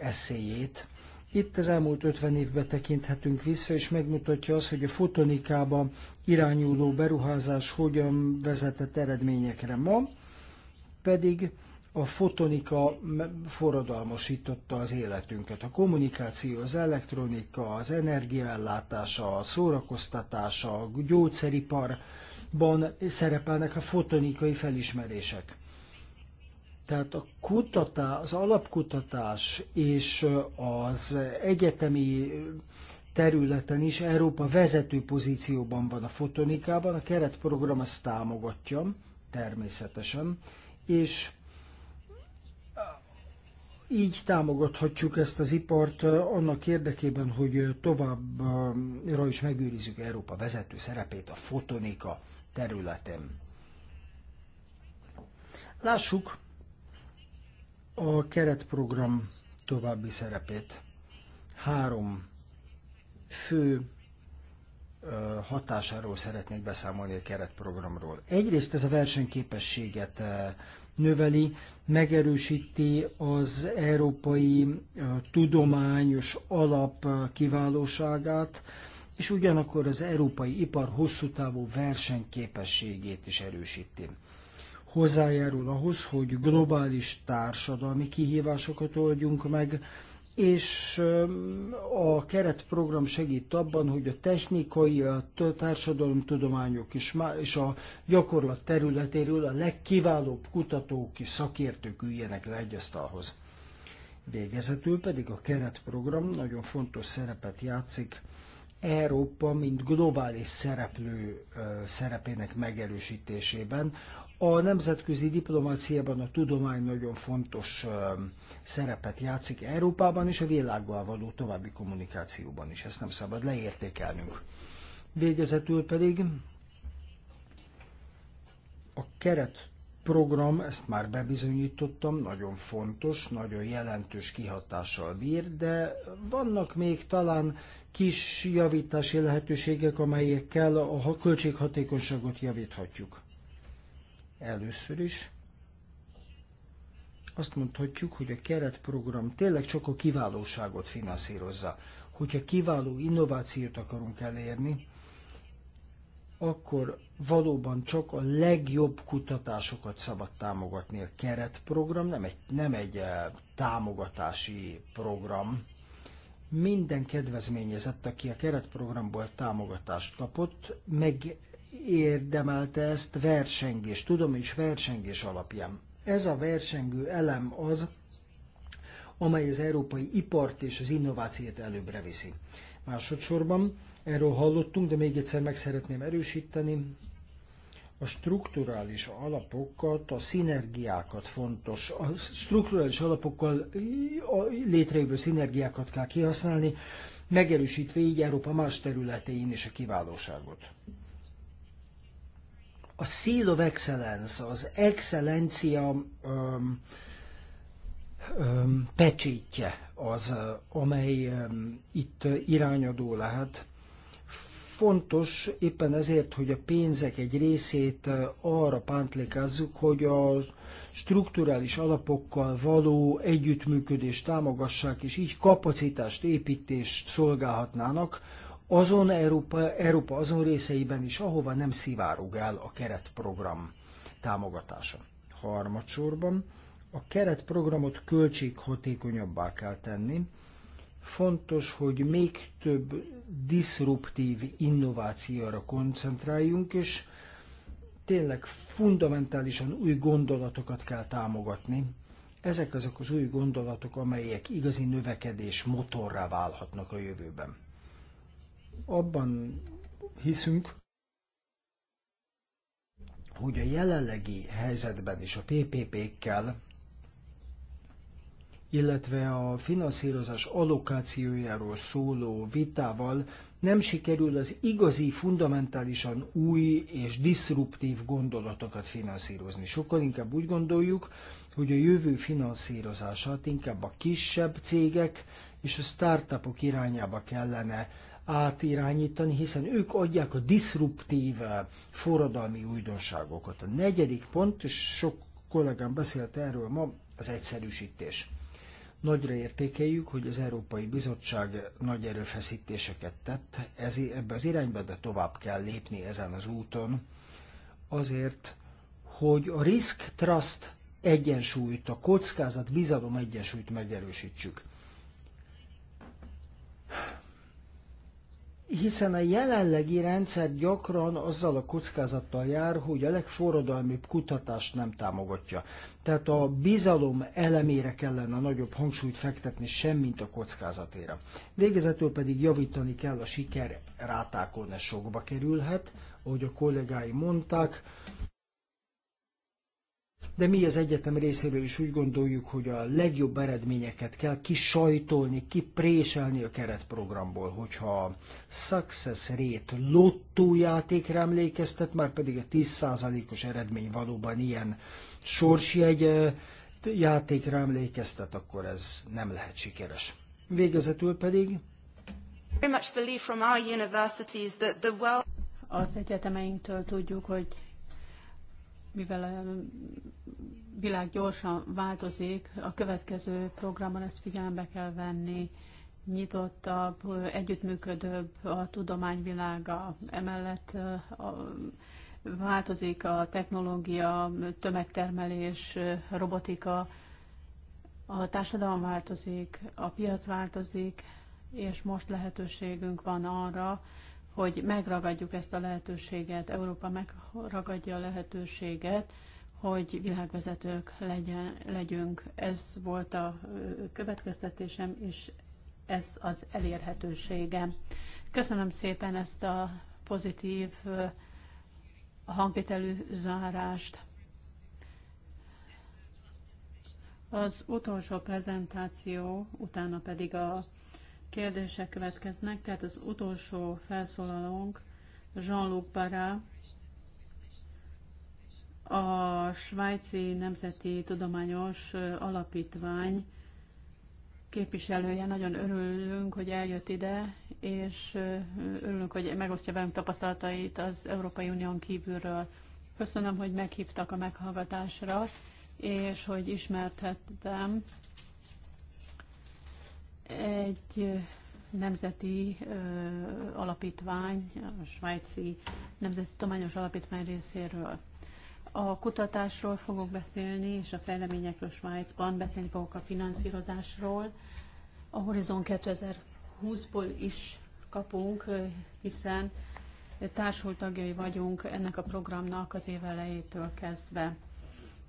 Speaker 3: eszéjét, itt az elmúlt 50 évbe tekinthetünk vissza, és megmutatja az, hogy a fotonikába irányuló beruházás hogyan vezetett eredményekre ma, pedig a fotonika forradalmasította az életünket. A kommunikáció, az elektronika, az energiaellátása, a szórakoztatása, a gyógyszeriparban szerepelnek a fotonikai felismerések. Tehát a kutatás, az alapkutatás és az egyetemi területen is Európa vezető pozícióban van a fotonikában, a keretprogram ezt támogatja, természetesen, és így támogathatjuk ezt az ipart annak érdekében, hogy továbbra is megőrizzük Európa vezető szerepét a fotonika területén. Lássuk, a keretprogram további szerepét. Három fő hatásáról szeretnék beszámolni a keretprogramról. Egyrészt ez a versenyképességet növeli, megerősíti az európai tudományos alap kiválóságát, és ugyanakkor az európai ipar hosszú távú versenyképességét is erősíti hozzájárul ahhoz, hogy globális társadalmi kihívásokat oldjunk meg, és a keretprogram segít abban, hogy a technikai, a társadalomtudományok és a gyakorlat területéről a legkiválóbb kutatók és szakértők üljenek le egy Végezetül pedig a keretprogram nagyon fontos szerepet játszik Európa, mint globális szereplő szerepének megerősítésében, a nemzetközi diplomáciában a tudomány nagyon fontos szerepet játszik Európában és a világgal való további kommunikációban is. Ezt nem szabad leértékelnünk. Végezetül pedig a keret program, ezt már bebizonyítottam, nagyon fontos, nagyon jelentős kihatással bír, de vannak még talán kis javítási lehetőségek, amelyekkel a költséghatékonyságot javíthatjuk. Először is azt mondhatjuk, hogy a keretprogram tényleg csak a kiválóságot finanszírozza. Hogyha kiváló innovációt akarunk elérni, akkor valóban csak a legjobb kutatásokat szabad támogatni. A keretprogram nem egy, nem egy eh, támogatási program. Minden kedvezményezett, aki a keretprogramból támogatást kapott, meg érdemelte ezt versengés, tudom is versengés alapján. Ez a versengő elem az, amely az európai ipart és az innovációt előbbre viszi. Másodszorban erről hallottunk, de még egyszer meg szeretném erősíteni, a strukturális alapokat, a szinergiákat fontos, a strukturális alapokkal létrejövő szinergiákat kell kihasználni, megerősítve így Európa más területein is a kiválóságot a Seal of Excellence, az excellencia um, um, pecsétje az, uh, amely um, itt uh, irányadó lehet. Fontos éppen ezért, hogy a pénzek egy részét uh, arra pántlikázzuk, hogy a strukturális alapokkal való együttműködést támogassák, és így kapacitást, építést szolgálhatnának, azon Európa, Európa azon részeiben is, ahova nem szivárog el a keretprogram támogatása. Harmadsorban a keretprogramot költséghatékonyabbá kell tenni. Fontos, hogy még több diszruptív innovációra koncentráljunk, és tényleg fundamentálisan új gondolatokat kell támogatni. Ezek azok az új gondolatok, amelyek igazi növekedés motorrá válhatnak a jövőben abban hiszünk, hogy a jelenlegi helyzetben is a PPP-kkel, illetve a finanszírozás allokációjáról szóló vitával nem sikerül az igazi, fundamentálisan új és diszruptív gondolatokat finanszírozni. Sokkal inkább úgy gondoljuk, hogy a jövő finanszírozását inkább a kisebb cégek és a startupok irányába kellene átirányítani, hiszen ők adják a diszruptív eh, forradalmi újdonságokat. A negyedik pont, és sok kollégám beszélt erről ma, az egyszerűsítés. Nagyra értékeljük, hogy az Európai Bizottság nagy erőfeszítéseket tett ez, ebbe az irányba, de tovább kell lépni ezen az úton, azért, hogy a risk-trust egyensúlyt, a kockázat-bizalom egyensúlyt megerősítsük hiszen a jelenlegi rendszer gyakran azzal a kockázattal jár, hogy a legforradalmibb kutatást nem támogatja. Tehát a bizalom elemére kellene nagyobb hangsúlyt fektetni, semmint a kockázatére. Végezetül pedig javítani kell a siker rátákon, ez sokba kerülhet, ahogy a kollégái mondták, de mi az egyetem részéről is úgy gondoljuk, hogy a legjobb eredményeket kell kisajtolni, kipréselni a keretprogramból, hogyha a success rate lottójátékra emlékeztet, már pedig a 10%-os eredmény valóban ilyen sorsjegy játékra emlékeztet, akkor ez nem lehet sikeres. Végezetül pedig
Speaker 1: az egyetemeinktől tudjuk, hogy mivel a világ gyorsan változik, a következő programban ezt figyelembe kell venni, nyitottabb, együttműködőbb a tudományvilága, emellett a, változik a technológia, tömegtermelés, robotika, a társadalom változik, a piac változik, és most lehetőségünk van arra, hogy megragadjuk ezt a lehetőséget, Európa megragadja a lehetőséget, hogy világvezetők legyen, legyünk. Ez volt a következtetésem, és ez az elérhetősége. Köszönöm szépen ezt a pozitív hangvitelű zárást. Az utolsó prezentáció, utána pedig a kérdések következnek, tehát az utolsó felszólalónk Jean-Luc Barra, a Svájci Nemzeti Tudományos Alapítvány képviselője. Nagyon örülünk, hogy eljött ide, és örülünk, hogy megosztja velünk tapasztalatait az Európai Unión kívülről. Köszönöm, hogy meghívtak a meghallgatásra, és hogy ismerthettem egy nemzeti ö, alapítvány, a svájci nemzeti tudományos alapítvány részéről. A kutatásról fogok beszélni, és a fejleményekről Svájcban, beszélni fogok a finanszírozásról. A Horizon 2020-ból is kapunk, hiszen társultagjai vagyunk ennek a programnak az év elejétől kezdve.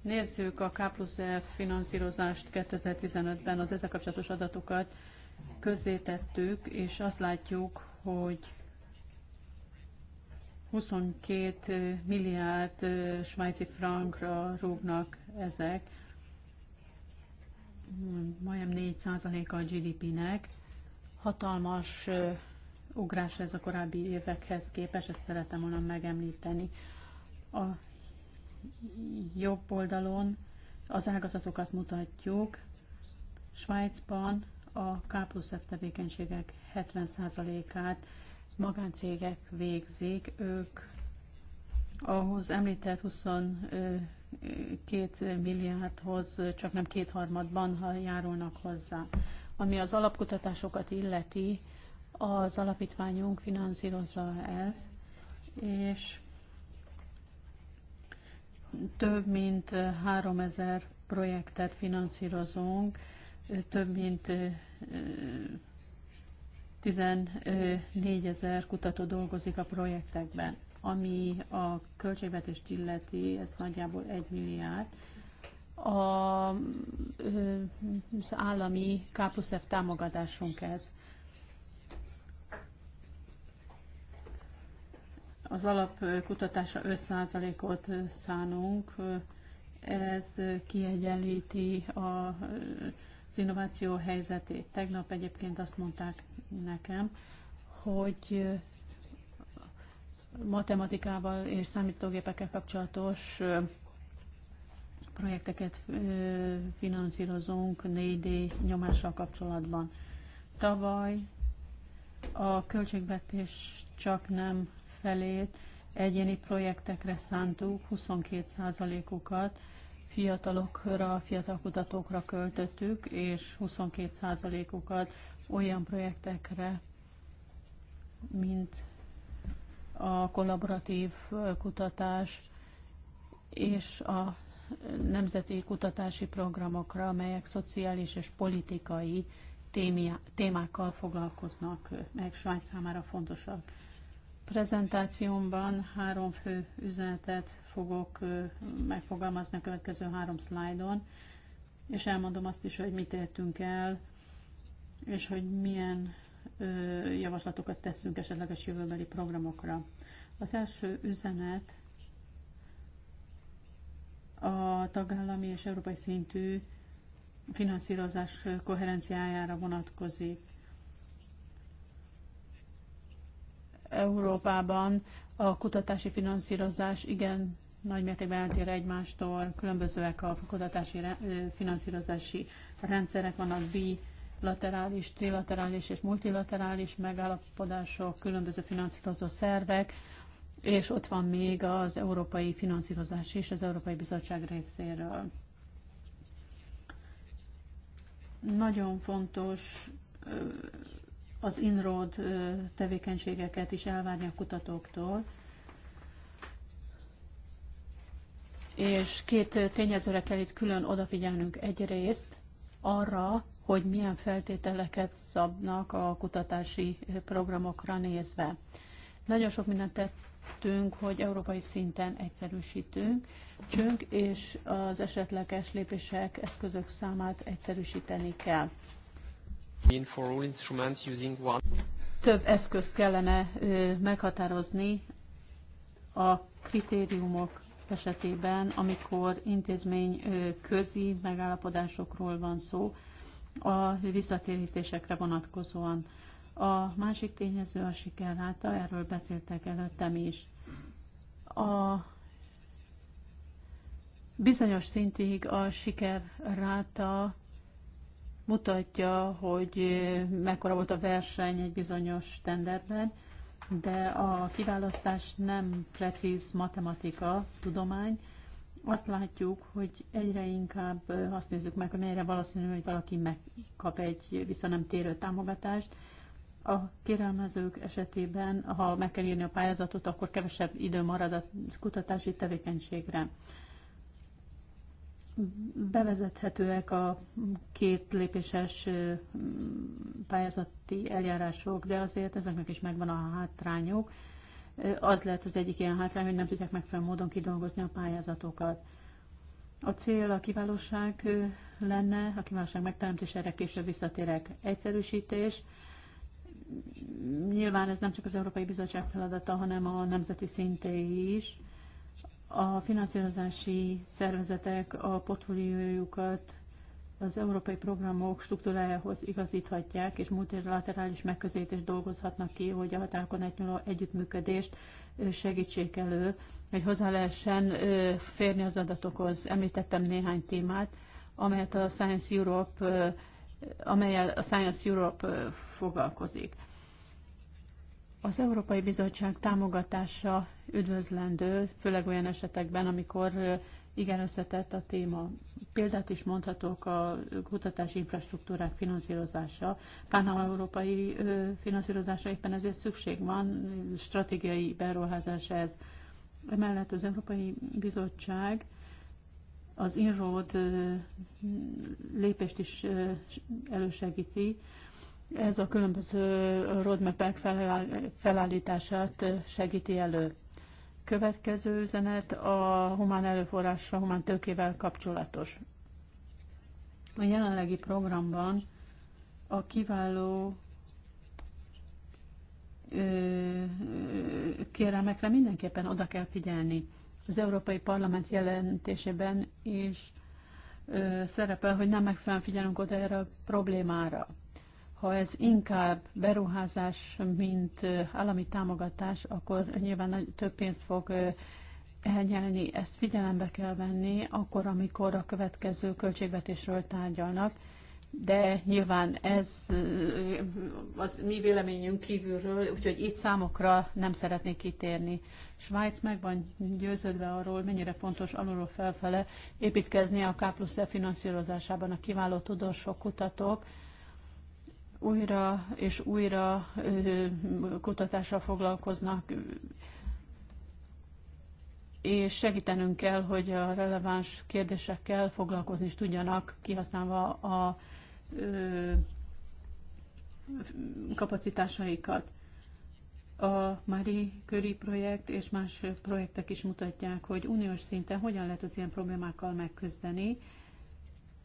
Speaker 1: Nézzük a K plusz F e finanszírozást 2015-ben, az ezzel kapcsolatos adatokat közzétettük, és azt látjuk, hogy 22 milliárd svájci frankra rúgnak ezek, majdnem 4 a a GDP-nek. Hatalmas ugrás ez a korábbi évekhez képest, ezt szeretem volna megemlíteni. A jobb oldalon az ágazatokat mutatjuk. Svájcban a K plusz F tevékenységek 70%-át magáncégek végzik, ők ahhoz említett 22 milliárdhoz csak nem kétharmadban ha járulnak hozzá. Ami az alapkutatásokat illeti, az alapítványunk finanszírozza ezt, és több mint 3000 projektet finanszírozunk, több mint 14 ezer kutató dolgozik a projektekben. Ami a költségvetést illeti, ez nagyjából 1 milliárd. A, az állami K plusz F támogatásunk ez. Az alapkutatásra 5%-ot szánunk, ez kiegyenlíti a az innováció helyzetét. Tegnap egyébként azt mondták nekem, hogy matematikával és számítógépekkel kapcsolatos projekteket finanszírozunk 4D nyomással kapcsolatban. Tavaly a költségvetés csak nem felét egyéni projektekre szántuk, 22%-ukat fiatalokra, fiatal kutatókra költöttük, és 22%-ukat olyan projektekre, mint a kollaboratív kutatás és a nemzeti kutatási programokra, amelyek szociális és politikai témákkal foglalkoznak, meg Svájc számára fontosak. Prezentációmban három fő üzenetet fogok megfogalmazni a következő három szlájdon, és elmondom azt is, hogy mit értünk el, és hogy milyen javaslatokat teszünk esetleges jövőbeli programokra. Az első üzenet a tagállami és európai szintű finanszírozás koherenciájára vonatkozik. Európában a kutatási finanszírozás igen nagy mértékben eltér egymástól, különbözőek a kutatási finanszírozási rendszerek, vannak bilaterális, trilaterális és multilaterális megállapodások, különböző finanszírozó szervek, és ott van még az európai finanszírozás is az Európai Bizottság részéről. Nagyon fontos az inroad tevékenységeket is elvárni a kutatóktól. És két tényezőre kell itt külön odafigyelnünk egyrészt arra, hogy milyen feltételeket szabnak a kutatási programokra nézve. Nagyon sok mindent tettünk, hogy európai szinten egyszerűsítünk, csünk, és az esetleges lépések, eszközök számát egyszerűsíteni kell. Több eszközt kellene meghatározni a kritériumok esetében, amikor intézmény közi megállapodásokról van szó, a visszatérítésekre vonatkozóan. A másik tényező a sikerráta, erről beszéltek előttem is. A bizonyos szintig a sikerráta mutatja, hogy eh, mekkora volt a verseny egy bizonyos tenderben, de a kiválasztás nem precíz matematika, tudomány. Azt látjuk, hogy egyre inkább eh, azt nézzük meg, hogy mennyire valószínű, hogy valaki megkap egy térő támogatást. A kérelmezők esetében, ha meg kell írni a pályázatot, akkor kevesebb idő marad a kutatási tevékenységre bevezethetőek a két lépéses pályázati eljárások, de azért ezeknek is megvan a hátrányok. Az lehet az egyik ilyen hátrány, hogy nem tudják megfelelő módon kidolgozni a pályázatokat. A cél a kiválóság lenne, a kiválóság megteremtés, erre később visszatérek. Egyszerűsítés. Nyilván ez nem csak az Európai Bizottság feladata, hanem a nemzeti szinté is a finanszírozási szervezetek a portfóliójukat az európai programok struktúrájához igazíthatják, és multilaterális megközelítést dolgozhatnak ki, hogy a határokon átnyúló együttműködést segítsék elő, hogy hozzá lehessen férni az adatokhoz. Említettem néhány témát, amelyet a Science Europe, amelyel a Science Europe foglalkozik. Az Európai Bizottság támogatása üdvözlendő, főleg olyan esetekben, amikor igen összetett a téma. Példát is mondhatok a kutatási infrastruktúrák finanszírozása. Pán-európai finanszírozása éppen ezért szükség van, stratégiai beruházás ez. Emellett az Európai Bizottság az inroad lépést is elősegíti, ez a különböző roadmap felállítását segíti elő. Következő üzenet a humán erőforrásra, humán tőkével kapcsolatos. A jelenlegi programban a kiváló kérelmekre mindenképpen oda kell figyelni. Az Európai Parlament jelentésében is szerepel, hogy nem megfelelően figyelünk oda erre a problémára. Ha ez inkább beruházás, mint állami támogatás, akkor nyilván több pénzt fog elnyelni. Ezt figyelembe kell venni akkor, amikor a következő költségvetésről tárgyalnak, de nyilván ez az mi véleményünk kívülről, úgyhogy itt számokra nem szeretnék kitérni. Svájc meg van győződve arról, mennyire fontos alulról felfele építkezni a K plusz e finanszírozásában a kiváló tudósok, kutatók, újra és újra kutatással foglalkoznak, és segítenünk kell, hogy a releváns kérdésekkel foglalkozni is tudjanak, kihasználva a kapacitásaikat. A Marie Curie projekt és más projektek is mutatják, hogy uniós szinten hogyan lehet az ilyen problémákkal megküzdeni,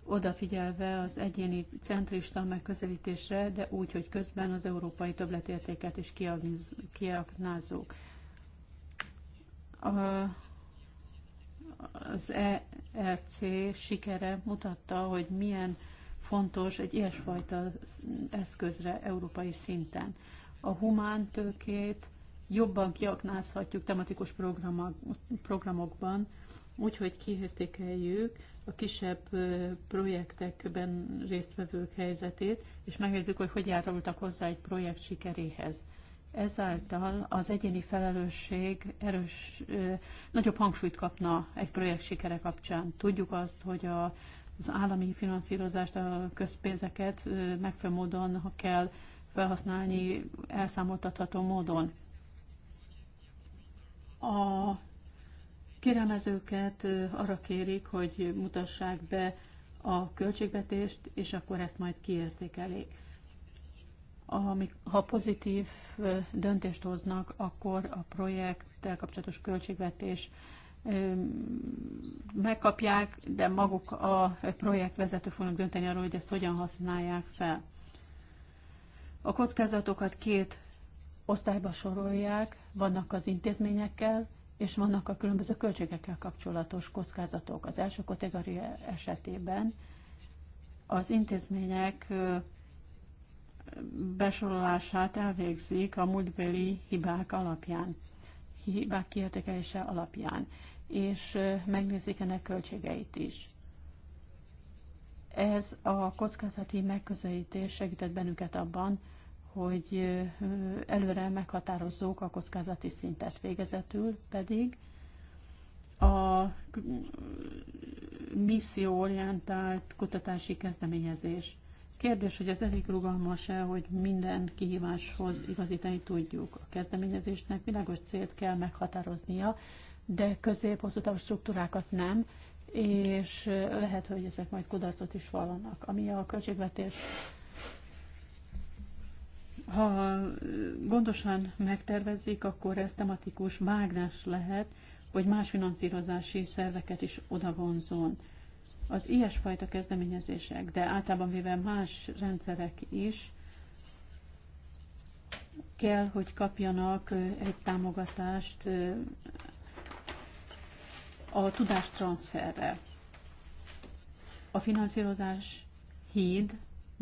Speaker 1: odafigyelve az egyéni centrista megközelítésre, de úgy, hogy közben az európai többletértéket is kiaknázzuk. Az ERC sikere mutatta, hogy milyen fontos egy ilyesfajta eszközre európai szinten. A humán tőkét jobban kiaknázhatjuk tematikus programokban, úgyhogy kiértékeljük, a kisebb projektekben résztvevők helyzetét, és megnézzük, hogy hogy járultak hozzá egy projekt sikeréhez. Ezáltal az egyéni felelősség erős, nagyobb hangsúlyt kapna egy projekt sikere kapcsán. Tudjuk azt, hogy a, az állami finanszírozást, a közpénzeket megfelelő módon ha kell felhasználni elszámoltatható módon. A ezőket arra kérik, hogy mutassák be a költségvetést, és akkor ezt majd kiértékelik. Ha pozitív döntést hoznak, akkor a projekttel kapcsolatos költségvetés megkapják, de maguk a projektvezető fognak dönteni arról, hogy ezt hogyan használják fel. A kockázatokat két osztályba sorolják, vannak az intézményekkel, és vannak a különböző költségekkel kapcsolatos kockázatok. Az első kategória esetében az intézmények besorolását elvégzik a múltbeli hibák alapján, hibák kiértékelése alapján, és megnézik ennek költségeit is. Ez a kockázati megközelítés segített bennünket abban, hogy előre meghatározzuk a kockázati szintet. Végezetül pedig a misszióorientált kutatási kezdeményezés. Kérdés, hogy ez elég rugalmas-e, hogy minden kihíváshoz igazítani tudjuk. A kezdeményezésnek világos célt kell meghatároznia, de közép struktúrákat nem, és lehet, hogy ezek majd kudarcot is vallanak. Ami a költségvetés ha gondosan megtervezzék, akkor ez tematikus mágnás lehet, hogy más finanszírozási szerveket is odavonzon. Az ilyesfajta kezdeményezések, de általában véve más rendszerek is kell, hogy kapjanak egy támogatást a tudástranszferre. A finanszírozás híd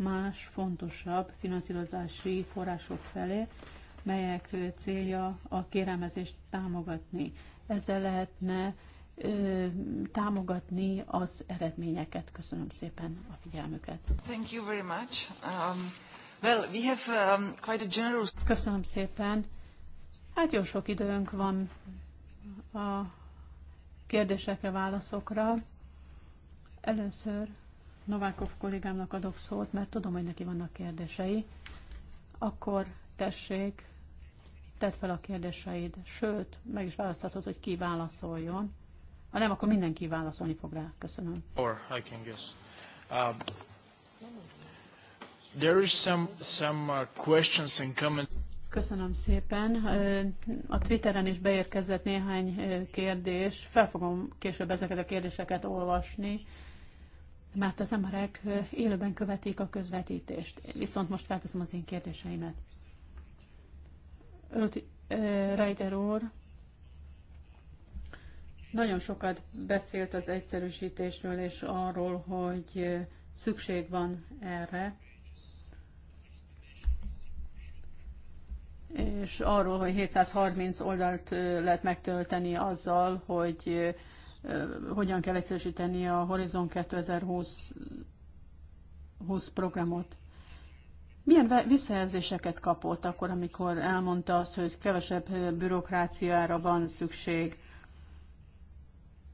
Speaker 1: más fontosabb finanszírozási források felé, melyek célja a kérelmezést támogatni. Ezzel lehetne ö, támogatni az eredményeket. Köszönöm szépen a figyelmüket.
Speaker 3: Thank you very much.
Speaker 1: Um, well, we have um, quite a generous... Köszönöm szépen. Hát jó sok időnk van a kérdésekre, válaszokra. Először Novákov kollégámnak adok szót, mert tudom, hogy neki vannak kérdései. Akkor tessék, tedd fel a kérdéseid, sőt, meg is választhatod, hogy ki válaszoljon. Ha nem, akkor mindenki válaszolni fog rá. Köszönöm.
Speaker 3: Or I can guess. Uh, there is some, some uh, questions and comments.
Speaker 1: Köszönöm szépen. A Twitteren is beérkezett néhány kérdés. Fel fogom később ezeket a kérdéseket olvasni mert az emberek élőben követik a közvetítést. Viszont most felteszem az én kérdéseimet. Reiter úr nagyon sokat beszélt az egyszerűsítésről és arról, hogy szükség van erre, és arról, hogy 730 oldalt lehet megtölteni azzal, hogy hogyan kell egyszerűsíteni a Horizon 2020 20 programot. Milyen visszajelzéseket kapott akkor, amikor elmondta azt, hogy kevesebb bürokráciára van szükség?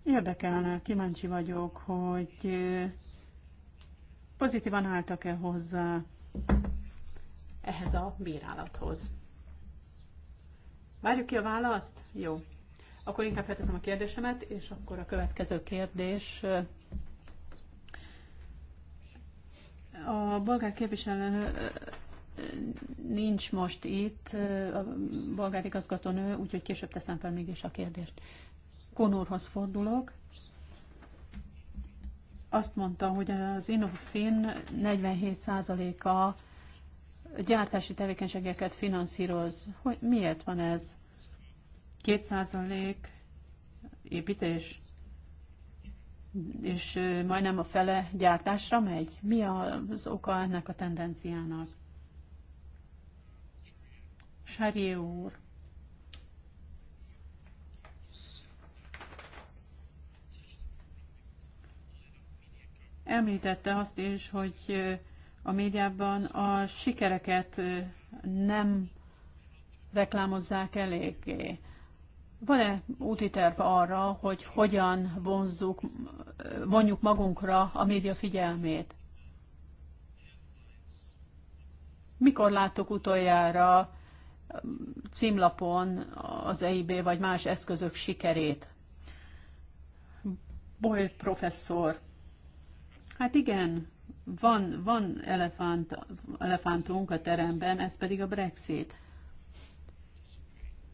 Speaker 1: Érdekelne, kíváncsi vagyok, hogy pozitívan álltak-e hozzá ehhez a bírálathoz. Várjuk ki a választ? Jó. Akkor inkább felteszem a kérdésemet, és akkor a következő kérdés. A bolgár képviselő nincs most itt, a bolgár igazgatónő, úgyhogy később teszem fel mégis a kérdést. Konurhoz fordulok. Azt mondta, hogy az Innofin 47%-a gyártási tevékenységeket finanszíroz. Hogy miért van ez? 2% építés, és majdnem a fele gyártásra megy. Mi az oka ennek a tendenciának? Sárjé úr. Említette azt is, hogy a médiában a sikereket nem reklámozzák eléggé. Van-e úti terv arra, hogy hogyan vonzzuk, vonjuk magunkra a média figyelmét? Mikor láttuk utoljára um, címlapon az EIB vagy más eszközök sikerét? Boly professzor. Hát igen, van, van elefánt, elefántunk a teremben, ez pedig a Brexit.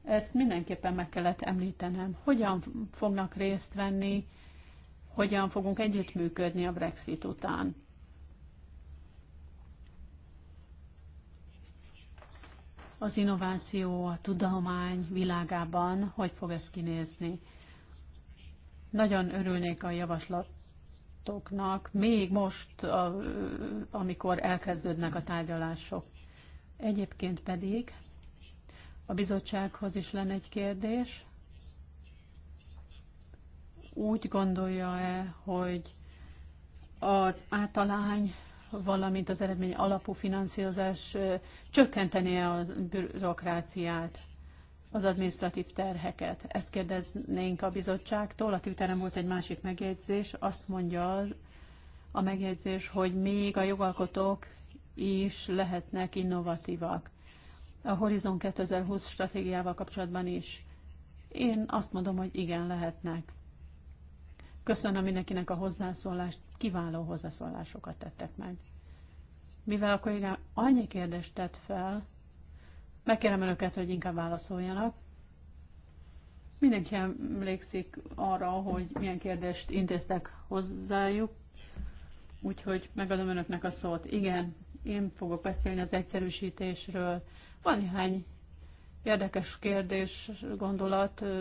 Speaker 1: Ezt mindenképpen meg kellett említenem. Hogyan fognak részt venni, hogyan fogunk együttműködni a Brexit után? Az innováció, a tudomány világában hogy fog ez kinézni? Nagyon örülnék a javaslat még most, amikor elkezdődnek a tárgyalások. Egyébként pedig a bizottsághoz is lenne egy kérdés. Úgy gondolja-e, hogy az általány, valamint az eredmény alapú finanszírozás csökkenteni a bürokráciát, az adminisztratív terheket? Ezt kérdeznénk a bizottságtól. A Twitteren volt egy másik megjegyzés, azt mondja a megjegyzés, hogy még a jogalkotók is lehetnek innovatívak a Horizon 2020 stratégiával kapcsolatban is. Én azt mondom, hogy igen, lehetnek. Köszönöm mindenkinek a hozzászólást, kiváló hozzászólásokat tettek meg. Mivel a kollégám annyi kérdést tett fel, megkérem önöket, hogy inkább válaszoljanak. Mindenki emlékszik arra, hogy milyen kérdést intéztek hozzájuk, úgyhogy megadom önöknek a szót. Igen, én fogok beszélni az egyszerűsítésről, van néhány érdekes kérdés, gondolat, a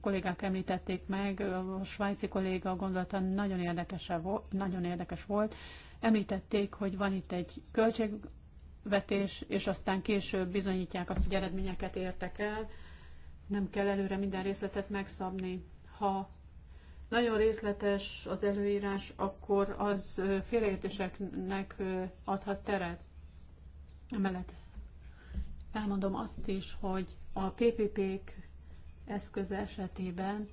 Speaker 1: kollégák említették meg, a svájci kolléga gondolata nagyon, érdekese nagyon érdekes volt. Említették, hogy van itt egy költségvetés, és aztán később bizonyítják azt, hogy eredményeket értek el. Nem kell előre minden részletet megszabni. Ha nagyon részletes az előírás, akkor az félreértéseknek adhat teret. Emellett Elmondom azt is, hogy a PPP-k eszköze esetében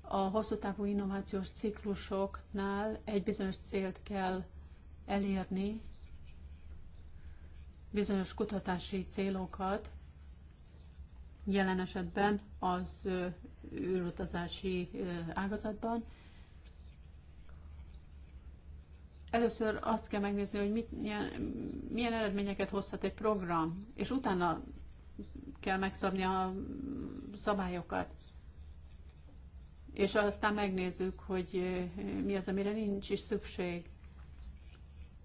Speaker 1: a hosszú távú innovációs ciklusoknál egy bizonyos célt kell elérni, bizonyos kutatási célokat, jelen esetben az űrutazási ágazatban, először azt kell megnézni, hogy mit, milyen, milyen eredményeket hozhat egy program, és utána kell megszabni a szabályokat. És aztán megnézzük, hogy eh, mi az, amire nincs is szükség.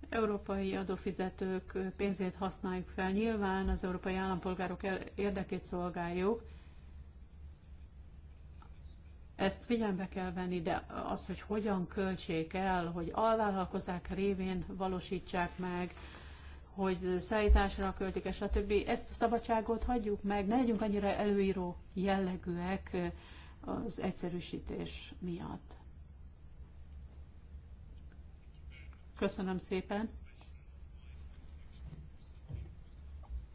Speaker 1: Európai adófizetők eh, pénzét használjuk fel. Nyilván az európai állampolgárok érdekét szolgáljuk, ezt figyelme kell venni, de az, hogy hogyan költsék el, hogy alvállalkozák révén valósítsák meg, hogy szállításra költik, és a többi, ezt a szabadságot hagyjuk meg, ne legyünk annyira előíró jellegűek az egyszerűsítés miatt. Köszönöm szépen.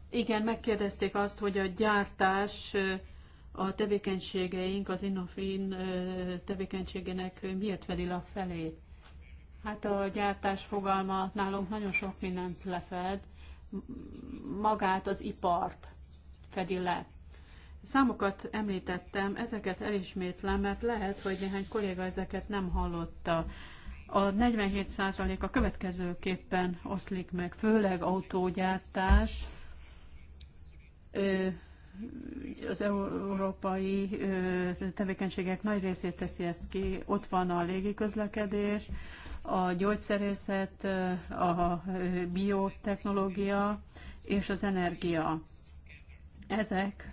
Speaker 1: Igen, megkérdezték azt, hogy a gyártás a tevékenységeink, az Innofin tevékenységének miért fedi a felét? Hát a gyártás fogalma nálunk nagyon sok mindent lefed, magát az ipart fedi le. Számokat említettem, ezeket elismétlem, mert lehet, hogy néhány kolléga ezeket nem hallotta. A 47% a következőképpen oszlik meg, főleg autógyártás, az európai tevékenységek nagy részét teszi ezt ki. Ott van a légiközlekedés, a gyógyszerészet, a biotechnológia és az energia. Ezek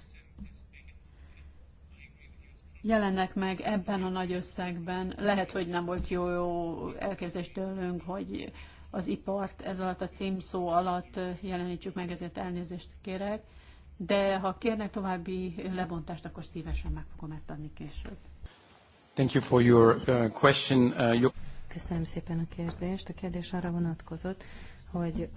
Speaker 1: jelennek meg ebben a nagy összegben. Lehet, hogy nem volt jó, jó elképzelés tőlünk, hogy az ipart ez alatt a címszó alatt jelenítsük meg, ezért elnézést kérek de ha kérnek további lebontást,
Speaker 2: akkor szívesen meg fogom ezt adni később.
Speaker 3: Thank you for your uh, question. Uh, your...
Speaker 2: Köszönöm szépen a kérdést. A kérdés arra vonatkozott, hogy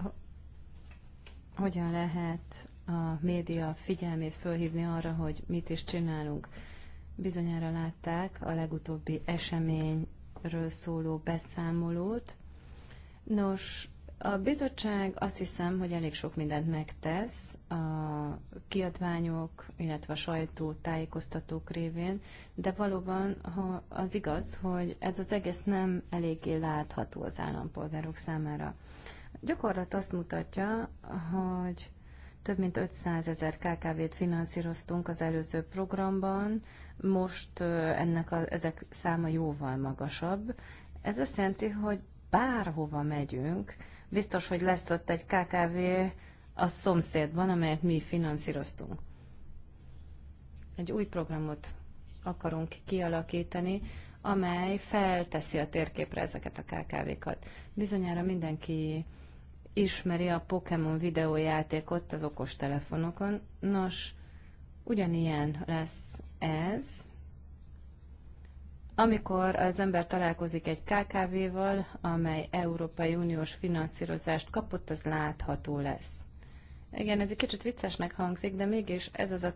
Speaker 2: hogyan lehet a média figyelmét fölhívni arra, hogy mit is csinálunk. Bizonyára látták a legutóbbi eseményről szóló beszámolót. Nos, a bizottság azt hiszem, hogy elég sok mindent megtesz a kiadványok, illetve a sajtó tájékoztatók révén, de valóban ha az igaz, hogy ez az egész nem eléggé látható az állampolgárok számára. A gyakorlat azt mutatja, hogy több mint 500 ezer KKV-t finanszíroztunk az előző programban, most ennek a, ezek száma jóval magasabb. Ez azt jelenti, hogy bárhova megyünk, biztos, hogy lesz ott egy KKV a szomszédban, amelyet mi finanszíroztunk. Egy új programot akarunk kialakítani, amely felteszi a térképre ezeket a KKV-kat. Bizonyára mindenki ismeri a Pokémon videójátékot az okostelefonokon. Nos, ugyanilyen lesz ez, amikor az ember találkozik egy KKV-val, amely Európai Uniós finanszírozást kapott, az látható lesz. Igen, ez egy kicsit viccesnek hangzik, de mégis ez az a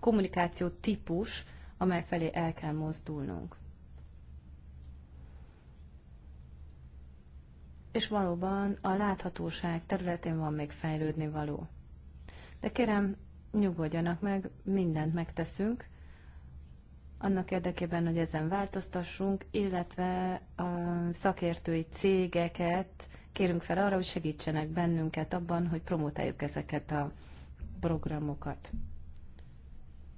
Speaker 2: kommunikáció típus, amely felé el kell mozdulnunk. És valóban a láthatóság területén van még fejlődni való. De kérem, nyugodjanak meg, mindent megteszünk, annak érdekében, hogy ezen változtassunk, illetve a szakértői cégeket kérünk fel arra, hogy segítsenek bennünket abban, hogy promotáljuk ezeket a programokat.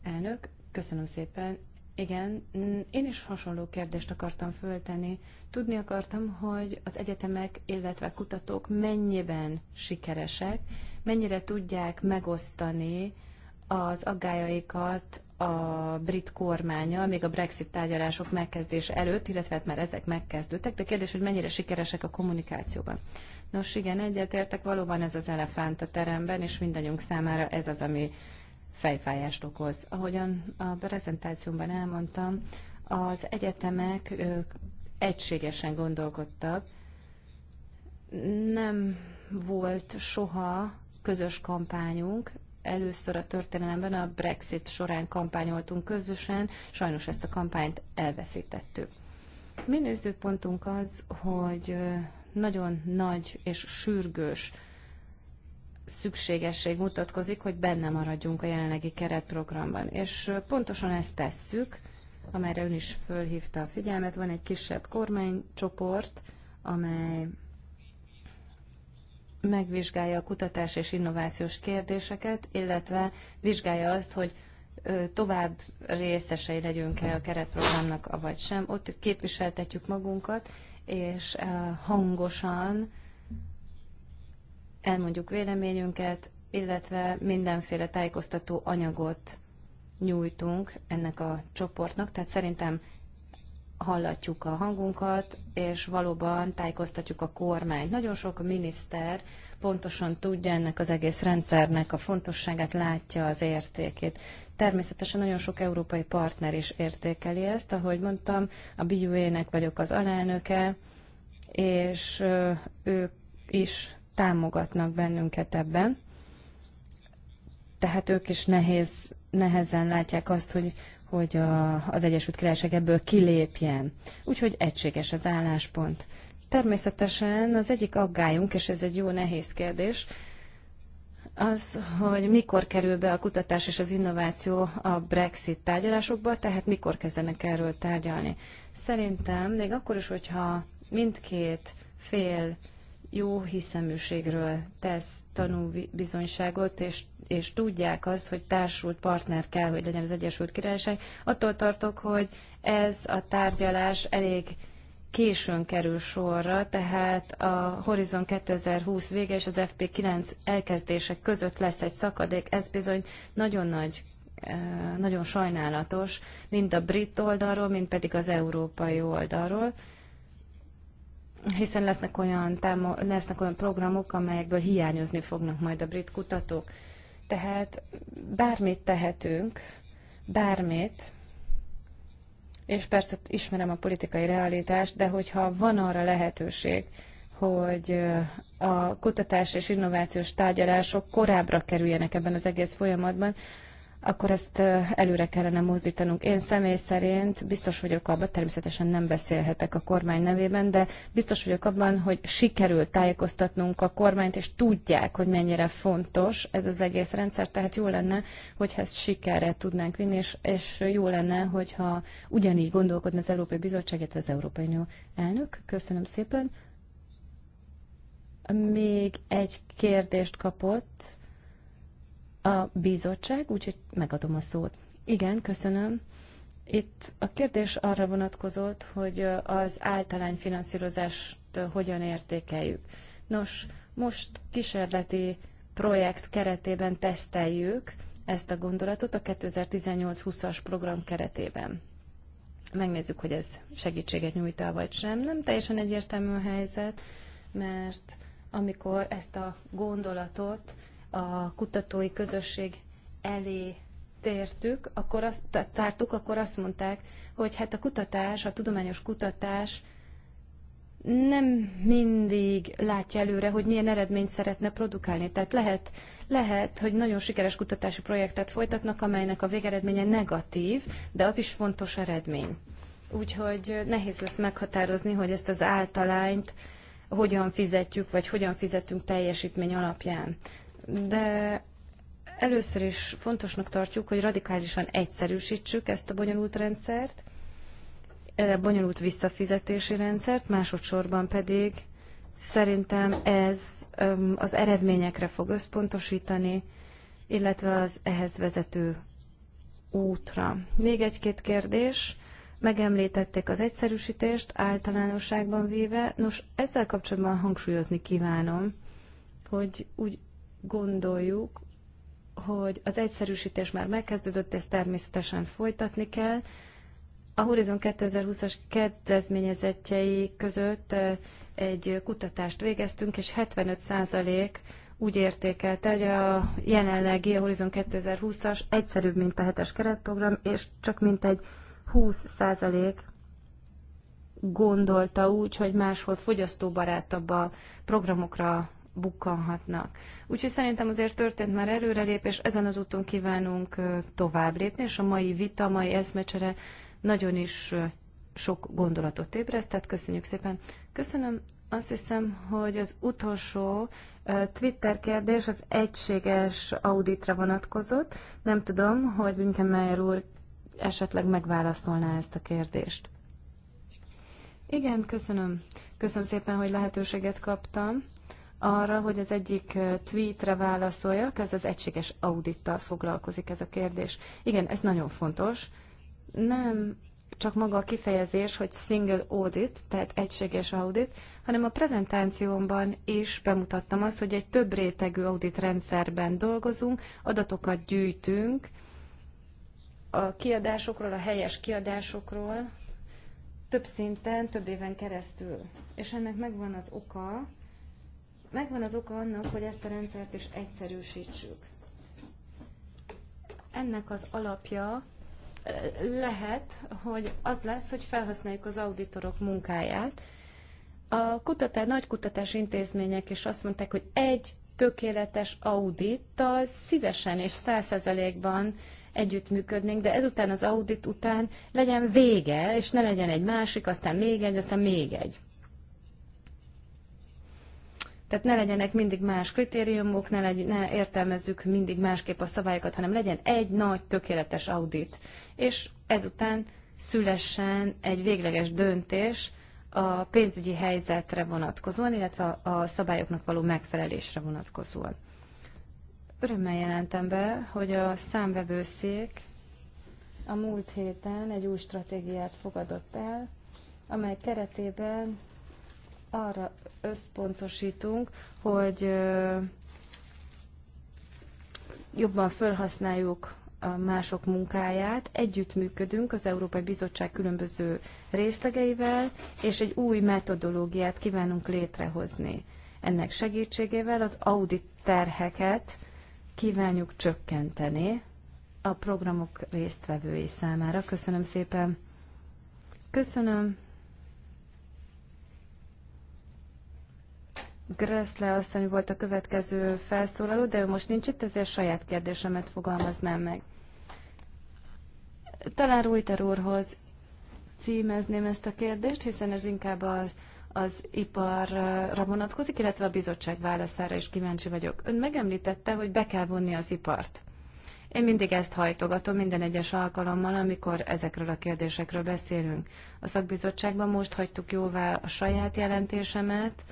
Speaker 2: Elnök, köszönöm szépen. Igen, én is hasonló kérdést akartam föltenni. Tudni akartam, hogy az egyetemek, illetve kutatók mennyiben sikeresek, mennyire tudják megosztani az aggájaikat a brit kormánya még a Brexit tárgyalások megkezdése előtt, illetve hát már ezek megkezdődtek, de kérdés, hogy mennyire sikeresek a kommunikációban. Nos igen, egyetértek, valóban ez az elefánt a teremben, és mindannyiunk számára ez az, ami fejfájást okoz. Ahogyan a prezentációmban elmondtam, az egyetemek egységesen gondolkodtak, nem volt soha közös kampányunk, először a történelemben a Brexit során kampányoltunk közösen, sajnos ezt a kampányt elveszítettük. Mi nézőpontunk az, hogy nagyon nagy és sürgős szükségesség mutatkozik, hogy benne maradjunk a jelenlegi keretprogramban. És pontosan ezt tesszük, amelyre ön is fölhívta a figyelmet. Van egy kisebb kormánycsoport, amely megvizsgálja a kutatás és innovációs kérdéseket, illetve vizsgálja azt, hogy tovább részesei legyünk-e a keretprogramnak, avagy sem. Ott képviseltetjük magunkat, és hangosan elmondjuk véleményünket, illetve mindenféle tájékoztató anyagot nyújtunk ennek a csoportnak, tehát szerintem hallatjuk a hangunkat, és valóban tájékoztatjuk a kormányt. Nagyon sok miniszter pontosan tudja ennek az egész rendszernek a fontosságát, látja az értékét. Természetesen nagyon sok európai partner is értékeli ezt, ahogy mondtam, a BUA-nek vagyok az alelnöke, és ők is támogatnak bennünket ebben. Tehát ők is nehéz, nehezen látják azt, hogy hogy a, az Egyesült Királyság ebből kilépjen. Úgyhogy egységes az álláspont. Természetesen az egyik aggályunk, és ez egy jó nehéz kérdés, az, hogy mikor kerül be a kutatás és az innováció a Brexit tárgyalásokba, tehát mikor kezdenek erről tárgyalni. Szerintem még akkor is, hogyha mindkét fél jó hiszeműségről tesz tanúbizonyságot, és, és tudják azt, hogy társult partner kell, hogy legyen az Egyesült Királyság. Attól tartok, hogy ez a tárgyalás elég későn kerül sorra, tehát a Horizon 2020 vége és az FP9 elkezdések között lesz egy szakadék. Ez bizony nagyon nagy eh, nagyon sajnálatos, mind a brit oldalról, mind pedig az európai oldalról hiszen lesznek olyan, támo- lesznek olyan programok, amelyekből hiányozni fognak majd a brit kutatók. Tehát bármit tehetünk, bármit, és persze ismerem a politikai realitást, de hogyha van arra lehetőség, hogy a kutatás és innovációs tárgyalások korábbra kerüljenek ebben az egész folyamatban, akkor ezt előre kellene mozdítanunk. Én személy szerint biztos vagyok abban, természetesen nem beszélhetek a kormány nevében, de biztos vagyok abban, hogy sikerült tájékoztatnunk a kormányt, és tudják, hogy mennyire fontos ez az egész rendszer, tehát jó lenne, hogyha ezt sikerre tudnánk vinni, és, és jó lenne, hogyha ugyanígy gondolkodna az Európai Bizottság, illetve az Európai Unió elnök. Köszönöm szépen. Még egy kérdést kapott a bizottság, úgyhogy megadom a szót. Igen, köszönöm. Itt a kérdés arra vonatkozott, hogy az általány finanszírozást hogyan értékeljük. Nos, most kísérleti projekt keretében teszteljük ezt a gondolatot a 2018-20-as program keretében. Megnézzük, hogy ez segítséget nyújt el vagy sem. Nem teljesen egyértelmű a helyzet, mert amikor ezt a gondolatot a kutatói közösség elé tértük, akkor azt, tártuk, akkor azt mondták, hogy hát a kutatás, a tudományos kutatás nem mindig látja előre, hogy milyen eredményt szeretne produkálni. Tehát lehet, lehet, hogy nagyon sikeres kutatási projektet folytatnak, amelynek a végeredménye negatív, de az is fontos eredmény. Úgyhogy nehéz lesz meghatározni, hogy ezt az általányt hogyan fizetjük, vagy hogyan fizetünk teljesítmény alapján de először is fontosnak tartjuk, hogy radikálisan egyszerűsítsük ezt a bonyolult rendszert, e, bonyolult visszafizetési rendszert, másodszorban pedig szerintem ez az eredményekre fog összpontosítani, illetve az ehhez vezető útra. Még egy-két kérdés. Megemlítették az egyszerűsítést általánosságban véve. Nos, ezzel kapcsolatban hangsúlyozni kívánom, hogy úgy gondoljuk, hogy az egyszerűsítés már megkezdődött, ezt természetesen folytatni kell. A Horizon 2020-as kedvezményezettjei között eh, egy kutatást végeztünk, és 75% úgy értékelte, hogy a jelenlegi a Horizon 2020-as egyszerűbb, mint a hetes keretprogram, és csak mint egy 20% gondolta úgy, hogy máshol fogyasztóbarátabb a programokra bukkanhatnak. Úgyhogy szerintem azért történt már előrelépés, ezen az úton kívánunk tovább lépni, és a mai vita, a mai eszmecsere nagyon is sok gondolatot ébresztett. Köszönjük szépen. Köszönöm. Azt hiszem, hogy az utolsó Twitter kérdés az egységes auditra vonatkozott. Nem tudom, hogy Winkemeyer úr esetleg megválaszolná ezt a kérdést. Igen, köszönöm. Köszönöm szépen, hogy lehetőséget kaptam arra, hogy az egyik tweetre válaszoljak, ez az egységes audittal foglalkozik ez a kérdés. Igen, ez nagyon fontos. Nem csak maga a kifejezés, hogy single audit, tehát egységes audit, hanem a prezentációmban is bemutattam azt, hogy egy több rétegű audit rendszerben dolgozunk, adatokat gyűjtünk a kiadásokról, a helyes kiadásokról, több szinten, több éven keresztül. És ennek megvan az oka, megvan az oka annak, hogy ezt a rendszert is egyszerűsítsük. Ennek az alapja eh, lehet, hogy az lesz, hogy felhasználjuk az auditorok munkáját. A kutatás, nagy kutatási intézmények is azt mondták, hogy egy tökéletes audittal szívesen és százszerzelékban együttműködnénk, de ezután az audit után legyen vége, és ne legyen egy másik, aztán még egy, aztán még egy. Tehát ne legyenek mindig más kritériumok, ne, legy, ne értelmezzük mindig másképp a szabályokat, hanem legyen egy nagy, tökéletes audit. És ezután szülessen egy végleges döntés a pénzügyi helyzetre vonatkozóan, illetve a szabályoknak való megfelelésre vonatkozóan. Örömmel jelentem be, hogy a számvevőszék a múlt héten egy új stratégiát fogadott el, amely keretében arra összpontosítunk, hogy jobban felhasználjuk mások munkáját, együttműködünk az Európai Bizottság különböző részlegeivel, és egy új metodológiát kívánunk létrehozni. Ennek segítségével az audit terheket kívánjuk csökkenteni a programok résztvevői számára. Köszönöm szépen! Köszönöm! Greszle asszony volt a következő felszólaló, de ő most nincs itt, ezért saját kérdésemet fogalmaznám meg. Talán Rújter úrhoz címezném ezt a kérdést, hiszen ez inkább a, az iparra vonatkozik, illetve a bizottság válaszára is kíváncsi vagyok. Ön megemlítette, hogy be kell vonni az ipart. Én mindig ezt hajtogatom minden egyes alkalommal, amikor ezekről a kérdésekről beszélünk. A szakbizottságban most hagytuk jóvá a saját jelentésemet,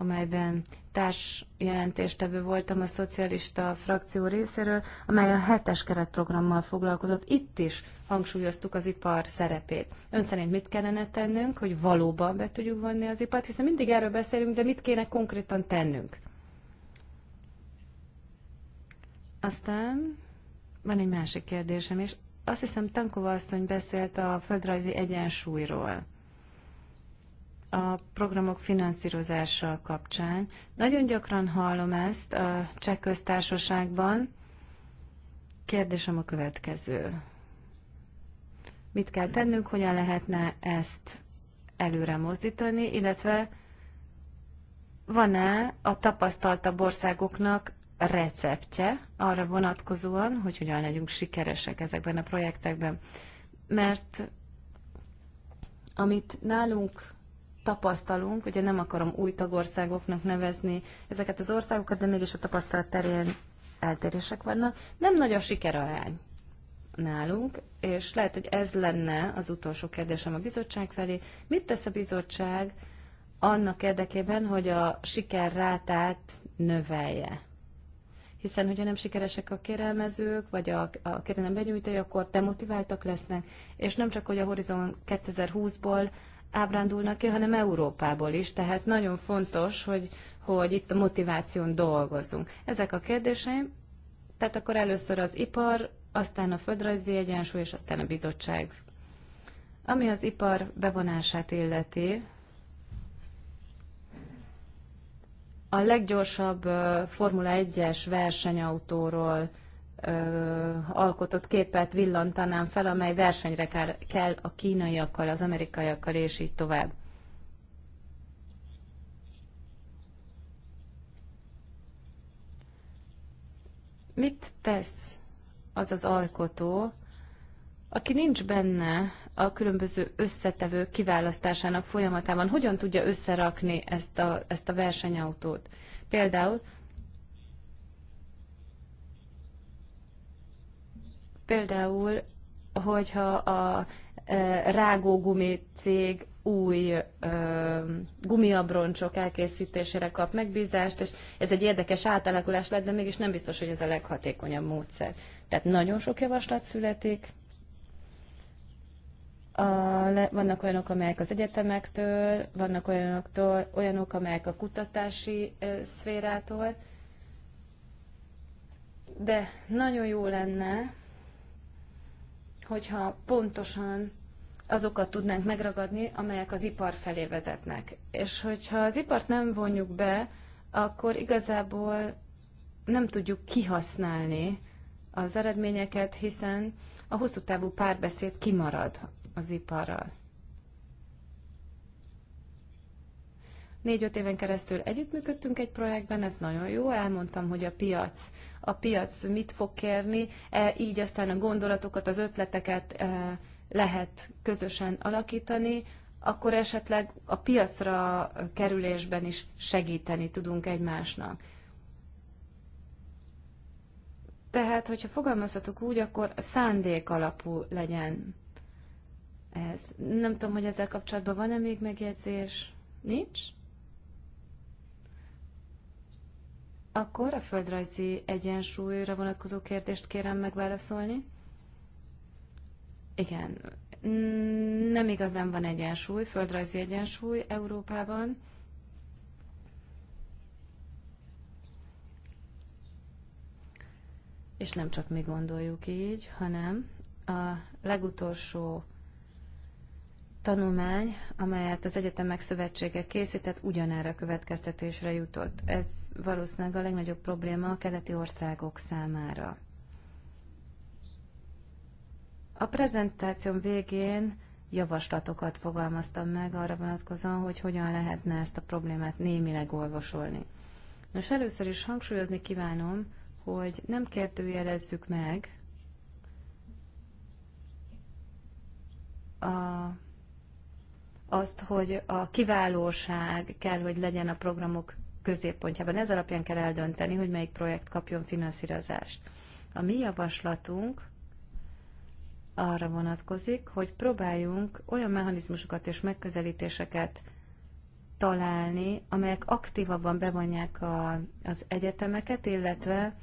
Speaker 2: amelyben társ jelentéstevő voltam a szocialista frakció részéről, amely a hetes keretprogrammal foglalkozott. Itt is hangsúlyoztuk az ipar szerepét. Ön szerint mit kellene tennünk, hogy valóban be tudjuk vonni az ipart, hiszen mindig erről beszélünk, de mit kéne konkrétan tennünk? Aztán van egy másik kérdésem, és azt hiszem Tankova asszony beszélt a földrajzi egyensúlyról a programok finanszírozása kapcsán. Nagyon gyakran hallom ezt a cseh köztársaságban. Kérdésem a következő. Mit kell tennünk, hogyan lehetne ezt előre mozdítani, illetve van-e a tapasztaltabb országoknak receptje arra vonatkozóan, hogy hogyan legyünk sikeresek ezekben a projektekben. Mert amit nálunk tapasztalunk, ugye nem akarom új tagországoknak nevezni ezeket az országokat, de mégis a tapasztalat terén eltérések vannak. Nem nagy a sikerarány nálunk, és lehet, hogy ez lenne az utolsó kérdésem a bizottság felé. Mit tesz a bizottság annak érdekében, hogy a sikerrátát növelje? Hiszen, hogyha nem sikeresek a kérelmezők, vagy a, a kérelem benyújtói, akkor demotiváltak lesznek, és nem csak, hogy a Horizon 2020-ból ábrándulnak ki, hanem Európából is. Tehát nagyon fontos, hogy, hogy itt a motiváción dolgozunk. Ezek a kérdéseim, tehát akkor először az ipar, aztán a földrajzi egyensúly, és aztán a bizottság. Ami az ipar bevonását illeti, a leggyorsabb Formula 1-es versenyautóról alkotott képet villantanám fel, amely versenyre kell, a kínaiakkal, az amerikaiakkal, és így tovább. Mit tesz az az alkotó, aki nincs benne a különböző összetevők kiválasztásának folyamatában, hogyan tudja összerakni ezt a, ezt a versenyautót? Például Például, hogyha a e, rágógumi cég új ö, e, gumiabroncsok elkészítésére kap megbízást, és ez egy érdekes átalakulás lett, de mégis nem biztos, hogy ez a leghatékonyabb módszer. Tehát nagyon sok javaslat születik. A, le, vannak olyanok, amelyek az egyetemektől, vannak olyanoktól, olyanok, amelyek a kutatási ö, e, szférától, de nagyon jó lenne, hogyha pontosan azokat tudnánk megragadni, amelyek az ipar felé vezetnek. És hogyha az ipart nem vonjuk be, akkor igazából nem tudjuk kihasználni az eredményeket, hiszen a hosszú távú párbeszéd kimarad az iparral. Négy-öt éven keresztül együttműködtünk egy projektben, ez nagyon jó, elmondtam, hogy a piac, a piac mit fog kérni, e, így aztán a gondolatokat, az ötleteket e, lehet közösen alakítani, akkor esetleg a piacra kerülésben is segíteni tudunk egymásnak. Tehát, hogyha fogalmazhatok úgy, akkor szándék alapú legyen ez. Nem tudom, hogy ezzel kapcsolatban van-e még megjegyzés? Nincs? Akkor a földrajzi egyensúlyra vonatkozó kérdést kérem megválaszolni. Igen, nem igazán van egyensúly, földrajzi egyensúly Európában. És nem csak mi gondoljuk így, hanem a legutolsó tanulmány, amelyet az egyetemek szövetsége készített, ugyanerre következtetésre jutott. Ez valószínűleg a legnagyobb probléma a keleti országok számára. A prezentációm végén javaslatokat fogalmaztam meg arra vonatkozóan, hogy hogyan lehetne ezt a problémát némileg orvosolni. Nos, először is hangsúlyozni kívánom, hogy nem kérdőjelezzük meg a azt, hogy a kiválóság kell, hogy legyen a programok középpontjában. Ez alapján kell eldönteni, hogy melyik projekt kapjon finanszírozást. A mi javaslatunk arra vonatkozik, hogy próbáljunk olyan mechanizmusokat és megközelítéseket találni, amelyek aktívabban bevonják a, az egyetemeket, illetve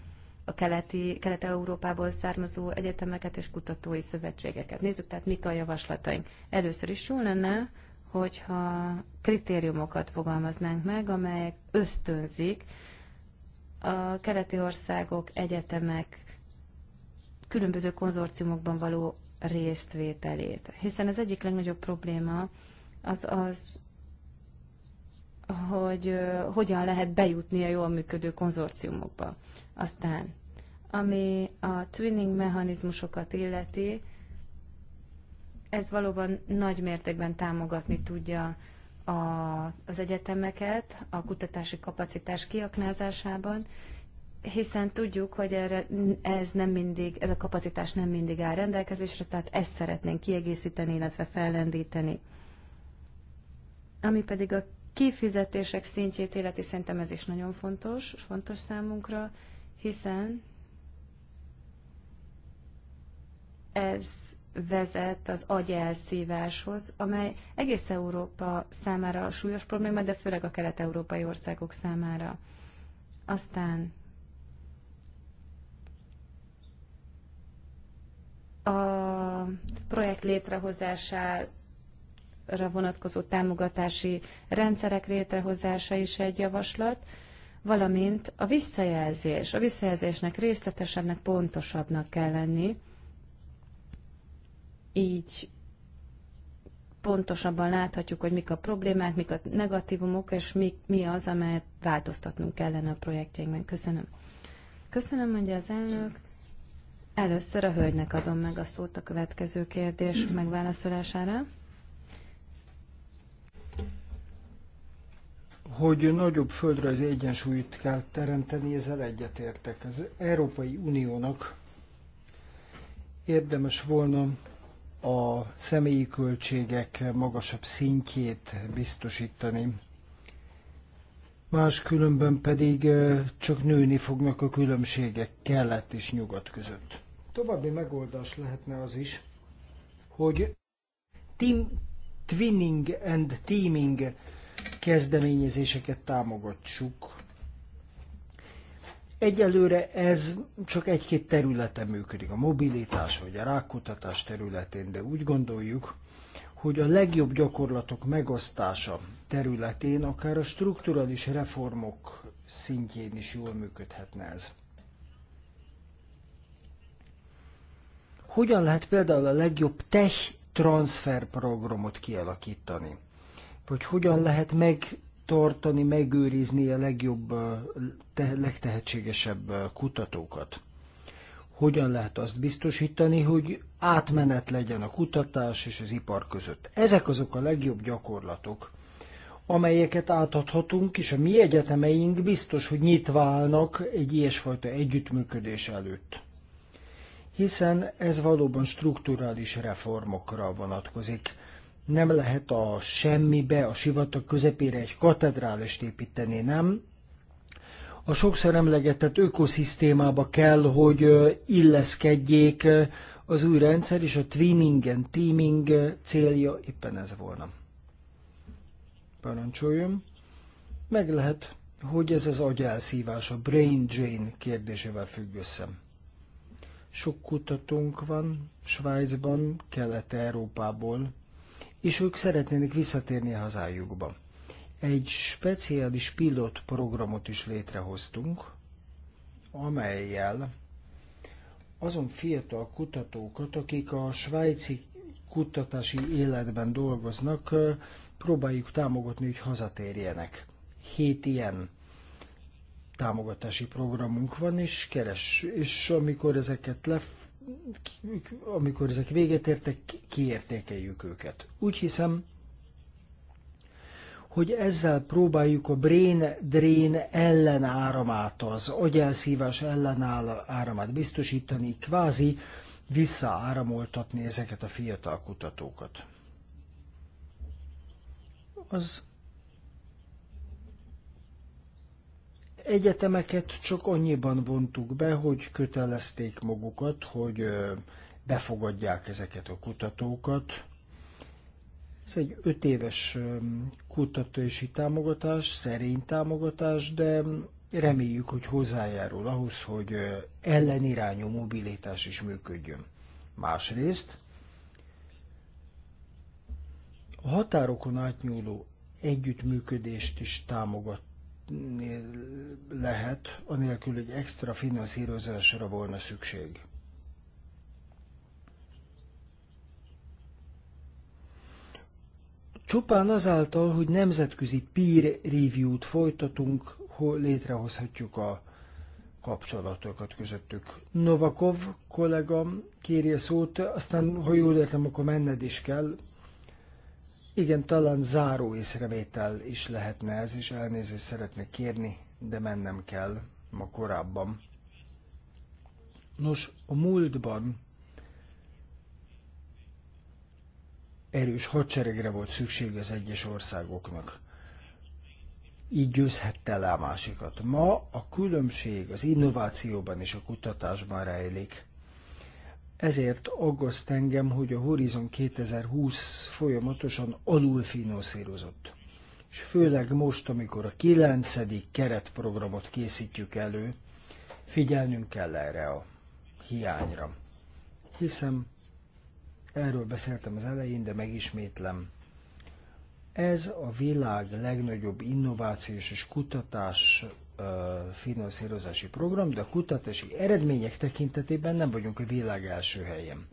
Speaker 2: a keleti, kelet-európából származó egyetemeket és kutatói szövetségeket. Nézzük tehát, mik a javaslataink. Először is jó lenne, hogyha kritériumokat fogalmaznánk meg, amelyek ösztönzik a keleti országok, egyetemek különböző konzorciumokban való résztvételét. Hiszen az egyik legnagyobb probléma az az, hogy hogyan lehet bejutni a jól működő konzorciumokba. Aztán, ami a twinning mechanizmusokat illeti, ez valóban nagy mértékben támogatni tudja a, az egyetemeket a kutatási kapacitás kiaknázásában, hiszen tudjuk, hogy erre, ez, nem mindig, ez a kapacitás nem mindig áll rendelkezésre, tehát ezt szeretnénk kiegészíteni, illetve fellendíteni. Ami pedig a kifizetések szintjét illeti, szerintem ez is nagyon fontos, fontos számunkra, hiszen ez vezet az agyelszíváshoz, amely egész Európa számára súlyos probléma, de főleg a kelet-európai országok számára. Aztán a projekt létrehozására vonatkozó támogatási rendszerek létrehozása is egy javaslat, valamint a visszajelzés. A visszajelzésnek részletesebbnek, pontosabbnak kell lenni, így pontosabban láthatjuk, hogy mik a problémák, mik a negatívumok, és mi, mi az, amelyet változtatnunk kellene a projektjeinkben. Köszönöm. Köszönöm, mondja az elnök. Először a hölgynek adom meg a szót a következő kérdés megválaszolására.
Speaker 3: Hogy nagyobb földre az egyensúlyt kell teremteni, ezzel egyetértek. Az Európai Uniónak érdemes volna a személyi költségek magasabb szintjét biztosítani. Máskülönben pedig csak nőni fognak a különbségek kelet és nyugat között. További megoldás lehetne az is, hogy team, twinning and teaming kezdeményezéseket támogatsuk, Egyelőre ez csak egy-két területen működik, a mobilitás vagy a rákutatás területén, de úgy gondoljuk, hogy a legjobb gyakorlatok megosztása területén akár a strukturális reformok szintjén is jól működhetne ez. Hogyan lehet például a legjobb tech transfer programot kialakítani? Vagy hogyan lehet meg tartani, megőrizni a legjobb, te, legtehetségesebb kutatókat. Hogyan lehet azt biztosítani, hogy átmenet legyen a kutatás és az ipar között? Ezek azok a legjobb gyakorlatok, amelyeket átadhatunk, és a mi egyetemeink biztos, hogy nyitva állnak egy ilyesfajta együttműködés előtt. Hiszen ez valóban strukturális reformokra vonatkozik nem lehet a semmibe, a sivatag közepére egy katedrálist építeni, nem? A sokszor emlegetett ökoszisztémába kell, hogy illeszkedjék az új rendszer, és a twinning and teaming célja éppen ez volna. Parancsoljon. Meg lehet, hogy ez az agyelszívás, a brain drain kérdésével függ össze. Sok kutatónk van Svájcban, Kelet-Európából, és ők szeretnének visszatérni a hazájukba. Egy speciális pilot programot is létrehoztunk, amelyel azon fiatal kutatókat, akik a svájci kutatási életben dolgoznak, próbáljuk támogatni, hogy hazatérjenek. Hét ilyen támogatási programunk van, és keres, és amikor ezeket lef, amikor ezek véget értek, kiértékeljük őket. Úgy hiszem, hogy ezzel próbáljuk a brain drain ellenáramát, az agyelszívás ellenáramát biztosítani, kvázi visszaáramoltatni ezeket a fiatal kutatókat. Az egyetemeket csak annyiban vontuk be, hogy kötelezték magukat, hogy befogadják ezeket a kutatókat. Ez egy öt éves kutatási támogatás, szerény támogatás, de reméljük, hogy hozzájárul ahhoz, hogy ellenirányú mobilitás is működjön. Másrészt a határokon átnyúló együttműködést is támogat, lehet, anélkül, hogy extra finanszírozásra volna szükség. Csupán azáltal, hogy nemzetközi peer review-t folytatunk, hol létrehozhatjuk a kapcsolatokat közöttük. Novakov kollégam kéri a szót, aztán, ha jól értem, akkor menned is kell. Igen, talán záró észrevétel is lehetne ez, és elnézést szeretnék kérni, de mennem kell ma korábban. Nos, a múltban erős hadseregre volt szükség az egyes országoknak. Így győzhette le a másikat. Ma a különbség az innovációban és a kutatásban rejlik. Ezért aggaszt engem, hogy a Horizon 2020 folyamatosan alul finanszírozott. És főleg most, amikor a 9. keretprogramot készítjük elő, figyelnünk kell erre a hiányra. Hiszem, erről beszéltem az elején, de megismétlem. Ez a világ legnagyobb innovációs és kutatás finanszírozási program, de a kutatási eredmények tekintetében nem vagyunk a világ első helyen.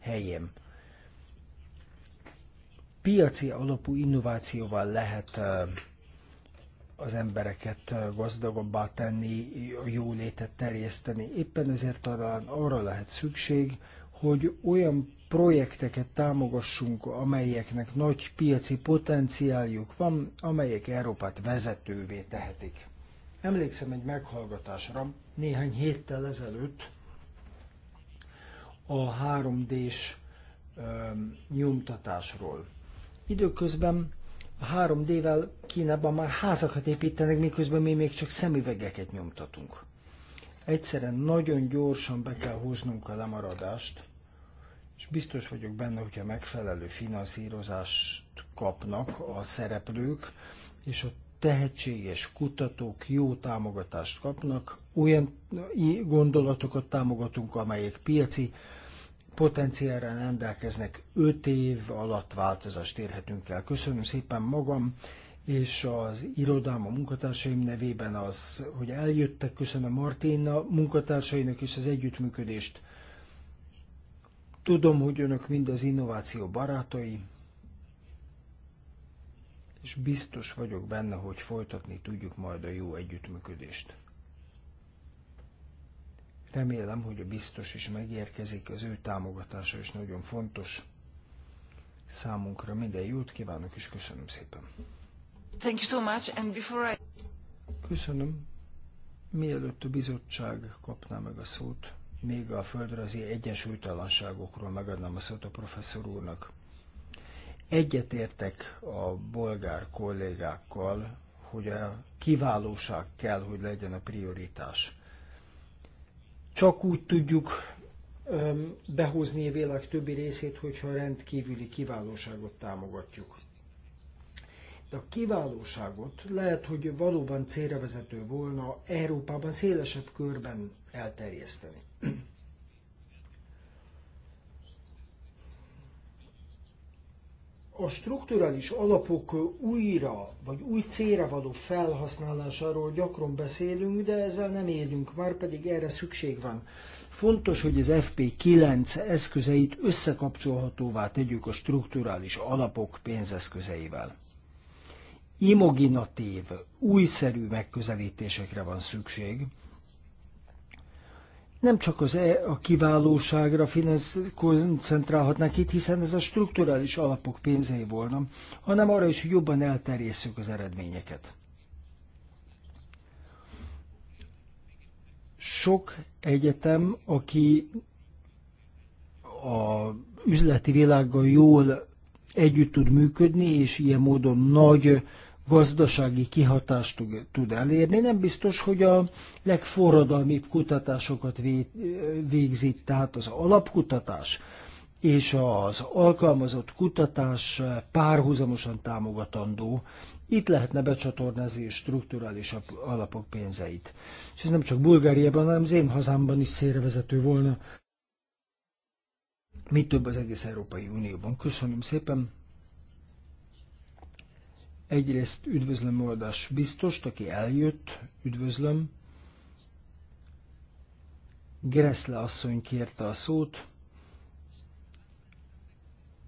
Speaker 3: helyén. Piaci alapú innovációval lehet az embereket gazdagabbá tenni, a jólétet terjeszteni. Éppen ezért talán arra lehet szükség, hogy olyan projekteket támogassunk, amelyeknek nagy piaci potenciáljuk van, amelyek Európát vezetővé tehetik. Emlékszem egy meghallgatásra néhány héttel ezelőtt a 3D-s nyomtatásról. Időközben a 3D-vel Kínában már házakat építenek, miközben mi még csak szemüvegeket nyomtatunk. Egyszerűen nagyon gyorsan be kell hoznunk a lemaradást, és biztos vagyok benne, hogyha megfelelő finanszírozást kapnak a szereplők, és a tehetséges kutatók jó támogatást kapnak, olyan gondolatokat támogatunk, amelyek piaci potenciálra rendelkeznek, 5 év alatt változást érhetünk el. Köszönöm szépen magam és az irodám a munkatársaim nevében az, hogy eljöttek, köszönöm Martina munkatársainak is az együttműködést. Tudom, hogy önök mind az innováció barátai, és biztos vagyok benne, hogy folytatni tudjuk majd a jó együttműködést. Remélem, hogy a biztos is megérkezik, az ő támogatása is nagyon fontos. Számunkra minden jót kívánok, és köszönöm szépen. Thank you so much, and before I... Köszönöm. Mielőtt a bizottság kapná meg a szót, még a földrajzi egyensúlytalanságokról megadnám a szót a professzor úrnak. Egyetértek a bolgár kollégákkal, hogy a kiválóság kell, hogy legyen a prioritás. Csak úgy tudjuk behozni a világ többi részét, hogyha rendkívüli kiválóságot támogatjuk. De a kiválóságot lehet, hogy valóban célra vezető volna Európában szélesebb körben elterjeszteni. a strukturális alapok újra vagy új célra való felhasználásáról gyakran beszélünk, de ezzel nem élünk, már pedig erre szükség van. Fontos, hogy az FP9 eszközeit összekapcsolhatóvá tegyük a strukturális alapok pénzeszközeivel. Imaginatív, újszerű megközelítésekre van szükség, nem csak az e, a kiválóságra finansz, koncentrálhatnánk itt, hiszen ez a strukturális alapok pénzei volna, hanem arra is, hogy jobban elterjesszük az eredményeket. Sok egyetem, aki a üzleti világgal jól együtt tud működni, és ilyen módon nagy gazdasági kihatást tud elérni. Nem biztos, hogy a legforradalmibb kutatásokat végzi, tehát az alapkutatás és az alkalmazott kutatás párhuzamosan támogatandó. Itt lehetne becsatornázni a strukturális alapok pénzeit. És ez nem csak Bulgáriában, hanem az én hazámban is szélrevezető volna. Mit több az egész Európai Unióban. Köszönöm szépen! Egyrészt üdvözlöm Oldás biztost, aki eljött, üdvözlöm. Gereszle asszony kérte a szót,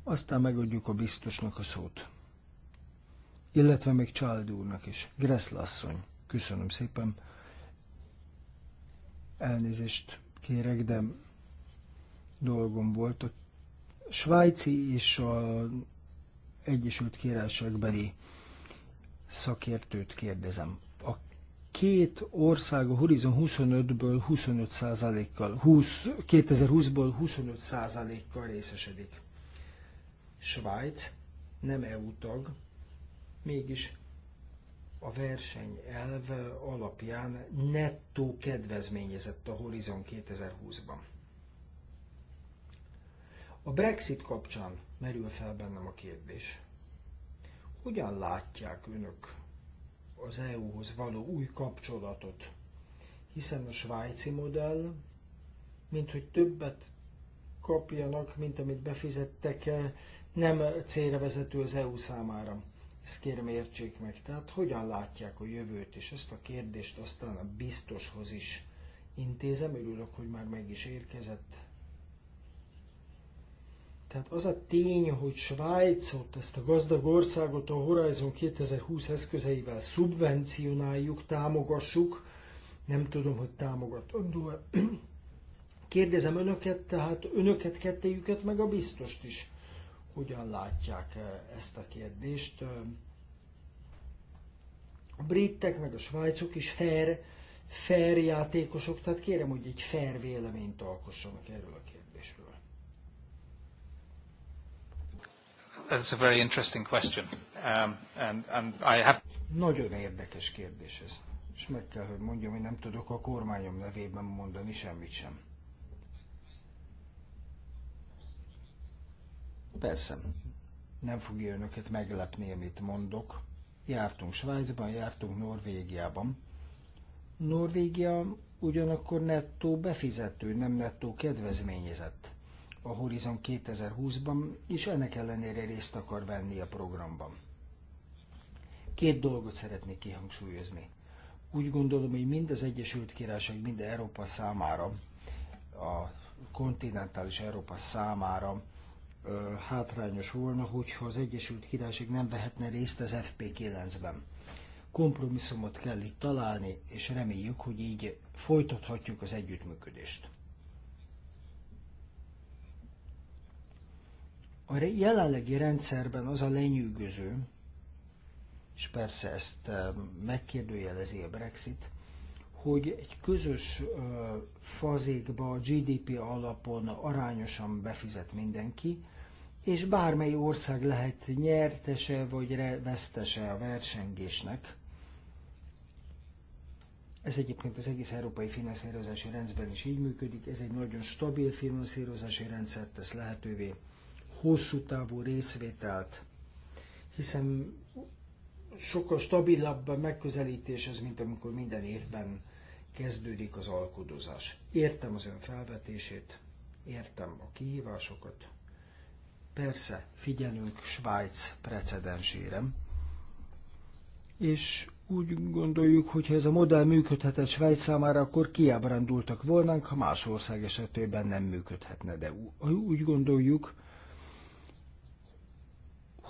Speaker 3: aztán megadjuk a biztosnak a szót. Illetve még Csáld úrnak is. Gereszle asszony, köszönöm szépen. Elnézést kérek, de dolgom volt. A svájci és a Egyesült Királyság beli szakértőt kérdezem. A két ország a Horizon 25-ből 25 százalékkal, 20, 2020-ból 25 százalékkal részesedik. Svájc nem EU tag, mégis a verseny elve alapján nettó kedvezményezett a Horizon 2020-ban. A Brexit kapcsán merül fel bennem a kérdés. Hogyan látják önök az EU-hoz való új kapcsolatot? Hiszen a svájci modell, mint hogy többet kapjanak, mint amit befizettek, eh, nem célra vezető az EU számára. Ezt kérem értsék meg. Tehát hogyan látják a jövőt, és ezt a kérdést aztán a biztoshoz is intézem. Örülök, hogy már meg is érkezett. Tehát az a tény, hogy Svájcot, ezt a gazdag országot a Horizon 2020 eszközeivel szubvencionáljuk, támogassuk, nem tudom, hogy támogatandó Kérdezem önöket, tehát önöket, kettejüket, meg a biztost is, hogyan látják eh, ezt a kérdést. A britek, meg a svájcok is fair, fair játékosok, tehát kérem, hogy egy fair véleményt alkossanak erről a that's a very interesting question. Um, and, and I have... Nagyon érdekes kérdés ez. És meg kell, hogy mondjam, hogy nem tudok a kormányom nevében mondani semmit sem. Persze, nem fogja önöket meglepni, amit mondok. Jártunk Svájcban, jártunk Norvégiában. Norvégia ugyanakkor nettó befizető, nem nettó kedvezményezett a Horizon 2020-ban, és ennek ellenére részt akar venni a programban. Két dolgot szeretnék kihangsúlyozni. Úgy gondolom, hogy mind az Egyesült Királyság, mind Európa számára, a kontinentális Európa számára ö, hátrányos volna, hogyha az Egyesült Királyság nem vehetne részt az FP9-ben kompromisszumot kell itt találni, és reméljük, hogy így folytathatjuk az együttműködést. A jelenlegi rendszerben az a lenyűgöző, és persze ezt megkérdőjelezi a Brexit, hogy egy közös fazékba GDP alapon arányosan befizet mindenki, és bármely ország lehet nyertese vagy vesztese a versengésnek. Ez egyébként az egész európai finanszírozási rendszerben is így működik, ez egy nagyon stabil finanszírozási rendszert tesz lehetővé, hosszú távú részvételt, hiszen sokkal stabilabb megközelítés ez, mint amikor minden évben kezdődik az alkudozás. Értem az ön felvetését, értem a kihívásokat. Persze, figyelünk Svájc precedensére. És úgy gondoljuk, hogy ha ez a modell működhetett Svájc számára, akkor kiábrándultak volnánk, ha más ország esetében nem működhetne. De úgy gondoljuk,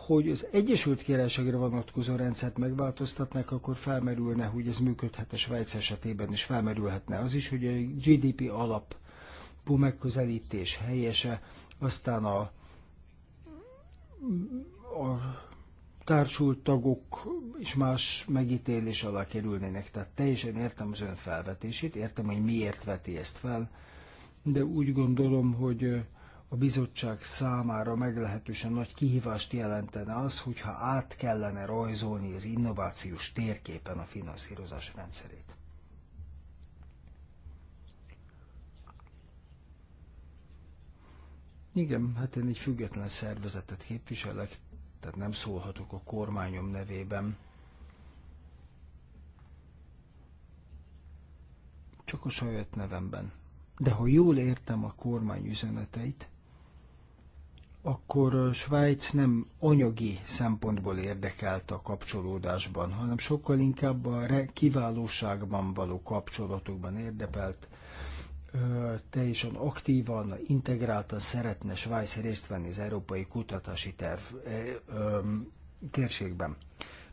Speaker 3: hogy az Egyesült Királyságra vonatkozó rendszert megváltoztatnák, akkor felmerülne, hogy ez működhet a Svájc esetében, és felmerülhetne az is, hogy a GDP alapú megközelítés helyese, aztán a, a társult tagok és más megítélés alá kerülnének. Tehát teljesen értem az ön felvetését, értem, hogy miért veti ezt fel, de úgy gondolom, hogy a bizottság számára meglehetősen nagy kihívást jelentene az, hogyha át kellene rajzolni az innovációs térképen a finanszírozás rendszerét. Igen, hát én egy független szervezetet képviselek, tehát nem szólhatok a kormányom nevében. Csak a saját nevemben. De ha jól értem a kormány üzeneteit, akkor Svájc nem anyagi szempontból érdekelt a kapcsolódásban, hanem sokkal inkább a kiválóságban való kapcsolatokban érdekelt, teljesen aktívan, integráltan szeretne Svájc részt venni az európai kutatási terv térségben.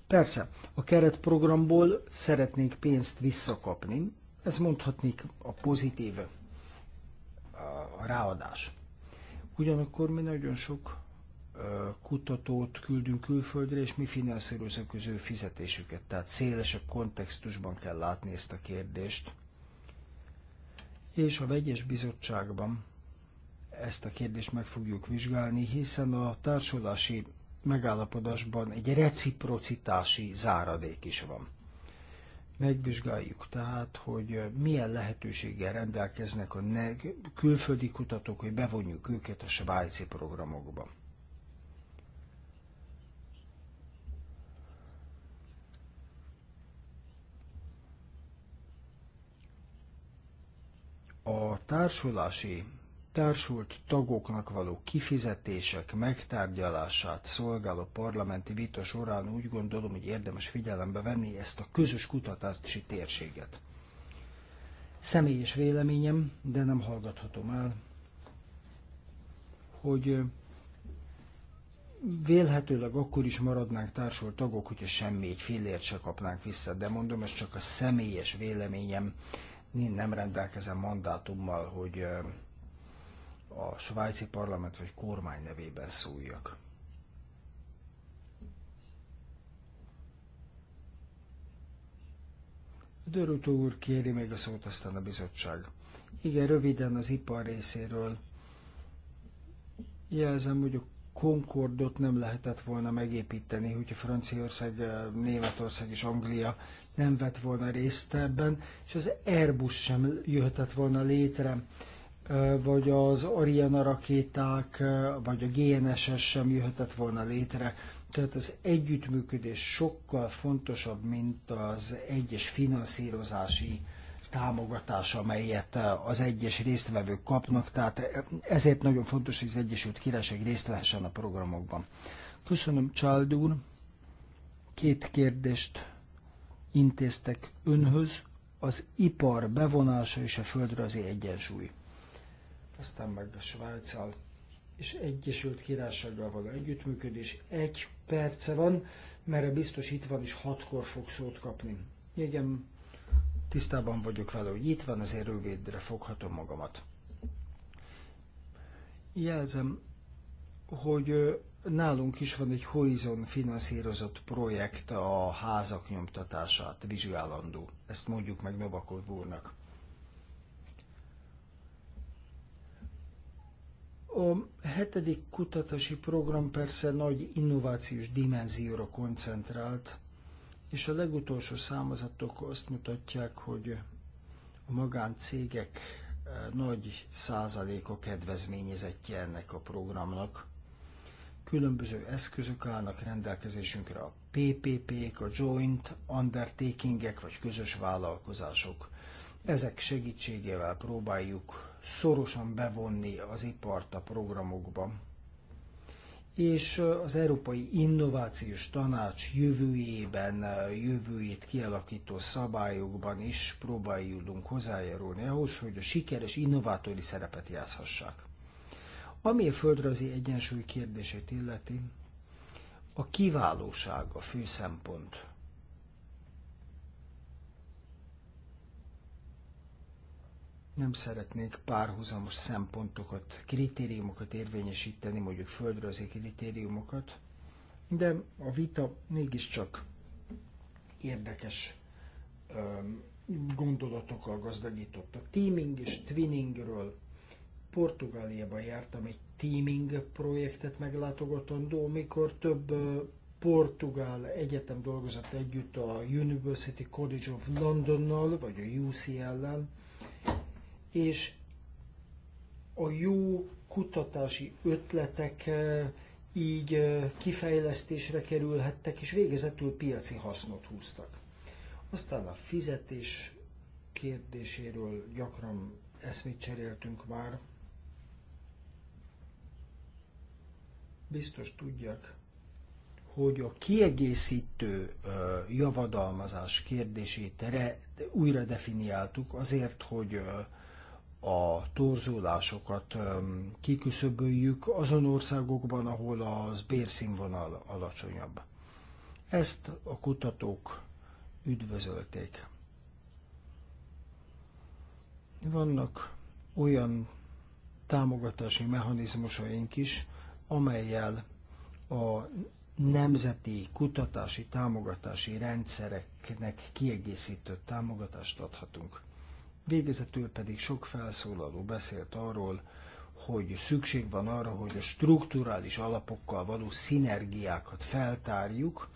Speaker 3: Persze, a keretprogramból szeretnék pénzt visszakapni, ez mondhatnék a pozitív a ráadás. Ugyanakkor mi nagyon sok kutatót küldünk külföldre, és mi finanszírozunk az ő fizetésüket. Tehát a kontextusban kell látni ezt a kérdést. És a vegyes bizottságban ezt a kérdést meg fogjuk vizsgálni, hiszen a társulási megállapodásban egy reciprocitási záradék is van. Megvizsgáljuk tehát, hogy milyen lehetőséggel rendelkeznek a külföldi kutatók, hogy bevonjuk őket a svájci programokba. A társulási társult tagoknak való kifizetések megtárgyalását szolgáló parlamenti vita során úgy gondolom, hogy érdemes figyelembe venni ezt a közös kutatási térséget. Személyes véleményem, de nem hallgathatom el, hogy vélhetőleg akkor is maradnánk társult tagok, hogyha semmi egy fillért se kapnánk vissza, de mondom, ez csak a személyes véleményem, nem rendelkezem mandátummal, hogy a svájci parlament vagy kormány nevében szóljak. Dörötő úr kéri még a szót, aztán a bizottság. Igen, röviden az ipar részéről jelzem, hogy a Concordot nem lehetett volna megépíteni, hogy a Franciaország, Németország és Anglia nem vett volna részt ebben, és az Airbus sem jöhetett volna létre vagy az Ariana rakéták, vagy a GNSS sem jöhetett volna létre. Tehát az együttműködés sokkal fontosabb, mint az egyes finanszírozási támogatás, amelyet az egyes résztvevők kapnak, tehát ezért nagyon fontos, hogy az Egyesült Királyság részt vehessen a programokban. Köszönöm, Csáld úr. Két kérdést intéztek önhöz, az ipar bevonása és a földrajzi egyensúly aztán meg a Svájccal és Egyesült Királysággal való együttműködés. Egy perce van, mert biztos itt van, és hatkor fog szót kapni. Igen, tisztában vagyok vele, hogy itt van, azért rövidre foghatom magamat. Jelzem, hogy nálunk is van egy Horizon finanszírozott projekt a házak nyomtatását vizsgálandó. Ezt mondjuk meg Novakov úrnak. A hetedik kutatási program persze nagy innovációs dimenzióra koncentrált, és a legutolsó számozatok azt mutatják, hogy a magáncégek eh, nagy százaléka kedvezményezettje ennek a programnak. Különböző eszközök állnak rendelkezésünkre, a PPP-k, a joint Undertaking-ek vagy közös vállalkozások. Ezek segítségével próbáljuk szorosan bevonni az ipart a programokba. És az Európai Innovációs Tanács jövőjében, jövőjét kialakító szabályokban is próbáljunk hozzájárulni ahhoz, hogy a sikeres innovátori szerepet játszhassák. Ami a földrajzi egyensúly kérdését illeti, a kiválóság a fő szempont nem szeretnék párhuzamos szempontokat, kritériumokat érvényesíteni, mondjuk földrajzi kritériumokat, de a vita mégiscsak érdekes gondolatokkal gazdagított. A teaming és twinningről Portugáliában jártam egy teaming projektet meglátogatandó, mikor több portugál egyetem dolgozott együtt a University College of Londonnal, vagy a UCL-lel, és a jó kutatási ötletek így kifejlesztésre kerülhettek, és végezetül piaci hasznot húztak. Aztán a fizetés kérdéséről gyakran eszmét cseréltünk már. Biztos tudják, hogy a kiegészítő javadalmazás kérdését újra definiáltuk azért, hogy a torzulásokat kiküszöböljük azon országokban, ahol az bérszínvonal alacsonyabb. Ezt a kutatók üdvözölték. Vannak olyan támogatási mechanizmusaink is, amelyel a nemzeti kutatási támogatási rendszereknek kiegészítő támogatást adhatunk. Végezetül pedig sok felszólaló beszélt arról, hogy szükség van arra, hogy a strukturális alapokkal való szinergiákat feltárjuk.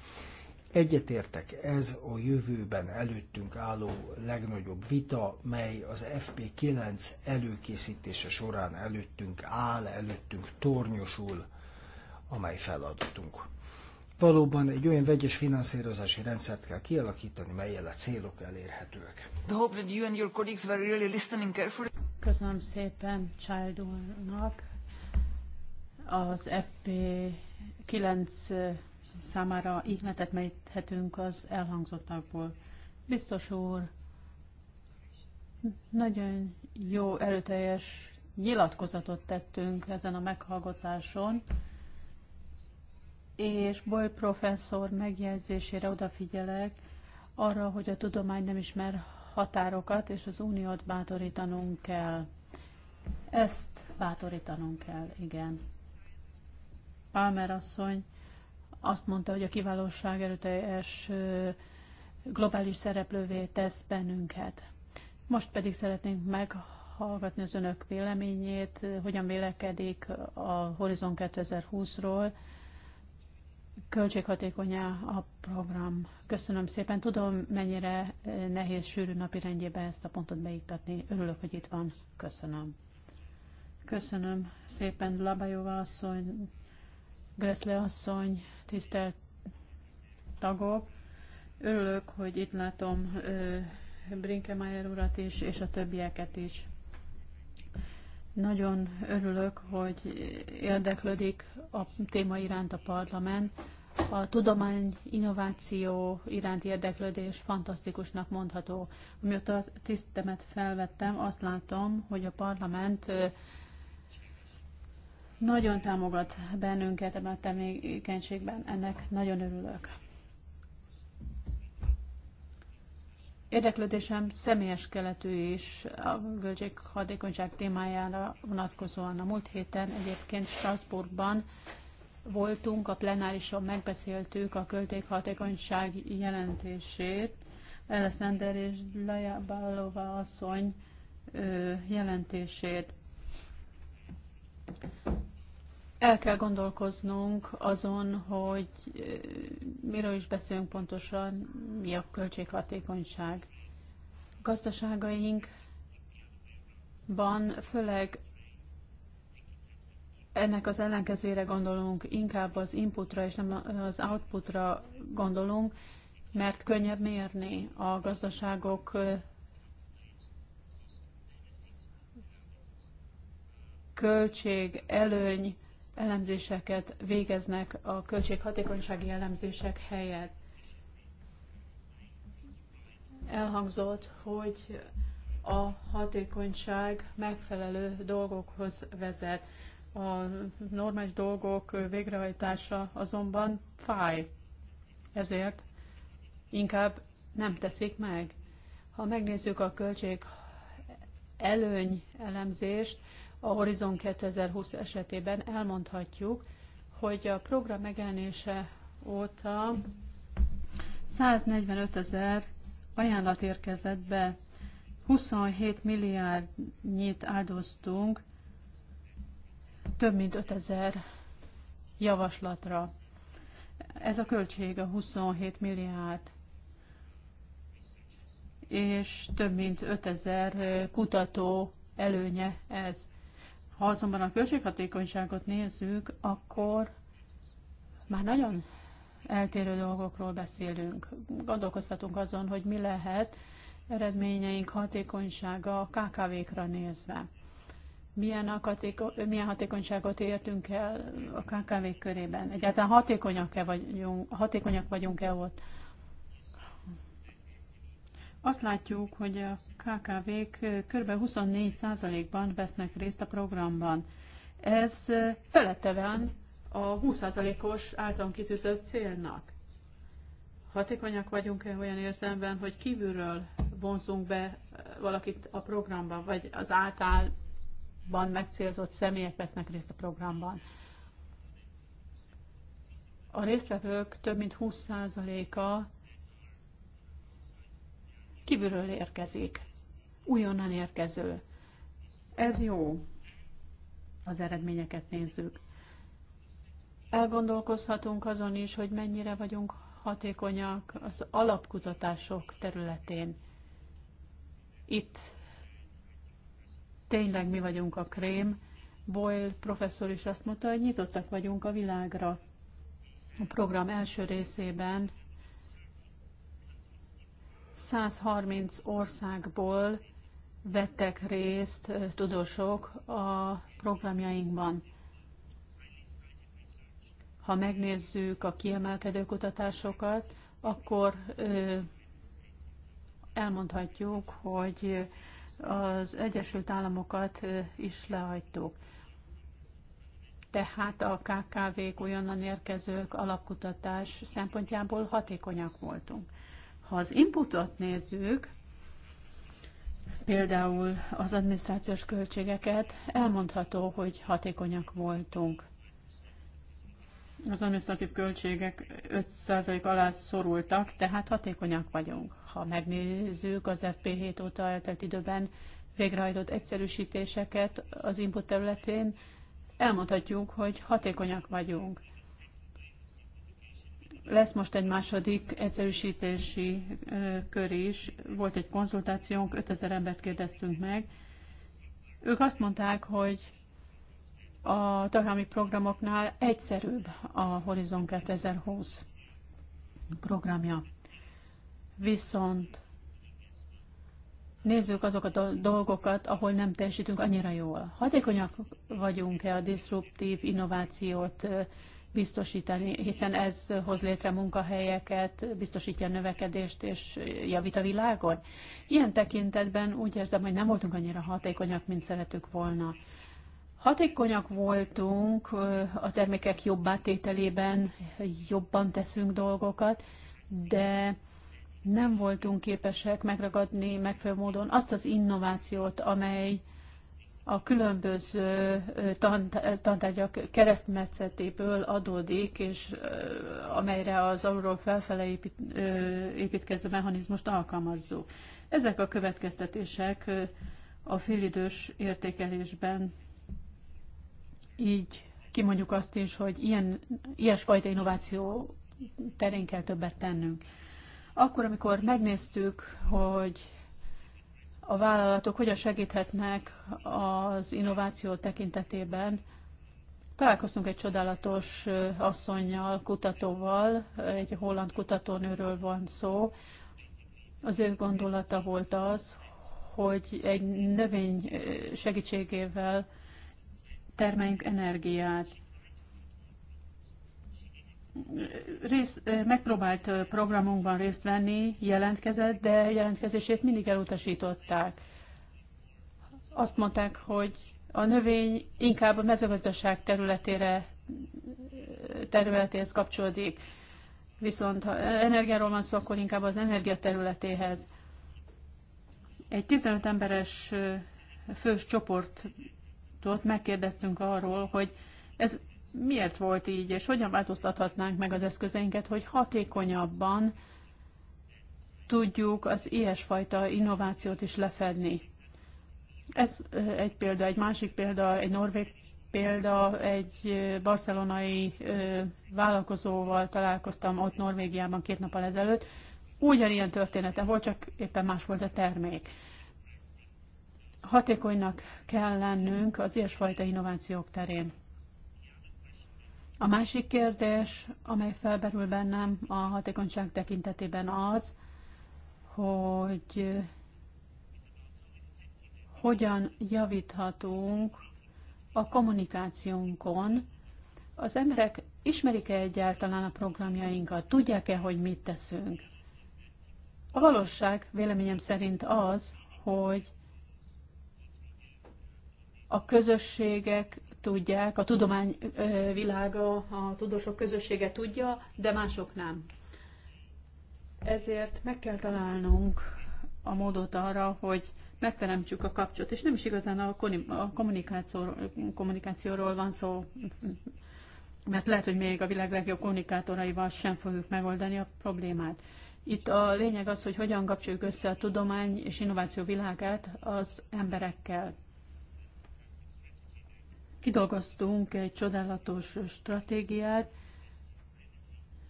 Speaker 3: Egyetértek ez a jövőben előttünk álló legnagyobb vita, mely az FP9 előkészítése során előttünk áll, előttünk tornyosul, amely feladatunk. Valóban egy olyan vegyes finanszírozási rendszert kell kialakítani, melyel a célok elérhetőek.
Speaker 1: Köszönöm szépen Child úrnak. Az FP9 számára ihletet mejthetünk az elhangzottakból. Biztos úr, nagyon jó, erőteljes nyilatkozatot tettünk ezen a meghallgatáson és Boy professzor megjegyzésére odafigyelek arra, hogy a tudomány nem ismer határokat, és az uniót bátorítanunk kell. Ezt bátorítanunk kell, igen. Palmer asszony azt mondta, hogy a kiválóság erőteljes globális szereplővé tesz bennünket. Most pedig szeretnénk meghallgatni az önök véleményét, hogyan vélekedik a Horizon 2020-ról, költséghatékonyá a program. Köszönöm szépen. Tudom, mennyire eh, nehéz, sűrű napi rendjébe ezt a pontot beiktatni. Örülök, hogy itt van. Köszönöm. Köszönöm szépen Labajova asszony, Greszle asszony, tisztelt tagok. Örülök, hogy itt látom eh, Brinkemeyer urat is, és a többieket is. Nagyon örülök, hogy érdeklődik a téma iránt a parlament. A tudomány, innováció iránti érdeklődés fantasztikusnak mondható. Amióta a tisztemet felvettem, azt látom, hogy a parlament nagyon támogat bennünket ebben a tevékenységben. Ennek nagyon örülök. Érdeklődésem személyes keletű is a költséghatékonyság témájára vonatkozóan. A múlt héten egyébként Strasbourgban voltunk, a plenárison megbeszéltük a költséghatékonyság jelentését. Alexander és Laja Balova asszony jelentését. El kell gondolkoznunk azon, hogy eh, miről is beszélünk pontosan, mi a költséghatékonyság. gazdaságainkban főleg ennek az ellenkezőjére gondolunk, inkább az inputra és nem az outputra gondolunk, mert könnyebb mérni a gazdaságok eh, költség, előny, elemzéseket végeznek a költséghatékonysági elemzések helyett. Elhangzott, hogy a hatékonyság megfelelő dolgokhoz vezet. A normális dolgok végrehajtása azonban fáj, ezért inkább nem teszik meg. Ha megnézzük a költség előny elemzést, a Horizon 2020 esetében elmondhatjuk, hogy a program megjelenése óta 145 ezer ajánlat érkezett be, 27 milliárdnyit áldoztunk, több mint 5 ezer javaslatra. Ez a költség a 27 milliárd, és több mint 5000 kutató előnye ez. Ha azonban a költséghatékonyságot nézzük, akkor már nagyon eltérő dolgokról beszélünk. Gondolkozhatunk azon, hogy mi lehet eredményeink hatékonysága a KKV-kra nézve. Milyen, a katéko- milyen hatékonyságot értünk el a kkv körében? Egyáltalán hatékonyak-e vagyunk, hatékonyak vagyunk-e ott? Azt látjuk, hogy a KKV-k kb. 24%-ban vesznek részt a programban. Ez felette van a 20%-os általán kitűzött célnak. Hatékonyak vagyunk-e olyan értelemben, hogy kívülről vonzunk be eh, valakit a programban, vagy az általában megcélzott személyek vesznek részt a programban? A résztvevők több mint 20%-a kívülről érkezik, újonnan érkező. Ez jó. Az eredményeket nézzük. Elgondolkozhatunk azon is, hogy mennyire vagyunk hatékonyak az alapkutatások területén. Itt tényleg mi vagyunk a krém. Boyle professzor is azt mondta, hogy nyitottak vagyunk a világra. A program első részében 130 országból vettek részt tudósok a programjainkban. Ha megnézzük a kiemelkedő kutatásokat, akkor elmondhatjuk, hogy az Egyesült Államokat is lehagytuk. Tehát a KKV-k, olyannan érkezők alapkutatás szempontjából hatékonyak voltunk. Ha az inputot nézzük, például az adminisztrációs költségeket, elmondható, hogy hatékonyak voltunk. Az adminisztratív költségek 5% alá szorultak, tehát hatékonyak vagyunk. Ha megnézzük az FP7 óta eltelt időben végrehajtott egyszerűsítéseket az input területén, elmondhatjuk, hogy hatékonyak vagyunk. Lesz most egy második egyszerűsítési kör is. Volt egy konzultációnk, 5000 embert kérdeztünk meg. Ők azt mondták, hogy a tagállami programoknál egyszerűbb a Horizon 2020 programja. Viszont nézzük azokat a dolgokat, ahol nem teljesítünk annyira jól. Hatékonyak vagyunk-e a disruptív innovációt biztosítani, hiszen ez hoz létre munkahelyeket, biztosítja a növekedést és javít a világon. Ilyen tekintetben úgy érzem, hogy nem voltunk annyira hatékonyak, mint szeretük volna. Hatékonyak voltunk a termékek jobb átételében, jobban teszünk dolgokat, de nem voltunk képesek megragadni megfelelő módon azt az innovációt, amely a különböző tantárgyak keresztmetszetéből adódik, és amelyre az alulról felfele épít, építkező mechanizmust alkalmazzuk. Ezek a következtetések a félidős értékelésben így kimondjuk azt is, hogy ilyen, ilyesfajta innováció terén kell többet tennünk. Akkor, amikor megnéztük, hogy a vállalatok hogyan segíthetnek az innováció tekintetében. Találkoztunk egy csodálatos asszonynal, kutatóval, egy holland kutatónőről van szó. Az ő gondolata volt az, hogy egy növény segítségével termeljünk energiát részt, megpróbált programunkban részt venni, jelentkezett, de jelentkezését mindig elutasították. Azt mondták, hogy a növény inkább a mezőgazdaság területére, területéhez kapcsolódik, viszont ha energiáról van szó, akkor inkább az energia területéhez. Egy 15 emberes fős csoportot megkérdeztünk arról, hogy ez miért volt így, és hogyan változtathatnánk meg az eszközeinket, hogy hatékonyabban tudjuk az ilyesfajta innovációt is lefedni. Ez egy példa, egy másik példa, egy norvég példa, egy barcelonai vállalkozóval találkoztam ott Norvégiában két nappal ezelőtt. Ugyanilyen története volt, csak éppen más volt a termék. Hatékonynak kell lennünk az ilyesfajta innovációk terén. A másik kérdés, amely felberül bennem a hatékonyság tekintetében az, hogy hogyan javíthatunk a kommunikációnkon. Az emberek ismerik-e egyáltalán a programjainkat, tudják-e, hogy mit teszünk. A valóság véleményem szerint az, hogy a közösségek tudják, a tudomány világa, a tudósok közössége tudja, de mások nem. Ezért meg kell találnunk a módot arra, hogy megteremtsük a kapcsot, és nem is igazán a kommunikációról van szó, mert lehet, hogy még a világ legjobb kommunikátoraival sem fogjuk megoldani a problémát. Itt a lényeg az, hogy hogyan kapcsoljuk össze a tudomány és innováció világát az emberekkel. Kidolgoztunk egy csodálatos stratégiát,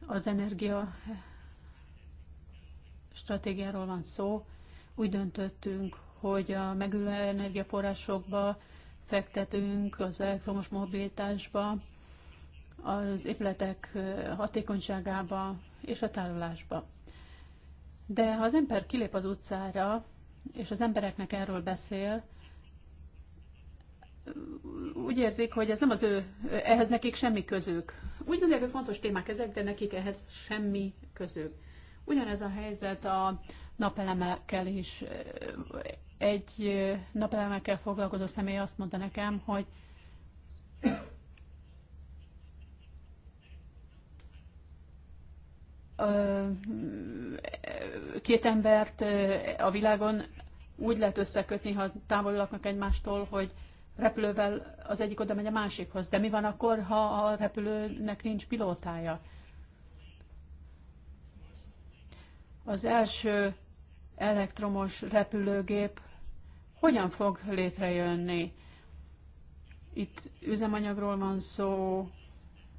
Speaker 1: az energia stratégiáról van szó. Úgy döntöttünk, hogy a megülő energiaforrásokba fektetünk, az elektromos mobilitásba, az épületek hatékonyságába és a tárolásba. De ha az ember kilép az utcára, és az embereknek erről beszél, úgy érzik, hogy ez nem az ő, ehhez nekik semmi közük. Úgy gondolják, hogy fontos témák ezek, de nekik ehhez semmi közük. Ugyanez a helyzet a napelemekkel is. Egy napelemekkel foglalkozó személy azt mondta nekem, hogy két embert a világon úgy lehet összekötni, ha távol laknak egymástól, hogy repülővel az egyik oda megy a másikhoz. De mi van akkor, ha a repülőnek nincs pilótája? Az első elektromos repülőgép hogyan fog létrejönni? Itt üzemanyagról van szó,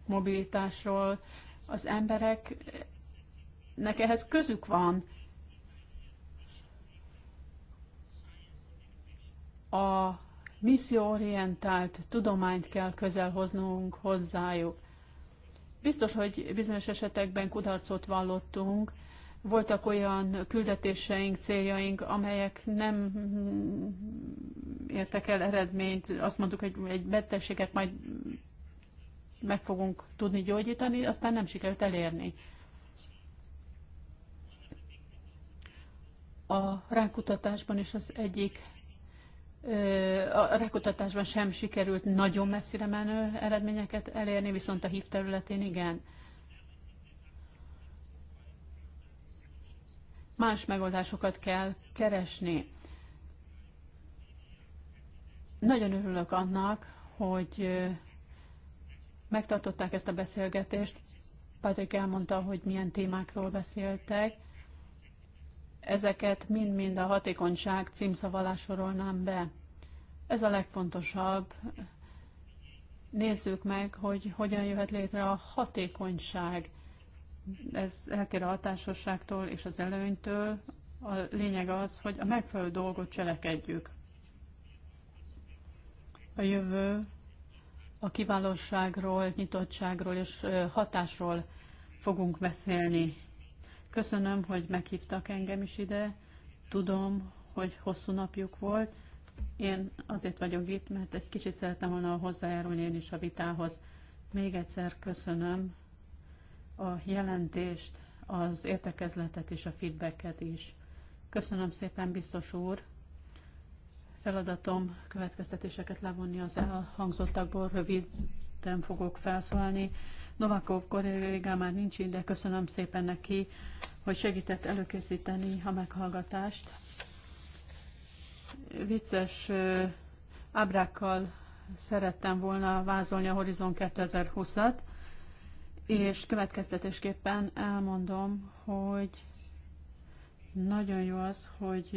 Speaker 1: mobilitásról. Az embereknek ehhez közük van. A misszióorientált tudományt kell közel hoznunk hozzájuk. Biztos, hogy bizonyos esetekben kudarcot vallottunk, voltak olyan küldetéseink, céljaink, amelyek nem értek el eredményt, azt mondtuk, hogy egy betegséget majd meg fogunk tudni gyógyítani, aztán nem sikerült elérni. A rákutatásban is az egyik a rákutatásban sem sikerült nagyon messzire menő eredményeket elérni, viszont a HIV területén igen. Más megoldásokat kell keresni. Nagyon örülök annak, hogy megtartották ezt a beszélgetést. Patrik elmondta, hogy milyen témákról beszéltek ezeket mind-mind a hatékonyság címszavalásorolnám be. Ez a legfontosabb. Nézzük meg, hogy hogyan jöhet létre a hatékonyság. Ez eltér a hatásosságtól és az előnytől. A lényeg az, hogy a megfelelő dolgot cselekedjük. A jövő a kiválóságról, nyitottságról és hatásról fogunk beszélni. Köszönöm, hogy meghívtak engem is ide. Tudom, hogy hosszú napjuk volt. Én azért vagyok itt, mert egy kicsit szeretem volna hozzájárulni én is a vitához. Még egyszer köszönöm a jelentést, az értekezletet és a feedbacket is. Köszönöm szépen, biztos úr! Feladatom következtetéseket levonni az elhangzottakból, röviden fogok felszólni. Novakov kollégám már nincs itt, de köszönöm szépen neki, hogy segített előkészíteni a meghallgatást vicces ábrákkal szerettem volna vázolni a Horizon 2020-at, és következtetésképpen elmondom, hogy nagyon jó az, hogy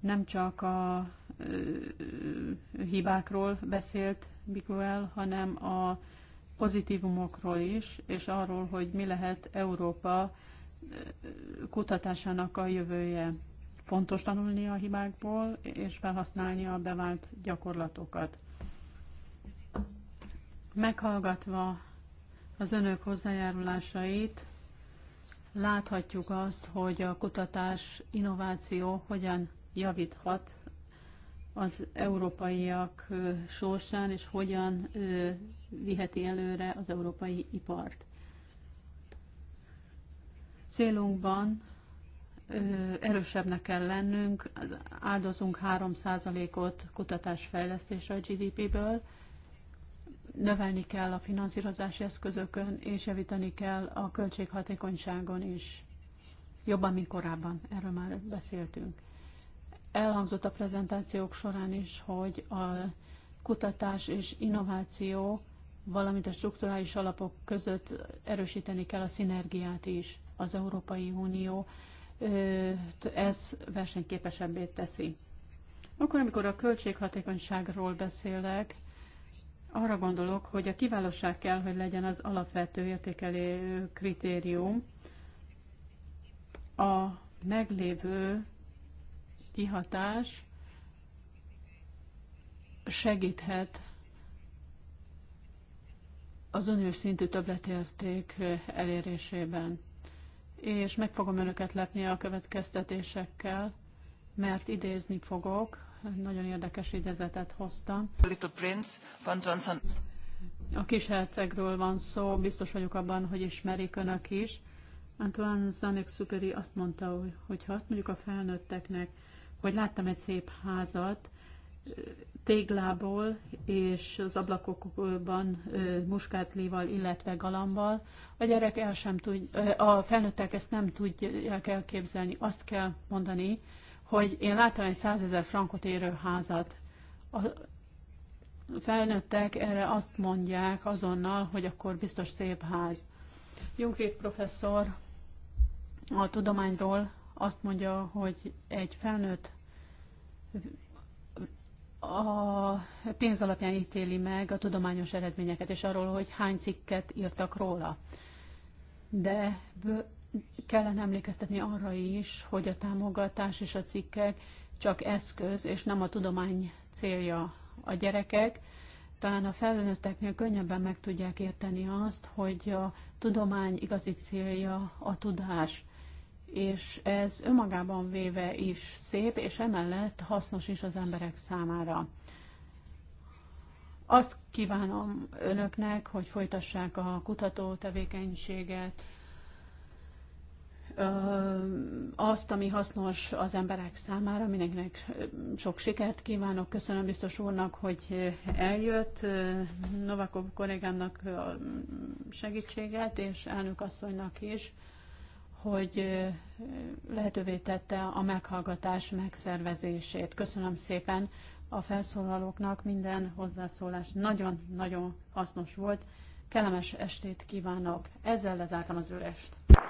Speaker 1: nem csak a hibákról beszélt Biguel, hanem a pozitívumokról is, és arról, hogy mi lehet Európa kutatásának a jövője. Fontos tanulni a hibákból, és felhasználni a bevált gyakorlatokat. Meghallgatva az önök hozzájárulásait, láthatjuk azt, hogy a kutatás, innováció hogyan javíthat az európaiak sorsán, és hogyan viheti előre az európai ipart. Célunkban erősebbnek kell lennünk, áldozunk 3%-ot kutatásfejlesztésre a GDP-ből, növelni kell a finanszírozási eszközökön, és javítani kell a költséghatékonyságon is. Jobban, mint korábban, erről már beszéltünk. Elhangzott a prezentációk során is, hogy a kutatás és innováció, valamint a strukturális alapok között erősíteni kell a szinergiát is. Az Európai Unió ez versenyképesebbé teszi. Akkor, amikor a költséghatékonyságról beszélek, arra gondolok, hogy a kiválóság kell, hogy legyen az alapvető értékelő kritérium. A meglévő kihatás segíthet az uniós szintű többletérték elérésében és meg fogom önöket lepni a következtetésekkel, mert idézni fogok. Nagyon érdekes idézetet hoztam.
Speaker 3: Little Prince van Johnson.
Speaker 1: A kis hercegről van szó, biztos vagyok abban, hogy ismerik önök is. Antoine Zanek Superi azt mondta, hogy ha azt mondjuk a felnőtteknek, hogy láttam egy szép házat, téglából és az ablakokban muskátlival, illetve galambal. A gyerek el sem tud, a felnőttek ezt nem tudják elképzelni. Azt kell mondani, hogy én láttam egy százezer frankot érő házat. A felnőttek erre azt mondják azonnal, hogy akkor biztos szép ház. Junkvét professzor a tudományról azt mondja, hogy egy felnőtt a pénz alapján ítéli meg a tudományos eredményeket, és arról, hogy hány cikket írtak róla. De kellene emlékeztetni arra is, hogy a támogatás és a cikkek csak eszköz, és nem a tudomány célja a gyerekek. Talán a felnőtteknél könnyebben meg tudják érteni azt, hogy a tudomány igazi célja a tudás és ez önmagában véve is szép, és emellett hasznos is az emberek számára. Azt kívánom önöknek, hogy folytassák a kutató tevékenységet, azt, ami hasznos az emberek számára. Mindenkinek sok sikert kívánok. Köszönöm biztos úrnak, hogy eljött. Novakov kollégámnak segítséget, és elnök asszonynak is hogy lehetővé tette a meghallgatás megszervezését. Köszönöm szépen a felszólalóknak, minden hozzászólás nagyon-nagyon hasznos volt. Kellemes estét kívánok. Ezzel lezártam az ülést.